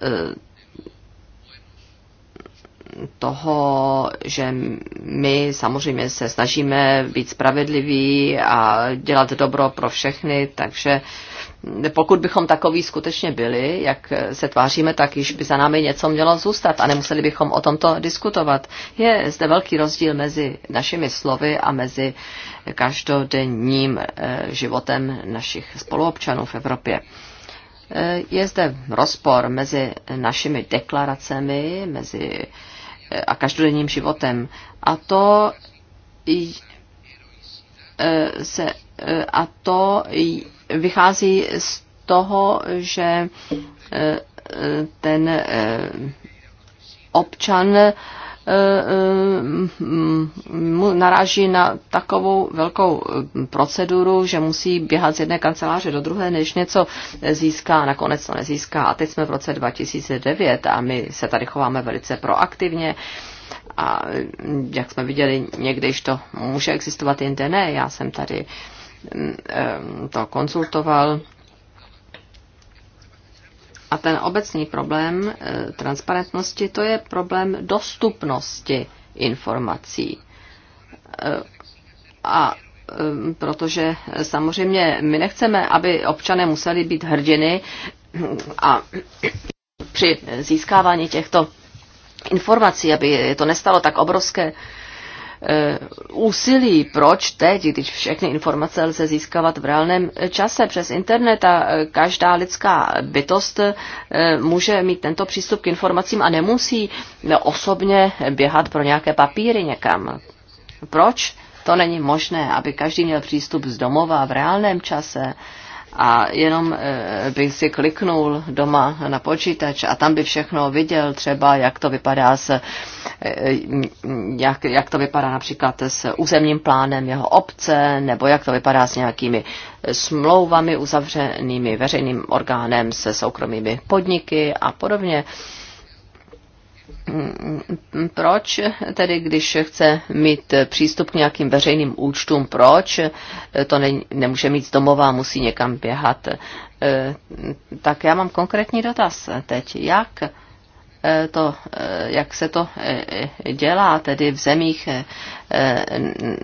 Eh, toho, že my samozřejmě se snažíme být spravedliví a dělat dobro pro všechny, takže pokud bychom takový skutečně byli, jak se tváříme, tak již by za námi něco mělo zůstat a nemuseli bychom o tomto diskutovat. Je zde velký rozdíl mezi našimi slovy a mezi každodenním eh, životem našich spoluobčanů v Evropě je zde rozpor mezi našimi deklaracemi mezi eh, a každodenním životem. A to eh, se, eh, a to vychází z toho, že ten občan naráží na takovou velkou eh, proceduru, že musí běhat z jedné kanceláře do druhé, než něco získá, nakonec to nezíská. A teď jsme v roce 2009 a my se tady chováme velice proaktivně a eh, jak jsme viděli, někde to může existovat, jinde ne. Já jsem tady mm, eh, to konzultoval a ten obecný problém eh, transparentnosti, to je problém dostupnosti informací. Eh, a eh, protože samozřejmě my nechceme, aby občané museli být hrdiny a při získávání těchto informací, aby to nestalo tak obrovské Eh, úsilí, proč teď, když všechny informace lze získávat v reálném eh, čase přes internet a eh, každá lidská bytost může mít tento přístup k informacím a nemusí osobně běhat pro nějaké papíry někam. Proč? To není možné, aby každý měl přístup z domova v reálném čase a jenom eh, bych si kliknul doma na počítač a tam by všechno viděl, třeba jak to vypadá s, eh, jak, jak to vypadá například s územním plánem jeho obce, nebo jak to vypadá s nějakými smlouvami uzavřenými veřejným orgánem se soukromými podniky a podobně. E, proč tedy, když chce mít přístup k nějakým veřejným účtům, proč to ne, nemůže mít z domova, musí někam běhat. Eh, tak já mám konkrétní dotaz teď. Jak to, jak se to e, e, dělá, tedy v zemích e,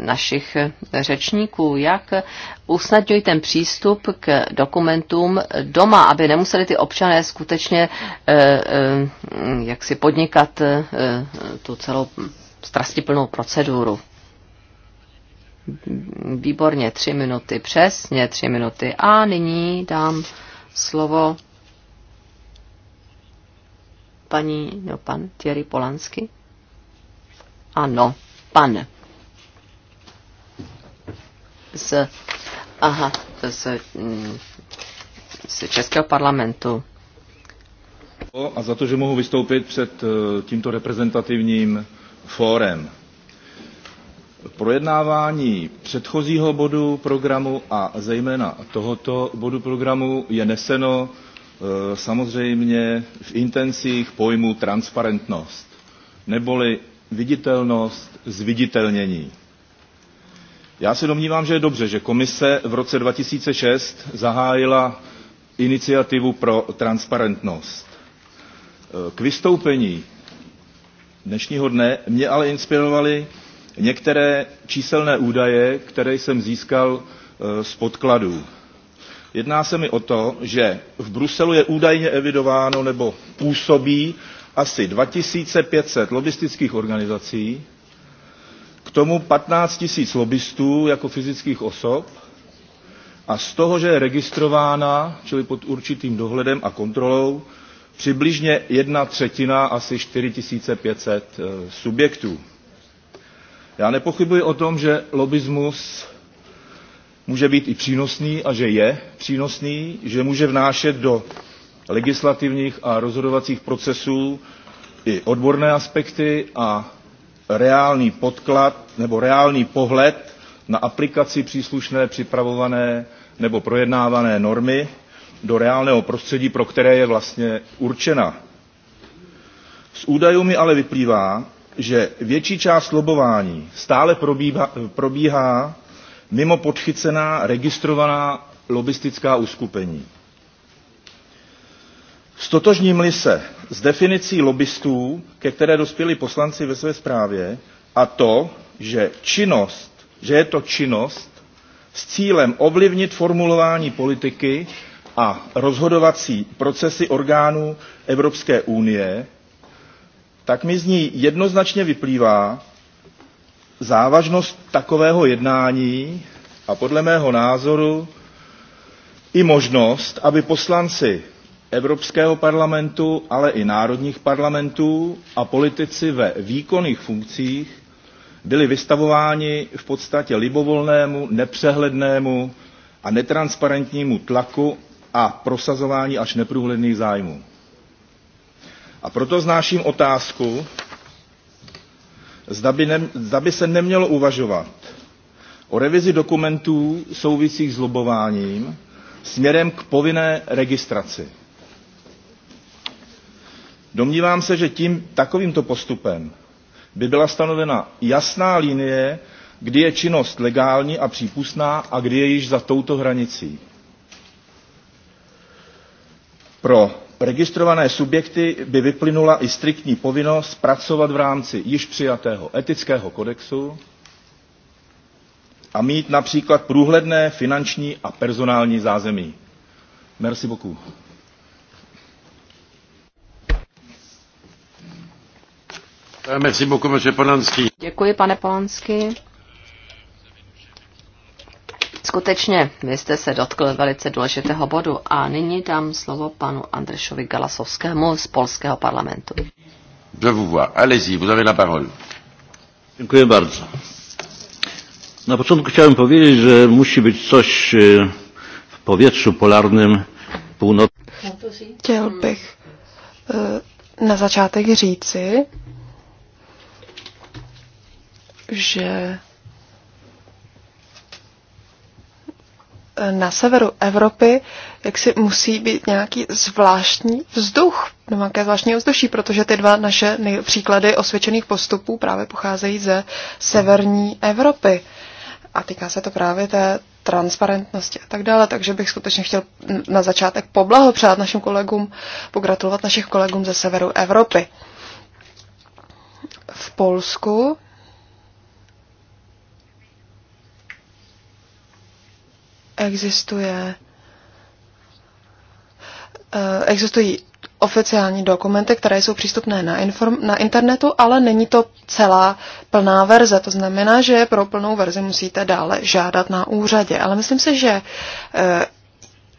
našich řečníků, jak usnadňují ten přístup k dokumentům doma, aby nemuseli ty občané skutečně jak si podnikat tu celou strastiplnou proceduru. Výborně, tři minuty, přesně tři minuty. A nyní dám slovo paní, no pan Thierry Polansky? Ano, pan. Z, aha, z, mm, z Českého parlamentu. A za to, že mohu vystoupit před eh, tímto reprezentativním fórem. Projednávání předchozího bodu programu a zejména tohoto bodu programu je neseno Eh, samozřejmě v intencích pojmu transparentnost, neboli viditelnost, zviditelnění. Já se domnívám, že je dobře, že komise v roce 2006 zahájila iniciativu pro transparentnost. Eh, k vystoupení dnešního dne mě ale inspirovaly některé číselné údaje, které jsem získal eh, z podkladů. Jedná se mi o to, že v Bruselu je údajně evidováno nebo působí asi 2500 lobistických organizací, k tomu 15 000 lobbystů jako fyzických osob a z toho, že je registrována, čili pod určitým dohledem a kontrolou, přibližně jedna třetina, asi 4500 eh, subjektů. Já nepochybuji o tom, že lobismus může být i přínosný a že je přínosný, že může vnášet do legislativních a rozhodovacích procesů i odborné aspekty a reálný podklad nebo reálný pohled na aplikaci příslušné připravované nebo projednávané normy do reálného prostředí, pro které je vlastně určena. Z údajů mi ale vyplývá, že větší část lobování stále probíhá mimo podchycená registrovaná lobistická uskupení. Stotožním-li se s definicí lobbystů, ke které dospěli poslanci ve své zprávě, a to, že činnost, že je to činnost s cílem ovlivnit formulování politiky a rozhodovací procesy orgánů Evropské unie, tak mi z ní jednoznačně vyplývá, závažnost takového jednání a podle mého názoru i možnost, aby poslanci Evropského parlamentu, ale i národních parlamentů a politici ve výkonných funkcích byli vystavováni v podstatě libovolnému, nepřehlednému a netransparentnímu tlaku a prosazování až neprůhledných zájmů. A proto znáším otázku, zda by, ne, zda by se nemělo uvažovat o revizi dokumentů souvisích s lobováním směrem k povinné registraci. Domnívám se, že tím takovýmto postupem by byla stanovena jasná linie, kdy je činnost legální a přípustná a kdy je již za touto hranicí. Pro registrované subjekty by vyplynula i striktní povinnost pracovat v rámci již přijatého etického kodexu a mít například průhledné finanční a personální zázemí. Merci beaucoup. Merci beaucoup, Děkuji, pane Polanský. Skutečně, vy jste se dotkl velice důležitého bodu a nyní dám slovo panu Andrešovi Galasovskému z polského parlamentu. Je vous vois. Allez-y, vous avez la parole. Dziękuję bardzo. Na początku chciałem powiedzieć, że musi być coś e, w powietrzu polarnym północnym. Chtěl bych e, na začátek říci, že na severu Evropy jak si musí být nějaký zvláštní vzduch, nebo nějaké zvláštní ovzduší, protože ty dva naše příklady osvědčených postupů právě pocházejí ze severní Evropy. A týká se to právě té transparentnosti a tak dále, takže bych skutečně chtěl na začátek poblahopřát našim kolegům, pogratulovat našich kolegům ze severu Evropy. V Polsku existuje eh, existují oficiální dokumenty, které jsou přístupné na, inform- na internetu, ale není to celá plná verze. To znamená, že pro plnou verzi musíte dále žádat na úřadě. Ale myslím si, že e,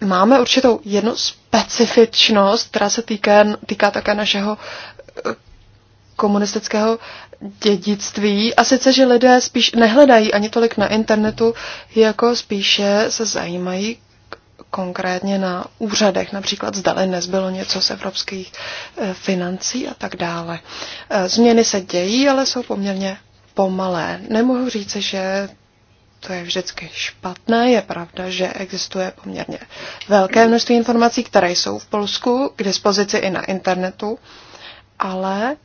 máme určitou jednu specifičnost, která se týká, týká také našeho eh, komunistického dědictví, a sice, že lidé spíš nehledají ani tolik na internetu, jako spíše se zajímají konkrétně na úřadech, například zdali nezbylo něco z evropských eh, financí a tak dále. Eh, změny se dějí, ale jsou poměrně pomalé. Nemohu říct, že to je vždycky špatné. Je pravda, že existuje poměrně velké množství informací, které jsou v Polsku k dispozici i na internetu, ale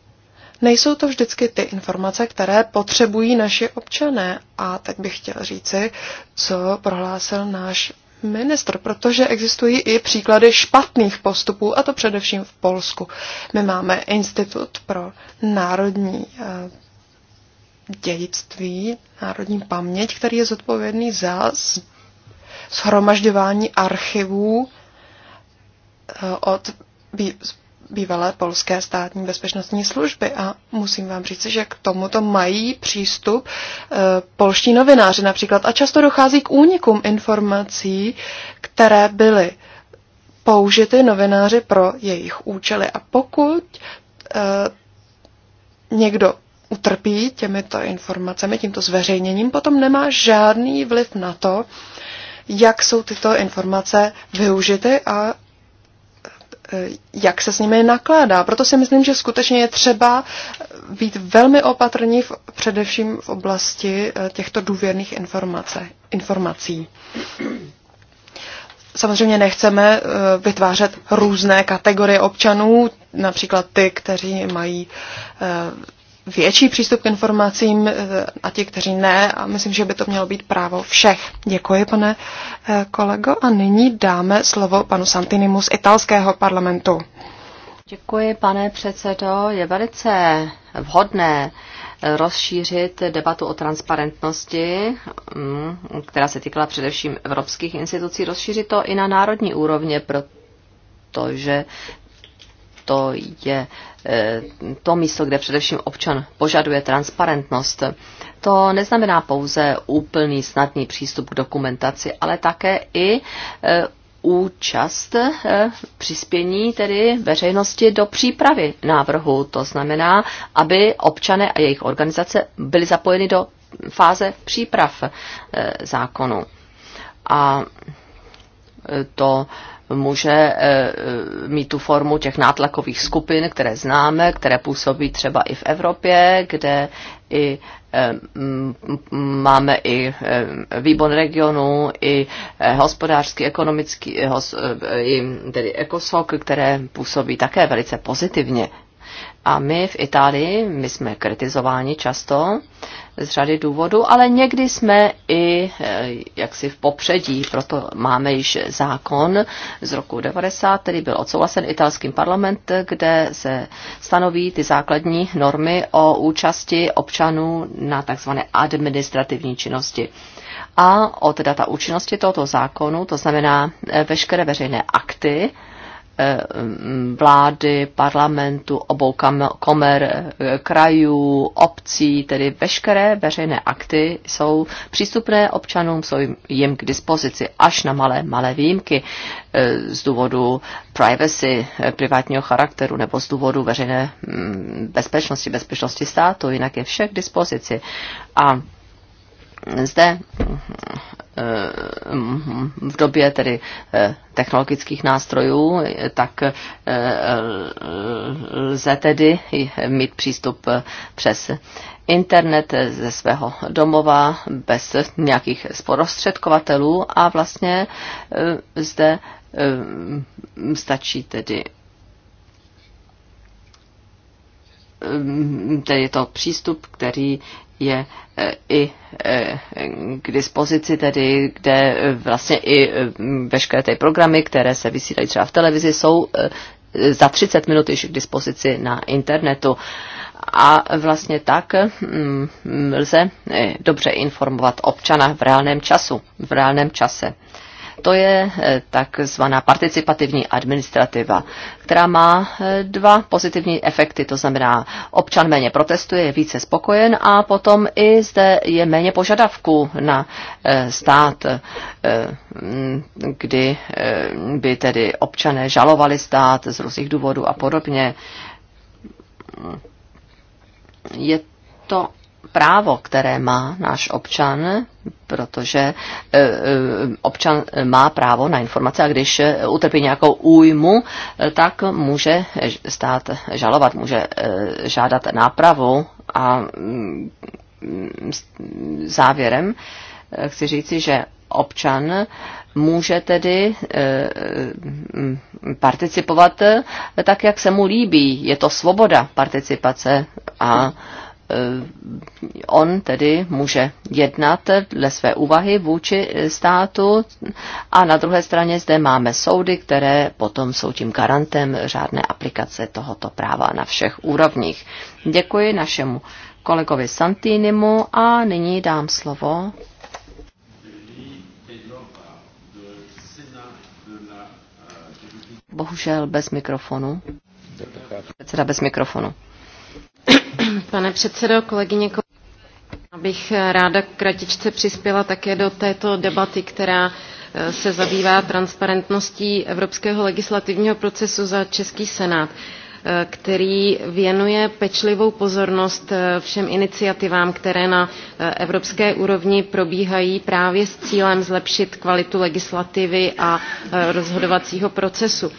Nejsou to vždycky ty informace, které potřebují naši občané. A tak bych chtěl říci, co prohlásil náš ministr, protože existují i příklady špatných postupů, a to především v Polsku. My máme Institut pro národní eh, dědictví, národní paměť, který je zodpovědný za shromažďování archivů eh, od bývalé polské státní bezpečnostní služby a musím vám říct, že k tomuto mají přístup e, polští novináři například a často dochází k únikům informací, které byly použity novináři pro jejich účely a pokud e, někdo utrpí těmito informacemi, tímto zveřejněním, potom nemá žádný vliv na to, jak jsou tyto informace využity a Eh, jak se s nimi nakládá. Proto si myslím, že skutečně je třeba být velmi opatrní v, především v oblasti eh, těchto důvěrných informace, informací. Samozřejmě nechceme eh, vytvářet různé kategorie občanů, například ty, kteří mají větší přístup k informacím eh, a ti, kteří ne. A myslím, že by to mělo být právo všech. Děkuji, pane eh, kolego. A nyní dáme slovo panu Santinimu z italského parlamentu. Děkuji, pane předsedo. Je velice vhodné eh, rozšířit debatu o transparentnosti, mm, která se týkala především evropských institucí, rozšířit to i na národní úrovně, protože to je Eh, to místo, kde především občan požaduje transparentnost. To neznamená pouze úplný snadný přístup k dokumentaci, ale také i eh, účast eh, přispění tedy veřejnosti do přípravy návrhu. To znamená, aby občané a jejich organizace byly zapojeny do fáze příprav zákonu. A to může eh, eh, mít tu formu těch nátlakových skupin, které známe, které působí třeba i v Evropě, kde i eh, máme i výbor regionu, i hospodářský, ekonomický, i tedy ekosok, které působí také velice pozitivně a my v Itálii, my jsme kritizováni často z řady důvodů, ale někdy jsme i eh, jaksi v popředí, proto máme již zákon z roku 90, který byl odsouhlasen italským parlament, kde se stanoví ty základní normy o účasti občanů na tzv. administrativní činnosti. A od data účinnosti tohoto zákonu, to znamená eh, veškeré veřejné akty, Eh, vlády, parlamentu, obou komer, eh, krajů, obcí, tedy veškeré veřejné akty jsou přístupné občanům, jsou jim k dispozici až na malé, malé výjimky eh, z důvodu privacy, privátního charakteru nebo z důvodu veřejné mm, bezpečnosti, bezpečnosti státu, jinak je vše k dispozici. A zde eh, v době tedy eh, technologických nástrojů, tak eh, lze tedy mít přístup přes internet ze svého domova bez nějakých sporostředkovatelů a vlastně zde stačí tedy tedy je to přístup, který je eh, i eh, k dispozici, tedy kde eh, vlastně i veškeré ty programy, které se vysílají třeba v televizi, jsou za 30 minut již k dispozici na internetu. A vlastně tak mm, lze dobře informovat občana v reálném času, v reálném čase. To je eh, takzvaná participativní administrativa, která má eh, dva pozitivní efekty, to znamená, občan méně protestuje, je více spokojen a potom i zde je méně požadavků na eh, stát, mm, kdy by tedy občané žalovali stát z různých důvodů a podobně. Je to právo, které má náš občan, protože e, e, občan má právo na informace a když e, utrpí nějakou újmu, tak může stát žalovat, může žádat nápravu a mm, závěrem chci říci, že občan může tedy mm, participovat tak, jak se mu líbí. Je to svoboda participace a Eh, on tedy může jednat dle své úvahy vůči státu a na druhé straně zde máme soudy, které potom jsou tím garantem řádné aplikace tohoto práva na všech úrovních. Děkuji našemu kolegovi Santinimu a nyní dám slovo bohužel bez mikrofonu. Předseda bez mikrofonu. <coughs> Pane předsedo, kolegyně, bych ráda kratičce přispěla také do této debaty, která eh, se zabývá transparentností evropského legislativního procesu za Český senát eh, který věnuje pečlivou pozornost eh, všem iniciativám, které na evropské úrovni probíhají právě s cílem zlepšit kvalitu legislativy a rozhodovacího procesu.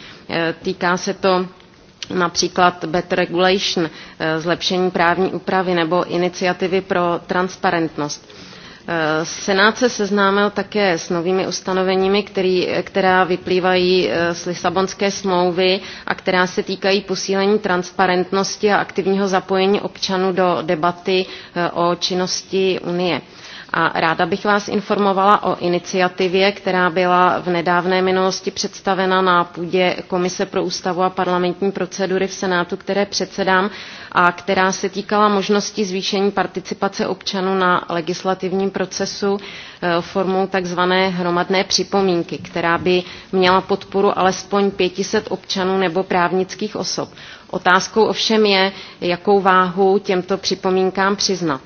Týká se to například Better Regulation, eh, zlepšení právní úpravy nebo iniciativy pro transparentnost. Eh, Senát se seznámil také s novými ustanoveními, který, která vyplývají eh, z Lisabonské smlouvy a která se týkají posílení transparentnosti a aktivního zapojení občanů do debaty o činnosti Unie. A ráda bych vás informovala o iniciativě, která byla v nedávné minulosti představena na půdě Komise pro ústavu a parlamentní procedury v Senátu, které předsedám, a která se týkala možnosti zvýšení participace občanů na legislativním procesu e, formou tzv. hromadné připomínky, která by měla podporu alespoň 500 občanů nebo právnických osob. Otázkou ovšem je, jakou váhu těmto připomínkám přiznat.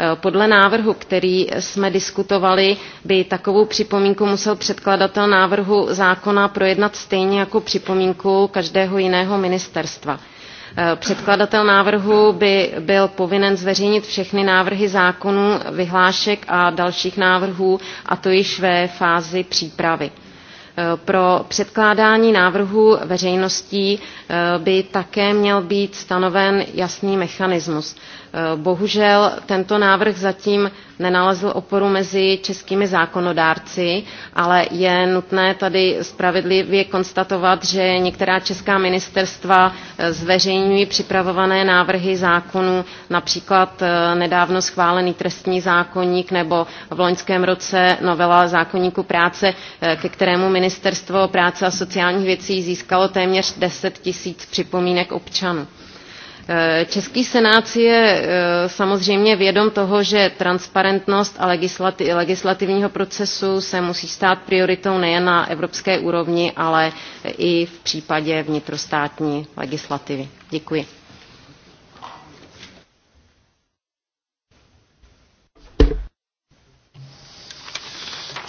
Eh, podle návrhu, který jsme diskutovali, by takovou připomínku musel předkladatel návrhu zákona projednat stejně jako připomínku každého jiného ministerstva. Eh, předkladatel návrhu by byl povinen zveřejnit všechny návrhy zákonů, vyhlášek a dalších návrhů, a to již ve fázi přípravy. Eh, pro předkládání návrhu veřejností by také měl být stanoven jasný mechanismus. Eh, bohužel tento návrh zatím nenalezl oporu mezi českými zákonodárci, ale je nutné tady spravedlivě konstatovat, že některá česká ministerstva eh, zveřejňují připravované návrhy zákonů, například eh, nedávno schválený trestní zákonník nebo v loňském roce novela zákonníku práce, ke kterému ministerstvo práce a sociálních věcí získalo téměř 10 tisíc připomínek občanů. Eh, Český senát je eh, samozřejmě vědom toho, že transparentnost a legislativního procesu se musí stát prioritou nejen na evropské úrovni, ale i v případě vnitrostátní legislativy. Děkuji.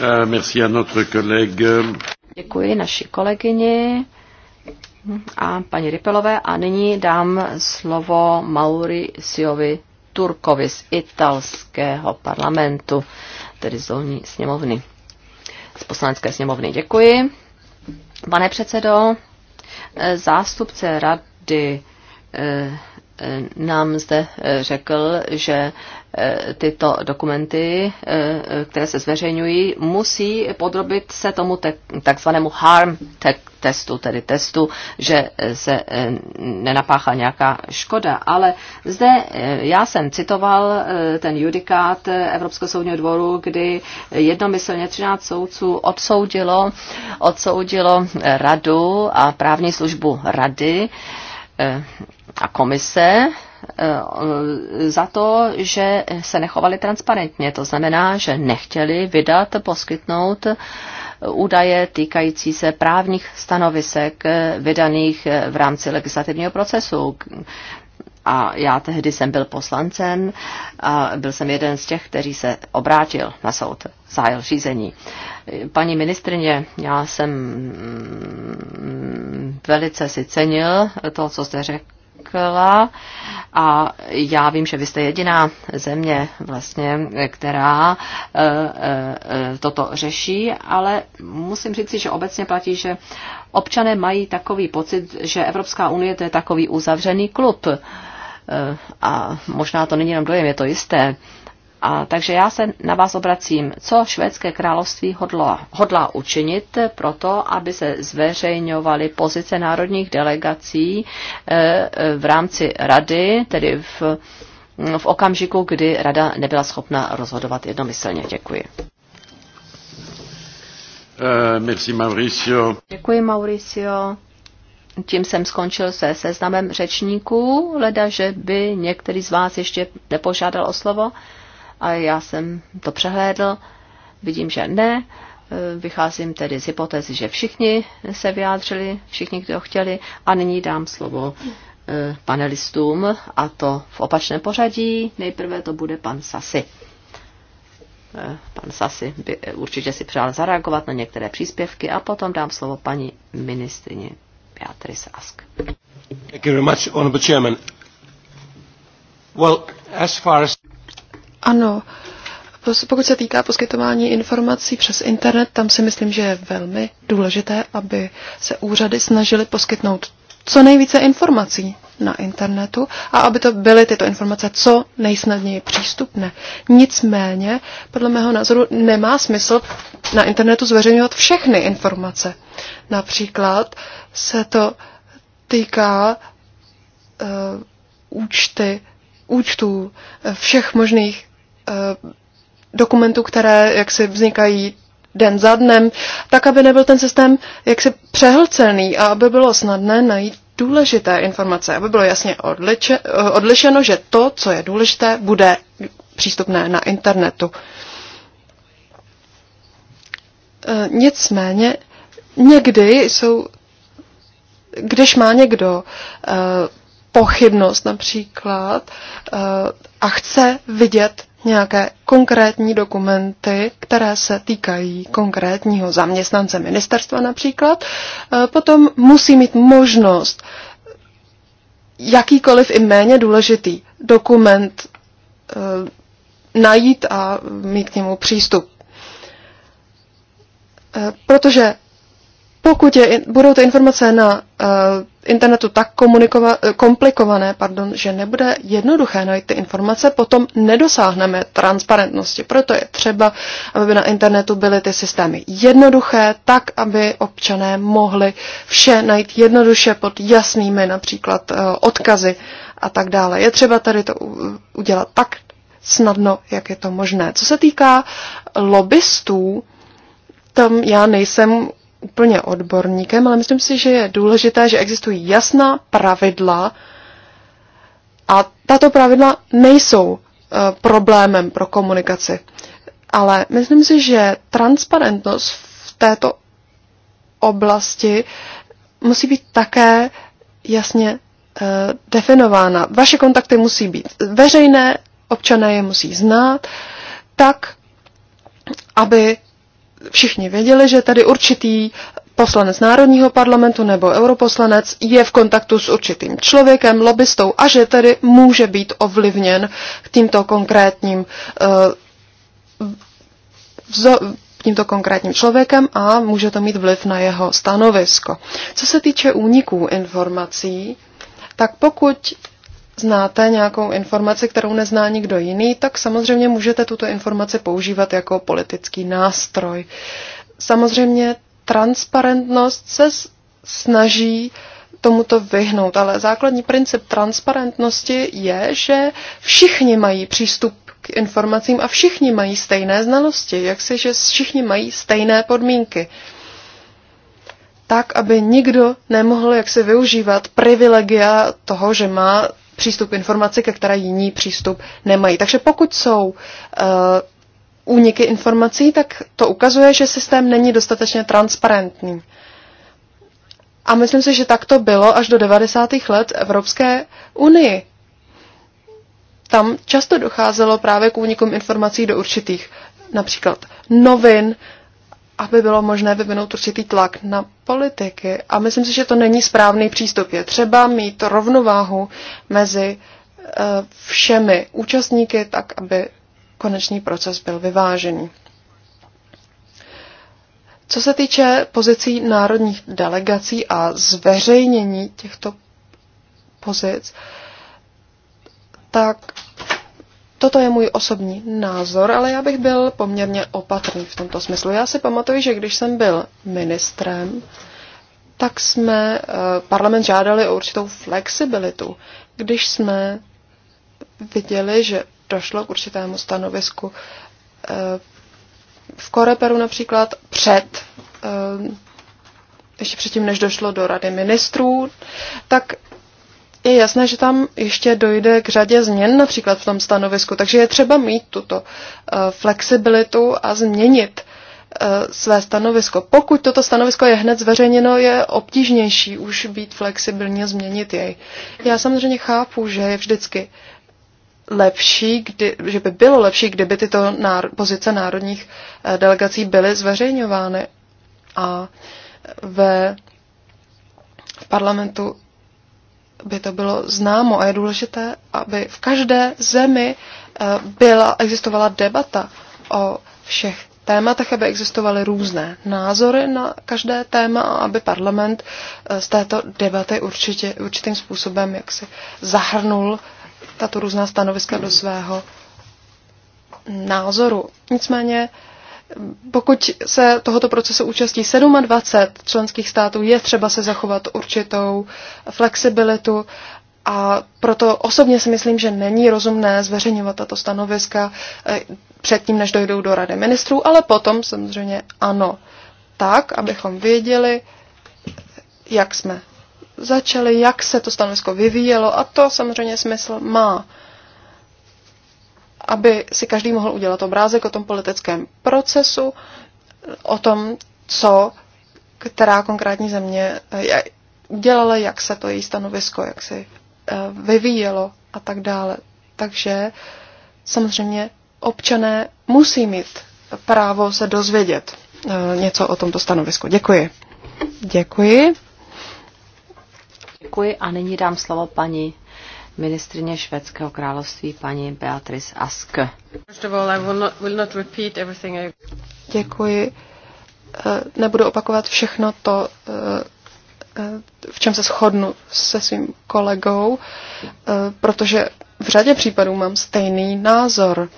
Eh, Děkuji naší kolegyni a paní Ripelové a nyní dám slovo Mauriciovi Turkovi z italského parlamentu, tedy z dolní sněmovny, z poslanecké sněmovny. Děkuji. Pane předsedo, e, zástupce rady e, Eh, nám zde eh, řekl, že eh, tyto dokumenty, které se zveřejňují, musí podrobit se tomu takzvanému harm testu, tedy testu, že se nenapáchá nějaká škoda. Ale zde já jsem citoval ten judikát Evropského soudního dvoru, kdy jednomyslně 13 soudců odsoudilo, odsoudilo radu a právní službu rady a komise eh, za to, že se nechovali transparentně. To znamená, že nechtěli vydat, poskytnout údaje týkající se právních stanovisek eh, vydaných eh, v rámci legislativního procesu. A já tehdy jsem byl poslancem a byl jsem jeden z těch, kteří se obrátil na soud, zahájil řízení. Paní ministrině, já jsem mm, velice si cenil to, co jste řekl řekla. A já vím, že vy jste jediná země, vlastně, která eh, eh, toto řeší, ale musím říct, že obecně platí, že občané mají takový pocit, že Evropská unie to je takový uzavřený klub. Eh, a možná to není jenom dojem, je to jisté. A takže já se na vás obracím, co švédské království hodlo hodlá učinit proto, aby se zveřejňovaly pozice národních delegací eh, v rámci rady, tedy v, v okamžiku, kdy rada nebyla schopna rozhodovat jednomyslně. Děkuji. Uh, merci Mauricio. Děkuji Mauricio. Tím jsem skončil se seznamem řečníků, leda, že by některý z vás ještě nepožádal o slovo a já jsem to přehlédl, vidím, že ne, vycházím tedy z hypotézy, že všichni se vyjádřili, všichni, kdo chtěli a nyní dám slovo eh, panelistům a to v opačném pořadí. Nejprve to bude pan Sasi. Eh, pan Sasi by eh, určitě si přál zareagovat na některé příspěvky a potom dám slovo paní ministrině Beatrice Ask. Thank you very much, Chairman. Well, as far as... Ano, pokud se týká poskytování informací přes internet, tam si myslím, že je velmi důležité, aby se úřady snažily poskytnout co nejvíce informací na internetu a aby to byly tyto informace co nejsnadněji přístupné. Nicméně, podle mého názoru, nemá smysl na internetu zveřejňovat všechny informace. Například se to týká uh, účty, účtů eh, všech možných Eh, dokumentů, které jaksi vznikají den za dnem, tak aby nebyl ten systém jaksi přehlcený a aby bylo snadné najít důležité informace, aby bylo jasně odliče, eh, odlišeno, že to, co je důležité, bude přístupné na internetu. Eh, nicméně někdy jsou, když má někdo pochybnost například a chce vidět nějaké konkrétní dokumenty, které se týkají konkrétního zaměstnance ministerstva například, e, potom musí mít možnost jakýkoliv i méně důležitý dokument e, najít a mít k němu přístup. E, protože pokud je, budou ty informace na internetu tak eh, komplikované, pardon, že nebude jednoduché najít ty informace, potom nedosáhneme transparentnosti. Proto je třeba, aby na internetu byly ty systémy jednoduché, tak, aby občané mohli vše najít jednoduše pod jasnými například eh, odkazy a tak dále. Je třeba tady to udělat tak snadno, jak je to možné. Co se týká lobbystů, tam já nejsem úplně odborníkem, ale myslím si, že je důležité, že existují jasná pravidla a tato pravidla nejsou eh, problémem pro komunikaci. Ale myslím si, že transparentnost v této oblasti musí být také jasně eh, definována. Vaše kontakty musí být veřejné, občané je musí znát, tak, aby všichni věděli, že tady určitý poslanec Národního parlamentu nebo europoslanec je v kontaktu s určitým člověkem, lobbystou a že tedy může být ovlivněn tímto konkrétním eh, tímto konkrétním člověkem a může to mít vliv na jeho stanovisko. Co se týče úniků informací, tak pokud znáte nějakou informaci, kterou nezná nikdo jiný, tak samozřejmě můžete tuto informaci používat jako politický nástroj. Samozřejmě transparentnost se snaží tomuto vyhnout, ale základní princip transparentnosti je, že všichni mají přístup k informacím a všichni mají stejné znalosti, jak si, že všichni mají stejné podmínky tak, aby nikdo nemohl jaksi využívat privilegia toho, že má přístup k informaci, ke které jiní přístup nemají. Takže pokud jsou eh, úniky informací, tak to ukazuje, že systém není dostatečně transparentní. A myslím si, že tak to bylo až do 90. let Evropské unii. Tam často docházelo právě k únikům informací do určitých například novin aby bylo možné vyvinout určitý tlak na politiky. A myslím si, že to není správný přístup. Je třeba mít rovnováhu mezi eh, všemi účastníky, tak aby konečný proces byl vyvážený. Co se týče pozicí národních delegací a zveřejnění těchto pozic, tak Toto je můj osobní názor, ale já bych byl poměrně opatrný v tomto smyslu. Já si pamatuju, že když jsem byl ministrem, tak jsme eh, parlament žádali o určitou flexibilitu. Když jsme viděli, že došlo k určitému stanovisku eh, v Koreperu například před eh, ještě předtím, než došlo do rady ministrů, tak je jasné, že tam ještě dojde k řadě změn například v tom stanovisku, takže je třeba mít tuto eh, flexibilitu a změnit eh, své stanovisko. Pokud toto stanovisko je hned zveřejněno, je obtížnější už být flexibilně změnit jej. Já samozřejmě chápu, že je vždycky lepší, kdy, že by bylo lepší, kdyby tyto náro, pozice národních eh, delegací byly zveřejňovány. A ve v parlamentu by to bylo známo a je důležité, aby v každé zemi eh, byla, existovala debata o všech tématech, aby existovaly různé názory na každé téma a aby parlament eh, z této debaty určitě, určitým způsobem jaksi zahrnul tato různá stanoviska do svého názoru. Nicméně pokud se tohoto procesu účastní 27 členských států, je třeba se zachovat určitou flexibilitu a proto osobně si myslím, že není rozumné zveřejňovat tato stanoviska eh, předtím, než dojdou do Rady ministrů, ale potom samozřejmě ano. Tak, abychom věděli, jak jsme začali, jak se to stanovisko vyvíjelo a to samozřejmě smysl má aby si každý mohl udělat obrázek o tom politickém procesu, o tom, co která konkrétní země eh, udělala, jak se to její stanovisko, jak si eh, vyvíjelo a tak dále. Takže samozřejmě občané musí mít právo se dozvědět eh, něco o tomto stanovisku. Děkuji. Děkuji. Děkuji a nyní dám slovo paní ministrině Švédského království paní Beatrice Ask. Děkuji. Eh, nebudu opakovat všechno to, eh, eh, v čem se shodnu se svým kolegou, protože v řadě případů mám stejný názor.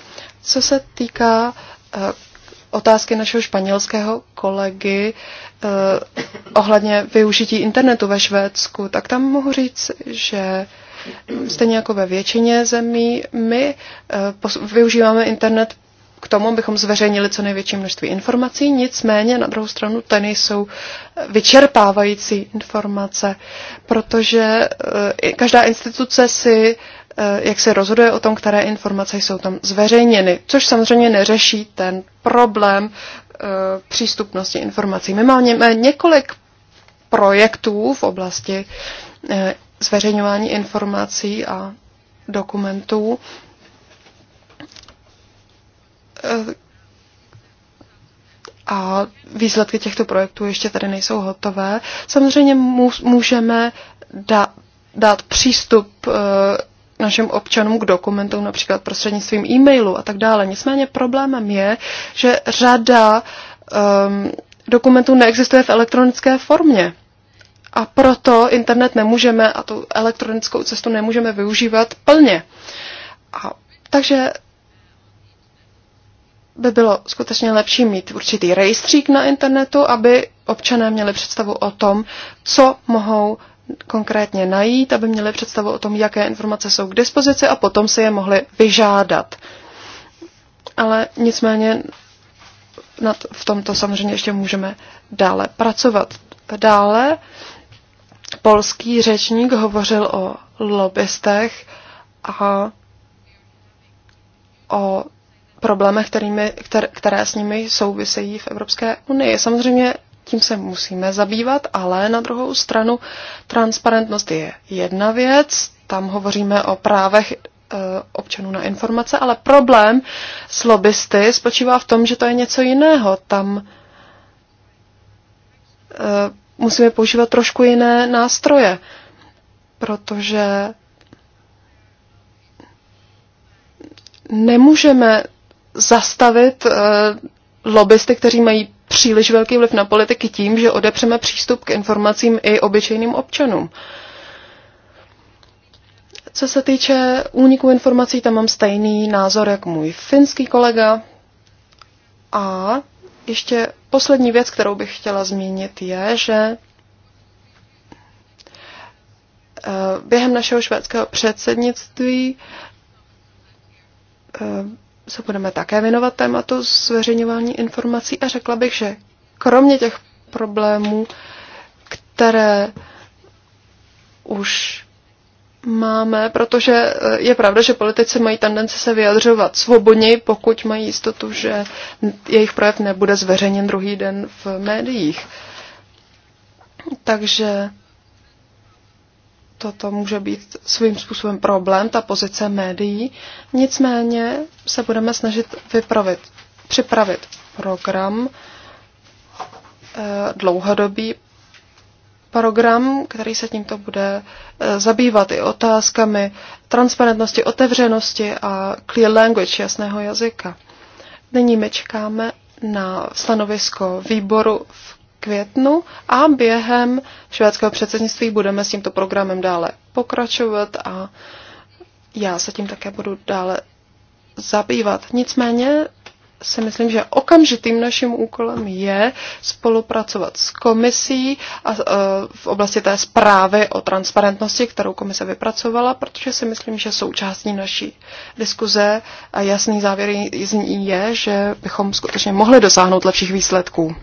Co se týká otázky našeho španělského kolegy ohledně využití internetu ve Švédsku, tak tam mohu říct, že stejně jako ve většině zemí, my eh, využíváme internet k tomu, abychom zveřejnili co největší množství informací, nicméně na druhou stranu to jsou eh, vyčerpávající informace, protože eh, každá instituce si jak se rozhoduje o tom, které informace jsou tam zveřejněny, což samozřejmě neřeší ten problém přístupnosti informací. My máme několik projektů v oblasti zveřejňování informací a dokumentů, a výsledky těchto projektů ještě tady nejsou hotové. Samozřejmě můžeme dát, přístup eh, našim občanům k dokumentům, například prostřednictvím e-mailu a tak dále. Nicméně problémem je, že řada um, dokumentů neexistuje v elektronické formě a proto internet nemůžeme a tu elektronickou cestu nemůžeme využívat plně. A, takže by bylo skutečně lepší mít určitý rejstřík na internetu, aby občané měli představu o tom, co mohou konkrétně najít, aby měli představu o tom, jaké informace jsou k dispozici a potom si je mohli vyžádat. Ale nicméně nad, v tomto samozřejmě ještě můžeme dále pracovat. Dále polský řečník hovořil o lobbystech a o problémech, kterými, které, které s nimi souvisejí v Evropské unii. Samozřejmě tím se musíme zabývat, ale na druhou stranu transparentnost je jedna věc, tam hovoříme o právech eh, občanů na informace, ale problém s lobbysty spočívá v tom, že to je něco jiného. Tam eh, musíme používat trošku jiné nástroje, protože nemůžeme zastavit eh, lobbysty, kteří mají příliš velký vliv na politiky tím, že odepřeme přístup k informacím i obyčejným občanům. Co se týče úniku informací, tam mám stejný názor jak můj finský kolega. A ještě Poslední věc, kterou bych chtěla zmínit, je, že eh, během našeho švédského předsednictví eh, se budeme také věnovat tématu zveřejňování informací a řekla bych, že kromě těch problémů, které už máme, protože eh, je pravda, že politici mají tendenci se vyjadřovat svobodněji, pokud mají jistotu, že jejich projev nebude zveřejněn druhý den v médiích. Takže toto může být svým způsobem problém, ta pozice médií. Nicméně se budeme snažit vypravit, připravit program eh, dlouhodobý program, který se tímto bude eh, zabývat i otázkami transparentnosti, otevřenosti a clear language, jasného jazyka. Nyní my čekáme na stanovisko výboru v květnu a během švédského předsednictví budeme s tímto programem dále pokračovat a já se tím také budu dále zabývat. Nicméně si myslím, že okamžitým naším úkolem je spolupracovat s komisí a e, v oblasti té zprávy o transparentnosti, kterou komise vypracovala, protože si myslím, že součástí naší diskuze a jasný závěr z ní je, že bychom skutečně mohli dosáhnout lepších výsledků.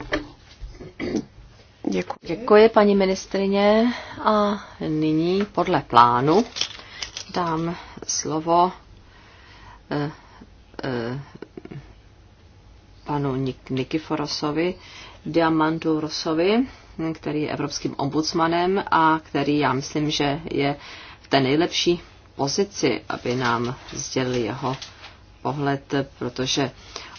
Děkuji. Děkuji, paní ministrině. A nyní podle plánu dám slovo e, e, panu Nik- Nikiforosovi Diamanturosovi, který je evropským ombudsmanem a který já myslím, že je v té nejlepší pozici, aby nám sdělil jeho pohled, protože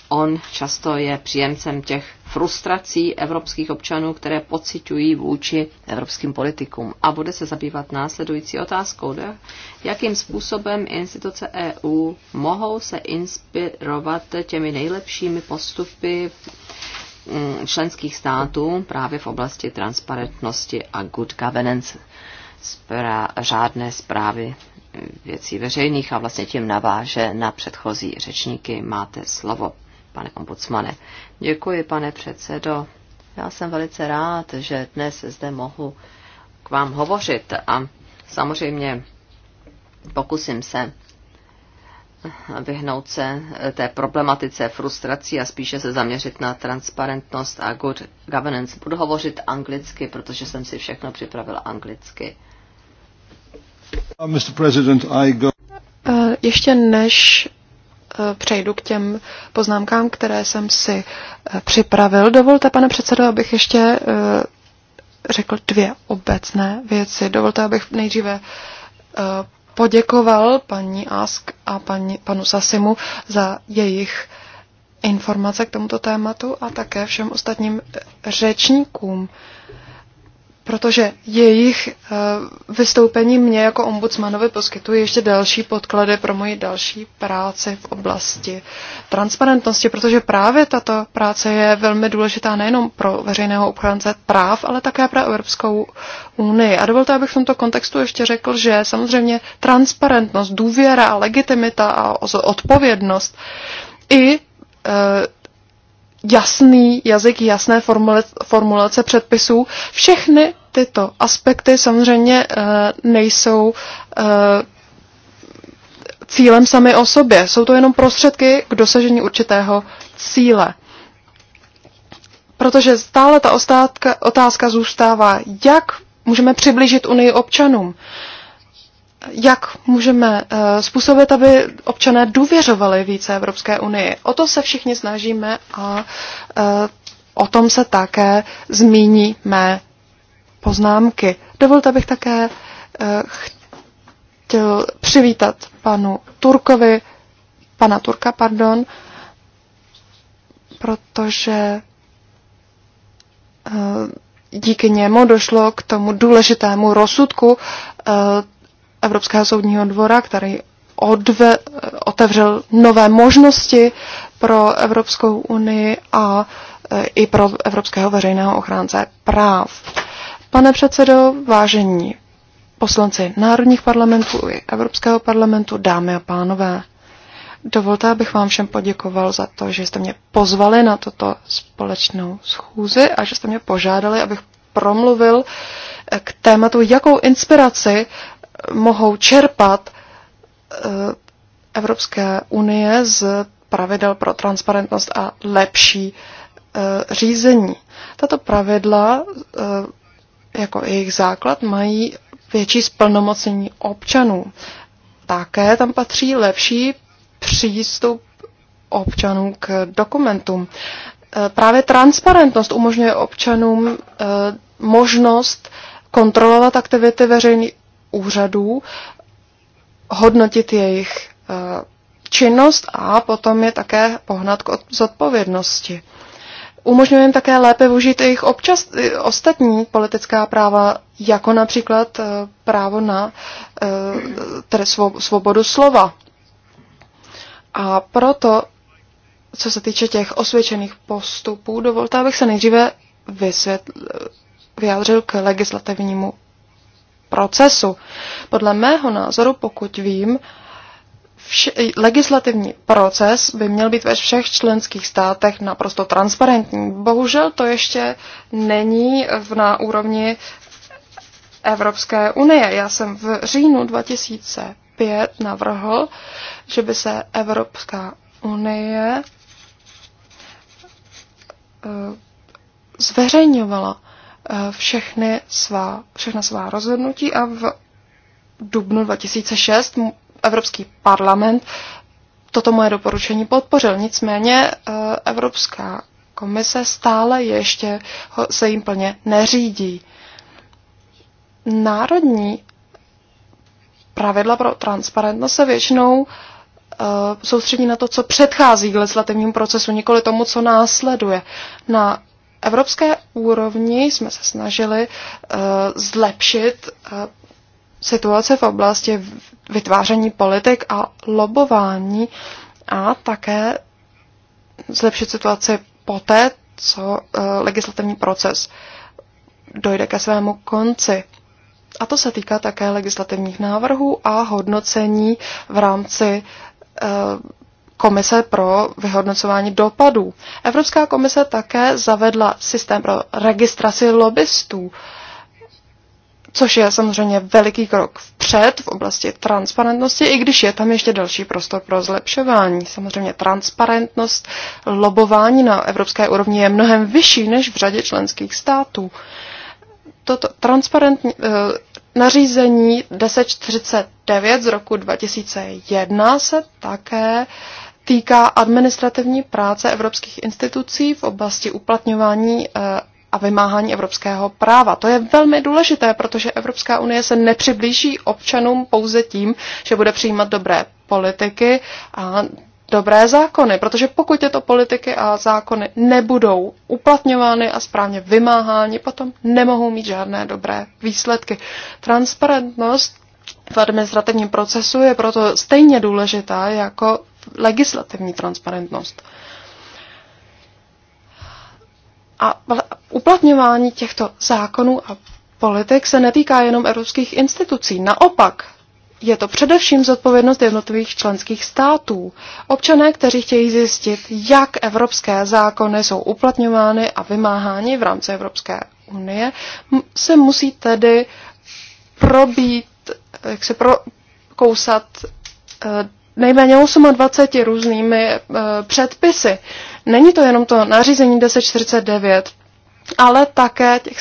on často je příjemcem těch frustrací evropských občanů, které pociťují vůči evropským politikům. A bude se zabývat následující otázkou, ne? jakým způsobem instituce EU mohou se inspirovat těmi nejlepšími postupy mm, členských států právě v oblasti transparentnosti a good governance, spra- řádné zprávy věcí veřejných a vlastně tím naváže na předchozí řečníky. Máte slovo pane ombudsmane. Děkuji, pane předsedo. Já jsem velice rád, že dnes zde mohu k vám hovořit a samozřejmě pokusím se vyhnout se té problematice frustrací a spíše se zaměřit na transparentnost a good governance. Budu hovořit anglicky, protože jsem si všechno připravil anglicky. Uh, Mr. President, I go... Uh, ještě než Eh, přejdu k těm poznámkám, které jsem si eh, připravil. Dovolte, pane předsedo, abych ještě eh, řekl dvě obecné věci. Dovolte, abych nejdříve poděkoval paní Ask a paní, panu Sasimu za jejich informace k tomuto tématu a také všem ostatním řečníkům protože jejich eh, vystoupení mě jako ombudsmanovi poskytuje ještě další podklady pro moji další práci v oblasti transparentnosti, protože právě tato práce je velmi důležitá nejenom pro veřejného obchránce práv, ale také pro Evropskou unii. A dovolte, abych v tomto kontextu ještě řekl, že samozřejmě transparentnost, důvěra, legitimita a odpovědnost i eh, jasný jazyk, jasné formulace předpisů. Všechny tyto aspekty samozřejmě eh, nejsou eh, cílem sami o sobě. Jsou to jenom prostředky k dosažení určitého cíle. Protože stále ta otázka, otázka zůstává, jak můžeme přiblížit Unii občanům. Uh, jak můžeme eh, způsobit, aby občané důvěřovali více Evropské unii. O to se všichni snažíme a eh, o tom se také zmíní mé poznámky. Dovolte, abych také eh, chtěl přivítat panu Turkovi, pana Turka, pardon, protože díky němu došlo k tomu důležitému rozsudku Evropského soudního dvora, který odve, otevřel nové možnosti pro Evropskou unii a e, i pro Evropského veřejného ochránce práv. Pane předsedo, vážení poslanci národních parlamentů i Evropského parlamentu, dámy a pánové, dovolte, abych vám všem poděkoval za to, že jste mě pozvali na toto společnou schůzi a že jste mě požádali, abych promluvil k tématu, jakou inspiraci mohou čerpat eh, Evropské unie z pravidel pro transparentnost a lepší eh, řízení. Tato pravidla eh, jako jejich základ mají větší splnomocnění občanů. Také tam patří lepší přístup občanů k dokumentům. Právě transparentnost umožňuje občanům možnost kontrolovat aktivity veřejných úřadů, hodnotit jejich eh, činnost a potom je také pohnat k zodpovědnosti. Umožňuje jim také lépe využít jejich občas, eh, ostatní politická práva, jako například eh, právo na tedy svobodu slova. A proto, co se týče těch osvědčených postupů, dovolte, abych se nejdříve vysvětl, vyjádřil k legislativnímu procesu. Podle mého názoru, pokud vím, vš- legislativní proces by měl být ve všech členských státech naprosto transparentní. Bohužel to ještě není v na úrovni Evropské unie. Já jsem v říjnu 2005 navrhl, že by se Evropská unie eh, zveřejňovala Eh, všechny svá, všechna svá rozhodnutí a v dubnu 2006 Evropský parlament toto moje doporučení podpořil. Nicméně eh, Evropská komise stále ještě se jim plně neřídí. Národní pravidla pro transparentnost se většinou eh, soustředí na to, co předchází k legislativnímu procesu, nikoli tomu, co následuje. Na evropské úrovni jsme se snažili uh, zlepšit uh, situace v oblasti vytváření politik a lobování a také zlepšit situaci poté, co uh, legislativní proces dojde ke svému konci. A to se týká také legislativních návrhů a hodnocení v rámci uh, komise pro vyhodnocování dopadů. Evropská komise také zavedla systém pro registraci lobbystů, což je samozřejmě veliký krok vpřed v oblasti transparentnosti, i když je tam ještě další prostor pro zlepšování. Samozřejmě transparentnost lobování na evropské úrovni je mnohem vyšší než v řadě členských států. Toto transparentní, eh, Nařízení 1049 z roku 2001 se také týká administrativní práce evropských institucí v oblasti uplatňování eh, a vymáhání evropského práva. To je velmi důležité, protože Evropská unie se nepřiblíží občanům pouze tím, že bude přijímat dobré politiky a dobré zákony, protože pokud tyto politiky a zákony nebudou uplatňovány a správně vymáhány, potom nemohou mít žádné dobré výsledky. Transparentnost v administrativním procesu je proto stejně důležitá jako legislativní transparentnost. A uplatňování těchto zákonů a politik se netýká jenom evropských institucí. Naopak, je to především zodpovědnost jednotlivých členských států. Občané, kteří chtějí zjistit, jak evropské zákony jsou uplatňovány a vymáhány v rámci Evropské unie, se musí tedy probít, jak se prokousat kousat eh, nejméně 28 různými eh, předpisy. Není to jenom to nařízení 1049, ale také těch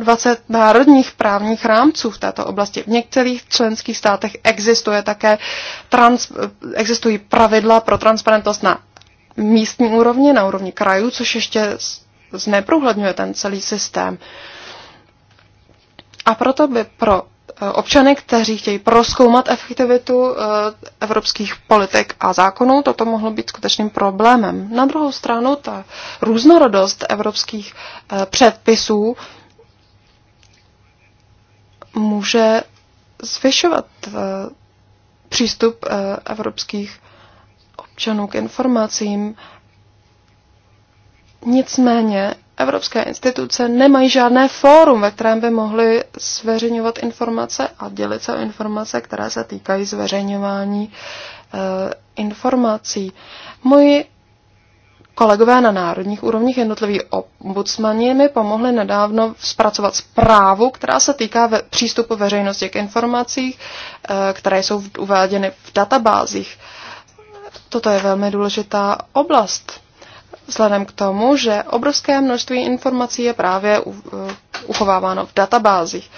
27 národních právních rámců v této oblasti. V některých členských státech existuje také trans, existují pravidla pro transparentnost na místní úrovni, na úrovni krajů, což ještě zneprůhledňuje ten celý systém. A proto by pro občany, kteří chtějí proskoumat efektivitu eh, evropských politik a zákonů, toto mohlo být skutečným problémem. Na druhou stranu ta různorodost evropských eh, předpisů může zvyšovat eh, přístup evropských občanů k informacím. Nicméně evropské instituce nemají žádné fórum, ve kterém by mohly zveřejňovat informace a dělit se o informace, které se týkají zveřejňování e, informací. Moji kolegové na národních úrovních jednotliví ombudsmani mi pomohli nedávno zpracovat zprávu, která se týká ve, přístupu veřejnosti k informacích, e, které jsou v, uváděny v databázích. Toto je velmi důležitá oblast vzhledem k tomu, že obrovské množství informací je právě eh, uchováváno v databázích.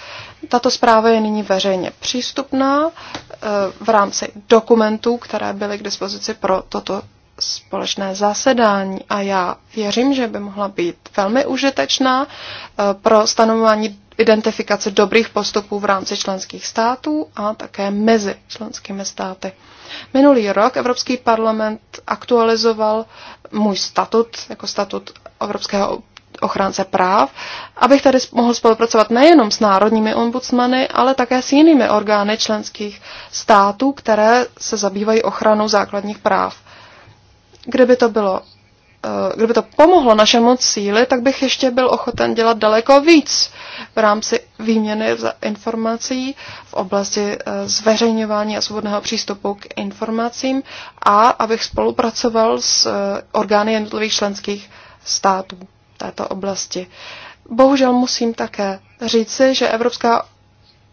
Tato zpráva je nyní veřejně přístupná eh, v rámci dokumentů, které byly k dispozici pro toto společné zasedání a já věřím, že by mohla být velmi užitečná eh, pro stanovování identifikace dobrých postupů v rámci členských států a také mezi členskými státy. Minulý rok Evropský parlament aktualizoval můj statut, jako statut Evropského ochránce práv, abych tady mohl spolupracovat nejenom s národními ombudsmany, ale také s jinými orgány členských států, které se zabývají ochranou základních práv. Kdyby to bylo Eh, kdyby to pomohlo našemu cíli, tak bych ještě byl ochoten dělat daleko víc v rámci výměny informací v oblasti eh, zveřejňování a svobodného přístupu k informacím a abych spolupracoval s eh, orgány jednotlivých členských států této oblasti. Bohužel musím také říci, že Evropská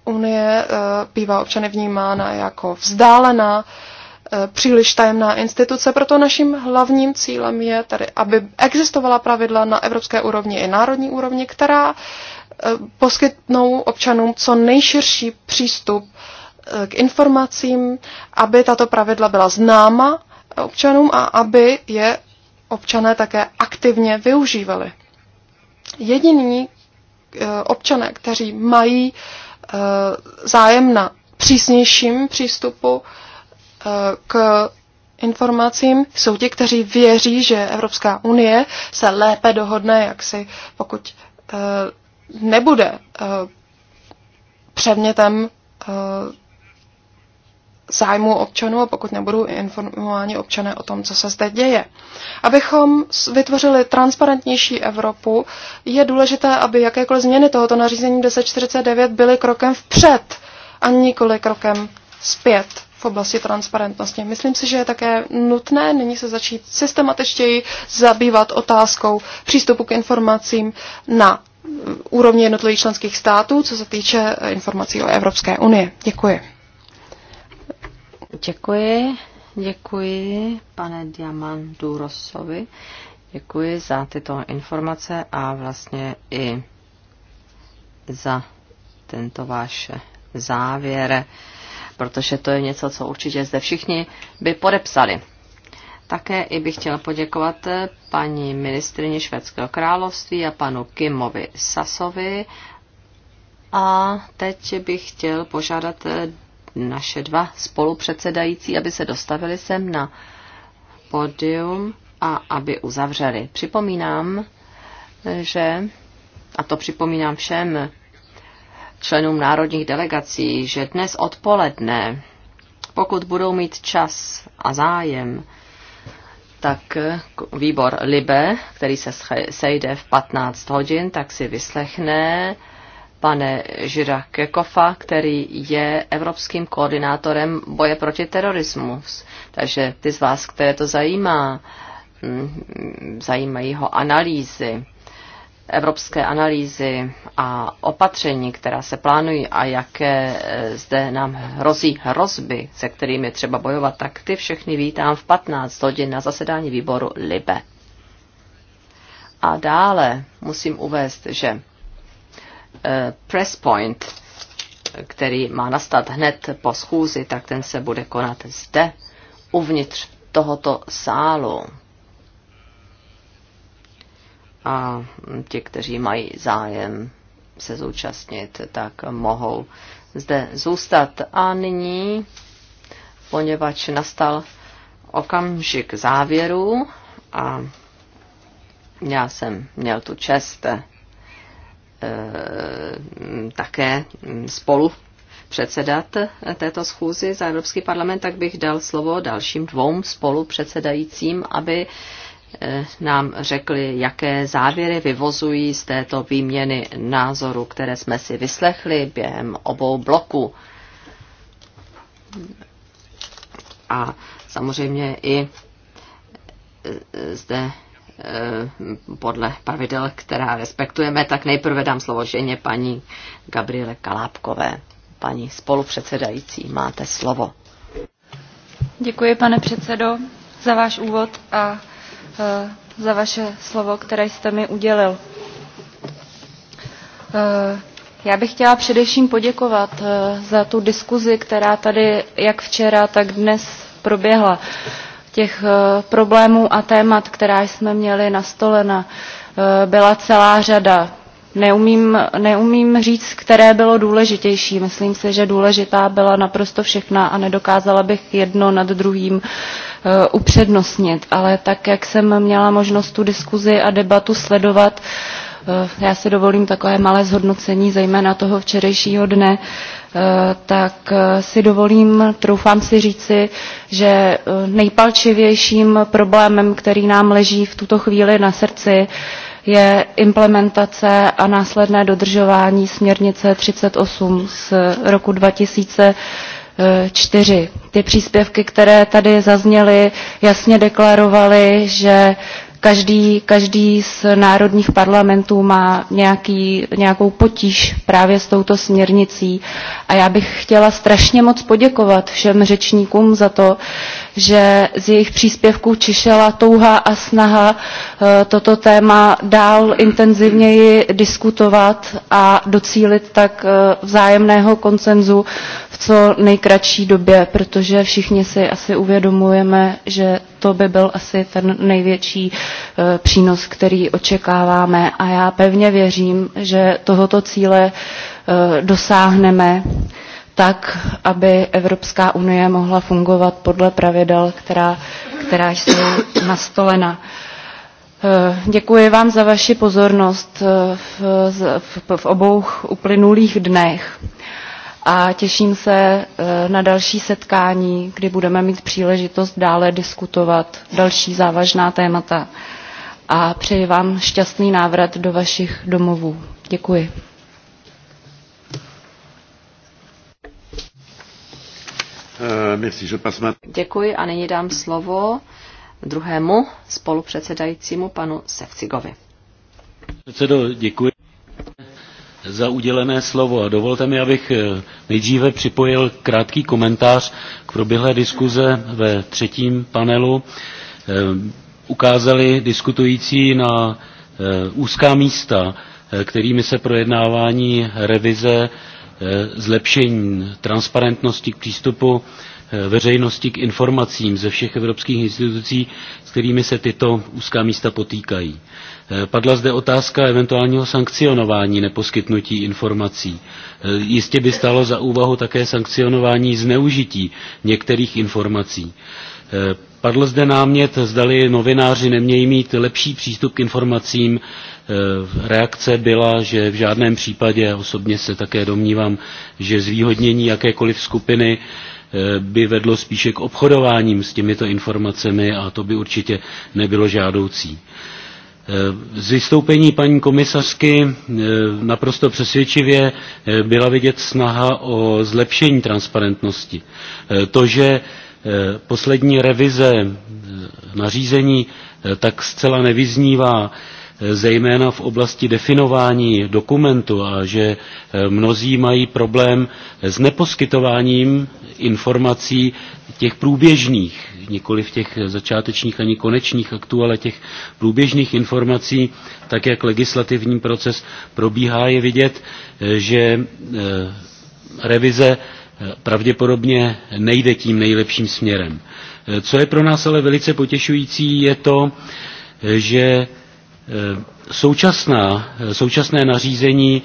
unie bývá občany vnímána jako vzdálená, E, příliš tajemná instituce, proto naším hlavním cílem je tady, aby existovala pravidla na evropské úrovni i národní úrovni, která e, poskytnou občanům co nejširší přístup e, k informacím, aby tato pravidla byla známa občanům a aby je občané také aktivně využívali. Jediní občané, kteří mají zájem na přísnějším přístupu k informacím. Jsou ti, kteří věří, že Evropská unie se lépe dohodne, jak si pokud eh, nebude eh, předmětem eh, zájmu občanů a pokud nebudou informováni občané o tom, co se zde děje. Abychom vytvořili transparentnější Evropu, je důležité, aby jakékoliv změny tohoto nařízení 1049 byly krokem vpřed a nikoli krokem zpět v oblasti transparentnosti. Myslím si, že je také nutné nyní se začít systematičtěji zabývat otázkou přístupu k informacím na úrovni jednotlivých členských států, co se týče eh, informací o Evropské unii. Děkuji. Děkuji. Děkuji pane Rosovi. Děkuji za tyto informace a vlastně i za tento váš závěr protože to je něco, co určitě zde všichni by podepsali. Také i bych chtěla poděkovat eh, paní ministrině Švédského království a panu Kimovi Sasovi. A teď bych chtěl požádat eh, naše dva spolupředsedající, aby se dostavili sem na podium a aby uzavřeli. Připomínám, eh, že, a to připomínám všem členům národních delegací, že dnes odpoledne, pokud budou mít čas a zájem, tak výbor Libe, který se sejde v 15 hodin, tak si vyslechne pane Žira Kekofa, který je evropským koordinátorem boje proti terorismu. Takže ty z vás, které to zajímá, mm, zajímají ho analýzy evropské analýzy a opatření, která se plánují a jaké e, zde nám hrozí hrozby, se kterými třeba bojovat, tak ty všechny vítám v 15 hodin na zasedání výboru LIBE. A dále musím uvést, že e, press point, který má nastat hned po schůzi, tak ten se bude konat zde, uvnitř tohoto sálu a ti, kteří mají zájem se zúčastnit, tak mohou zde zůstat. A nyní, poněvadž nastal okamžik závěru a já jsem měl tu čest e, také spolu předsedat této schůzi za Evropský parlament, tak bych dal slovo dalším dvou spolupředsedajícím, aby Eh, nám řekli, jaké závěry vyvozují z této výměny názoru, které jsme si vyslechli během obou bloků. A samozřejmě i eh, zde eh, podle pravidel, která respektujeme, tak nejprve dám slovo ženě paní Gabriele Kalápkové. Paní spolupředsedající, máte slovo. Děkuji, pane předsedo, za váš úvod a Eh, za vaše slovo, které jste mi udělil. Eh, já bych chtěla především poděkovat eh, za tu diskuzi, která tady jak včera, tak dnes proběhla. Těch problémů a témat, která jsme měli nastolena, byla celá řada. Neumím, neumím říct, které bylo důležitější. Myslím si, že důležitá byla naprosto všechna a nedokázala bych jedno nad druhým Eh, upřednostnit. Ale tak, jak jsem měla možnost tu diskuzi a debatu sledovat, eh, já si dovolím takové malé zhodnocení, zejména toho včerejšího dne, eh, tak si dovolím, troufám si říci, že nejpalčivějším problémem, který nám leží v tuto chvíli na srdci, je implementace a následné dodržování směrnice 38 z roku 2000 E, čtyři. Ty příspěvky, které tady zazněly, jasně deklarovaly, že každý, každý z národních parlamentů má nějaký, nějakou potíž právě s touto směrnicí. A já bych chtěla strašně moc poděkovat všem řečníkům za to, že z jejich příspěvků čišela touha a snaha eh, toto téma dál intenzivněji diskutovat a docílit tak eh, vzájemného konsenzu v co nejkratší době, protože všichni si asi uvědomujeme, že to by byl asi ten největší eh, přínos, který očekáváme. A já pevně věřím, že tohoto cíle dosáhneme tak, aby Evropská unie mohla fungovat podle pravidel, která, která jsou nastolena. Eh, děkuji vám za vaši pozornost eh, v, v, v obou uplynulých dnech a těším se eh, na další setkání, kdy budeme mít příležitost dále diskutovat další závažná témata a přeji vám šťastný návrat do vašich domovů. Děkuji. Eh, děkuji a nyní dám slovo druhému spolupředsedajícímu panu Sevcigovi. Předsedo, děkuji za udělené slovo a dovolte mi, abych eh, nejdříve připojil krátký komentář k proběhlé diskuze ve třetím panelu. Eh, ukázali diskutující na úzká místa, kterými se projednávání revize Eh, zlepšení transparentnosti k přístupu eh, veřejnosti k informacím ze všech evropských institucí, s kterými se tyto úzká místa potýkají. Eh, padla zde otázka eventuálního sankcionování neposkytnutí informací. Jistě by stalo za úvahu také sankcionování zneužití některých informací Padl zde námět, zdali novináři nemějí mít lepší přístup k informacím. E, reakce byla, že v žádném případě, osobně se také domnívám, že zvýhodnění jakékoliv skupiny e, by vedlo spíše k obchodováním s těmito informacemi a to by určitě nebylo žádoucí. E, z vystoupení paní komisařky naprosto přesvědčivě byla vidět snaha o zlepšení transparentnosti. To, že Eh, poslední revize eh, nařízení eh, tak zcela nevyznívá zejména v oblasti definování dokumentu a že mnozí mají problém s neposkytováním informací těch průběžných, nikoli v těch začátečních ani konečných aktů, ale těch průběžných informací, tak jak legislativní proces probíhá, je vidět, že revize Eh, pravděpodobně nejde tím nejlepším směrem. Eh, co je pro nás ale velice potěšující, je to, eh, že současná, současné nařízení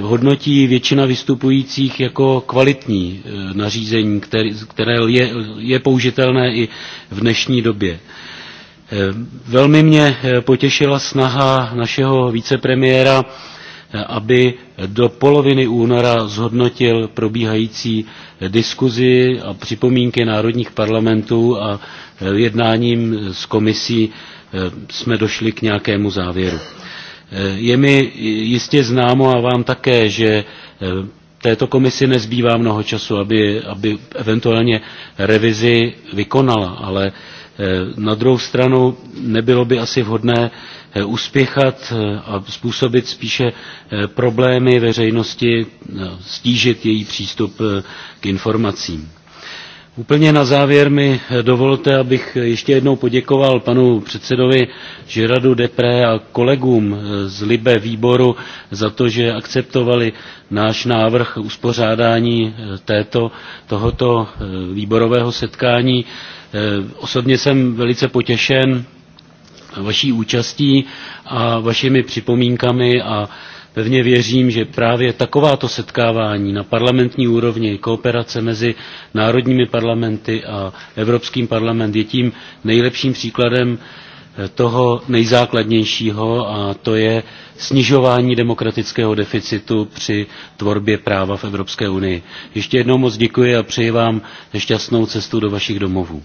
hodnotí většina vystupujících jako kvalitní nařízení, které, je, je použitelné i v dnešní době. Velmi mě potěšila snaha našeho vicepremiéra Eh, aby do poloviny února zhodnotil probíhající diskuzi a připomínky národních parlamentů a eh, jednáním s komisí eh, jsme došli k nějakému závěru. Je mi jistě známo a vám také, že této komisi nezbývá mnoho času, aby, aby eventuálně revizi vykonala, ale Eh, na druhou stranu nebylo by asi vhodné eh, uspěchat eh, a způsobit spíše problémy veřejnosti, stížit její přístup k informacím Úplně na závěr mi dovolte, abych ještě jednou poděkoval panu předsedovi Žiradu Depré a kolegům z Libe výboru za to, že akceptovali náš návrh uspořádání eh, této, tohoto eh, výborového setkání. Eh, osobně jsem velice potěšen vaší účastí a vašimi připomínkami a Pevně věřím, že právě takováto setkávání na parlamentní úrovni, kooperace mezi národními parlamenty a Evropským parlament je tím nejlepším příkladem eh, toho nejzákladnějšího a to je snižování demokratického deficitu při tvorbě práva v Evropské unii. Ještě jednou moc děkuji a přeji vám šťastnou cestu do vašich domovů.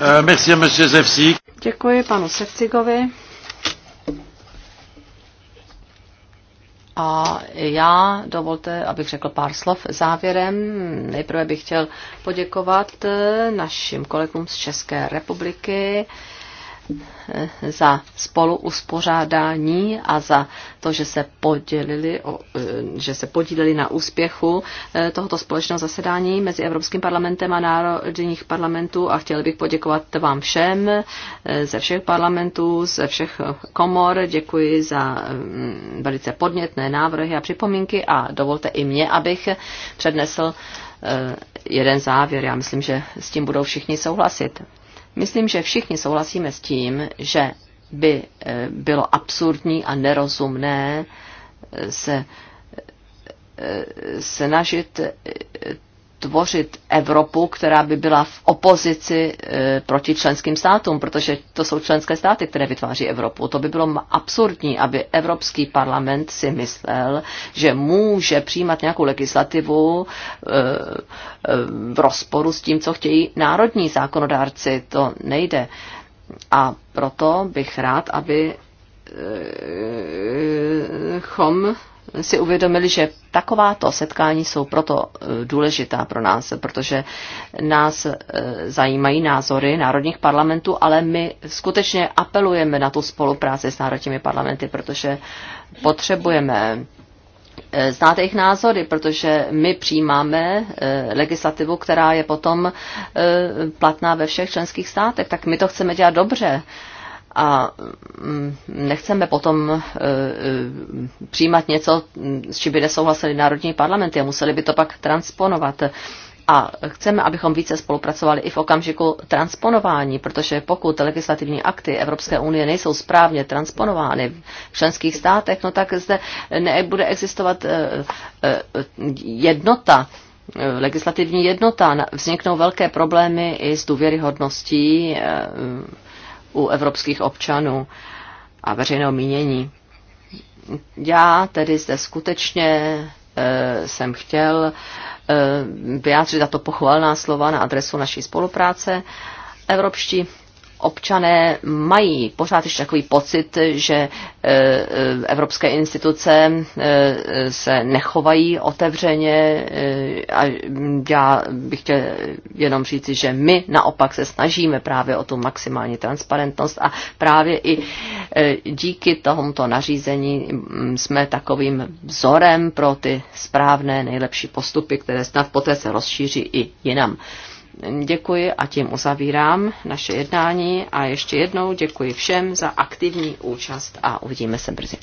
Eh, merci à monsieur Zevsik. Děkuji panu Sefcigovi. A já dovolte, abych řekl pár slov závěrem. Nejprve bych chtěl poděkovat našim kolegům z České republiky, za spoluuspořádání a za to, že se podělili, e, že se podíleli na úspěchu e, tohoto společného zasedání mezi Evropským parlamentem a národních parlamentů a chtěl bych poděkovat vám všem e, ze všech parlamentů, ze všech komor. Děkuji za mm, velice podnětné návrhy a připomínky a dovolte i mě, abych přednesl jeden závěr. Já myslím, že s tím budou všichni souhlasit. Myslím, že všichni souhlasíme s tím, že by eh, bylo absurdní a nerozumné eh, se eh, snažit tvořit Evropu, která by byla v opozici e, proti členským státům, protože to jsou členské státy, které vytváří Evropu. To by bylo absurdní, aby Evropský parlament si myslel, že může přijímat nějakou legislativu e, e, v rozporu s tím, co chtějí národní zákonodárci. To nejde. A proto bych rád, aby e, e, chom si uvědomili, že takováto setkání jsou proto e, důležitá pro nás, protože nás e, zajímají názory národních parlamentů, ale my skutečně apelujeme na tu spolupráci s národními parlamenty, protože potřebujeme e, znát jejich názory, protože my přijímáme legislativu, která je potom platná ve všech členských státech, tak my to chceme dělat dobře a mm, nechceme potom e, e, přijímat něco, s čím by nesouhlasili národní parlamenty a museli by to pak transponovat. A chceme, abychom více spolupracovali i v okamžiku transponování, protože pokud legislativní akty Evropské unie nejsou správně transponovány v členských státech, no tak zde nebude existovat e, jednota legislativní jednota, vzniknou velké problémy i s důvěryhodností u evropských občanů a veřejného mínění. Já tedy zde skutečně eh, jsem chtěl eh, vyjádřit tato pochvalná slova na adresu naší spolupráce. Evropští občané mají pořád ještě takový pocit, že e, e, evropské instituce e, se nechovají otevřeně a já bych chtěl jenom říci, že my naopak se snažíme právě o tu maximální transparentnost a právě i díky tomuto nařízení jsme takovým vzorem pro ty správné nejlepší postupy, které snad poté se rozšíří i jinam děkuji a tím uzavírám naše jednání a ještě jednou děkuji všem za aktivní účast a uvidíme se brzy.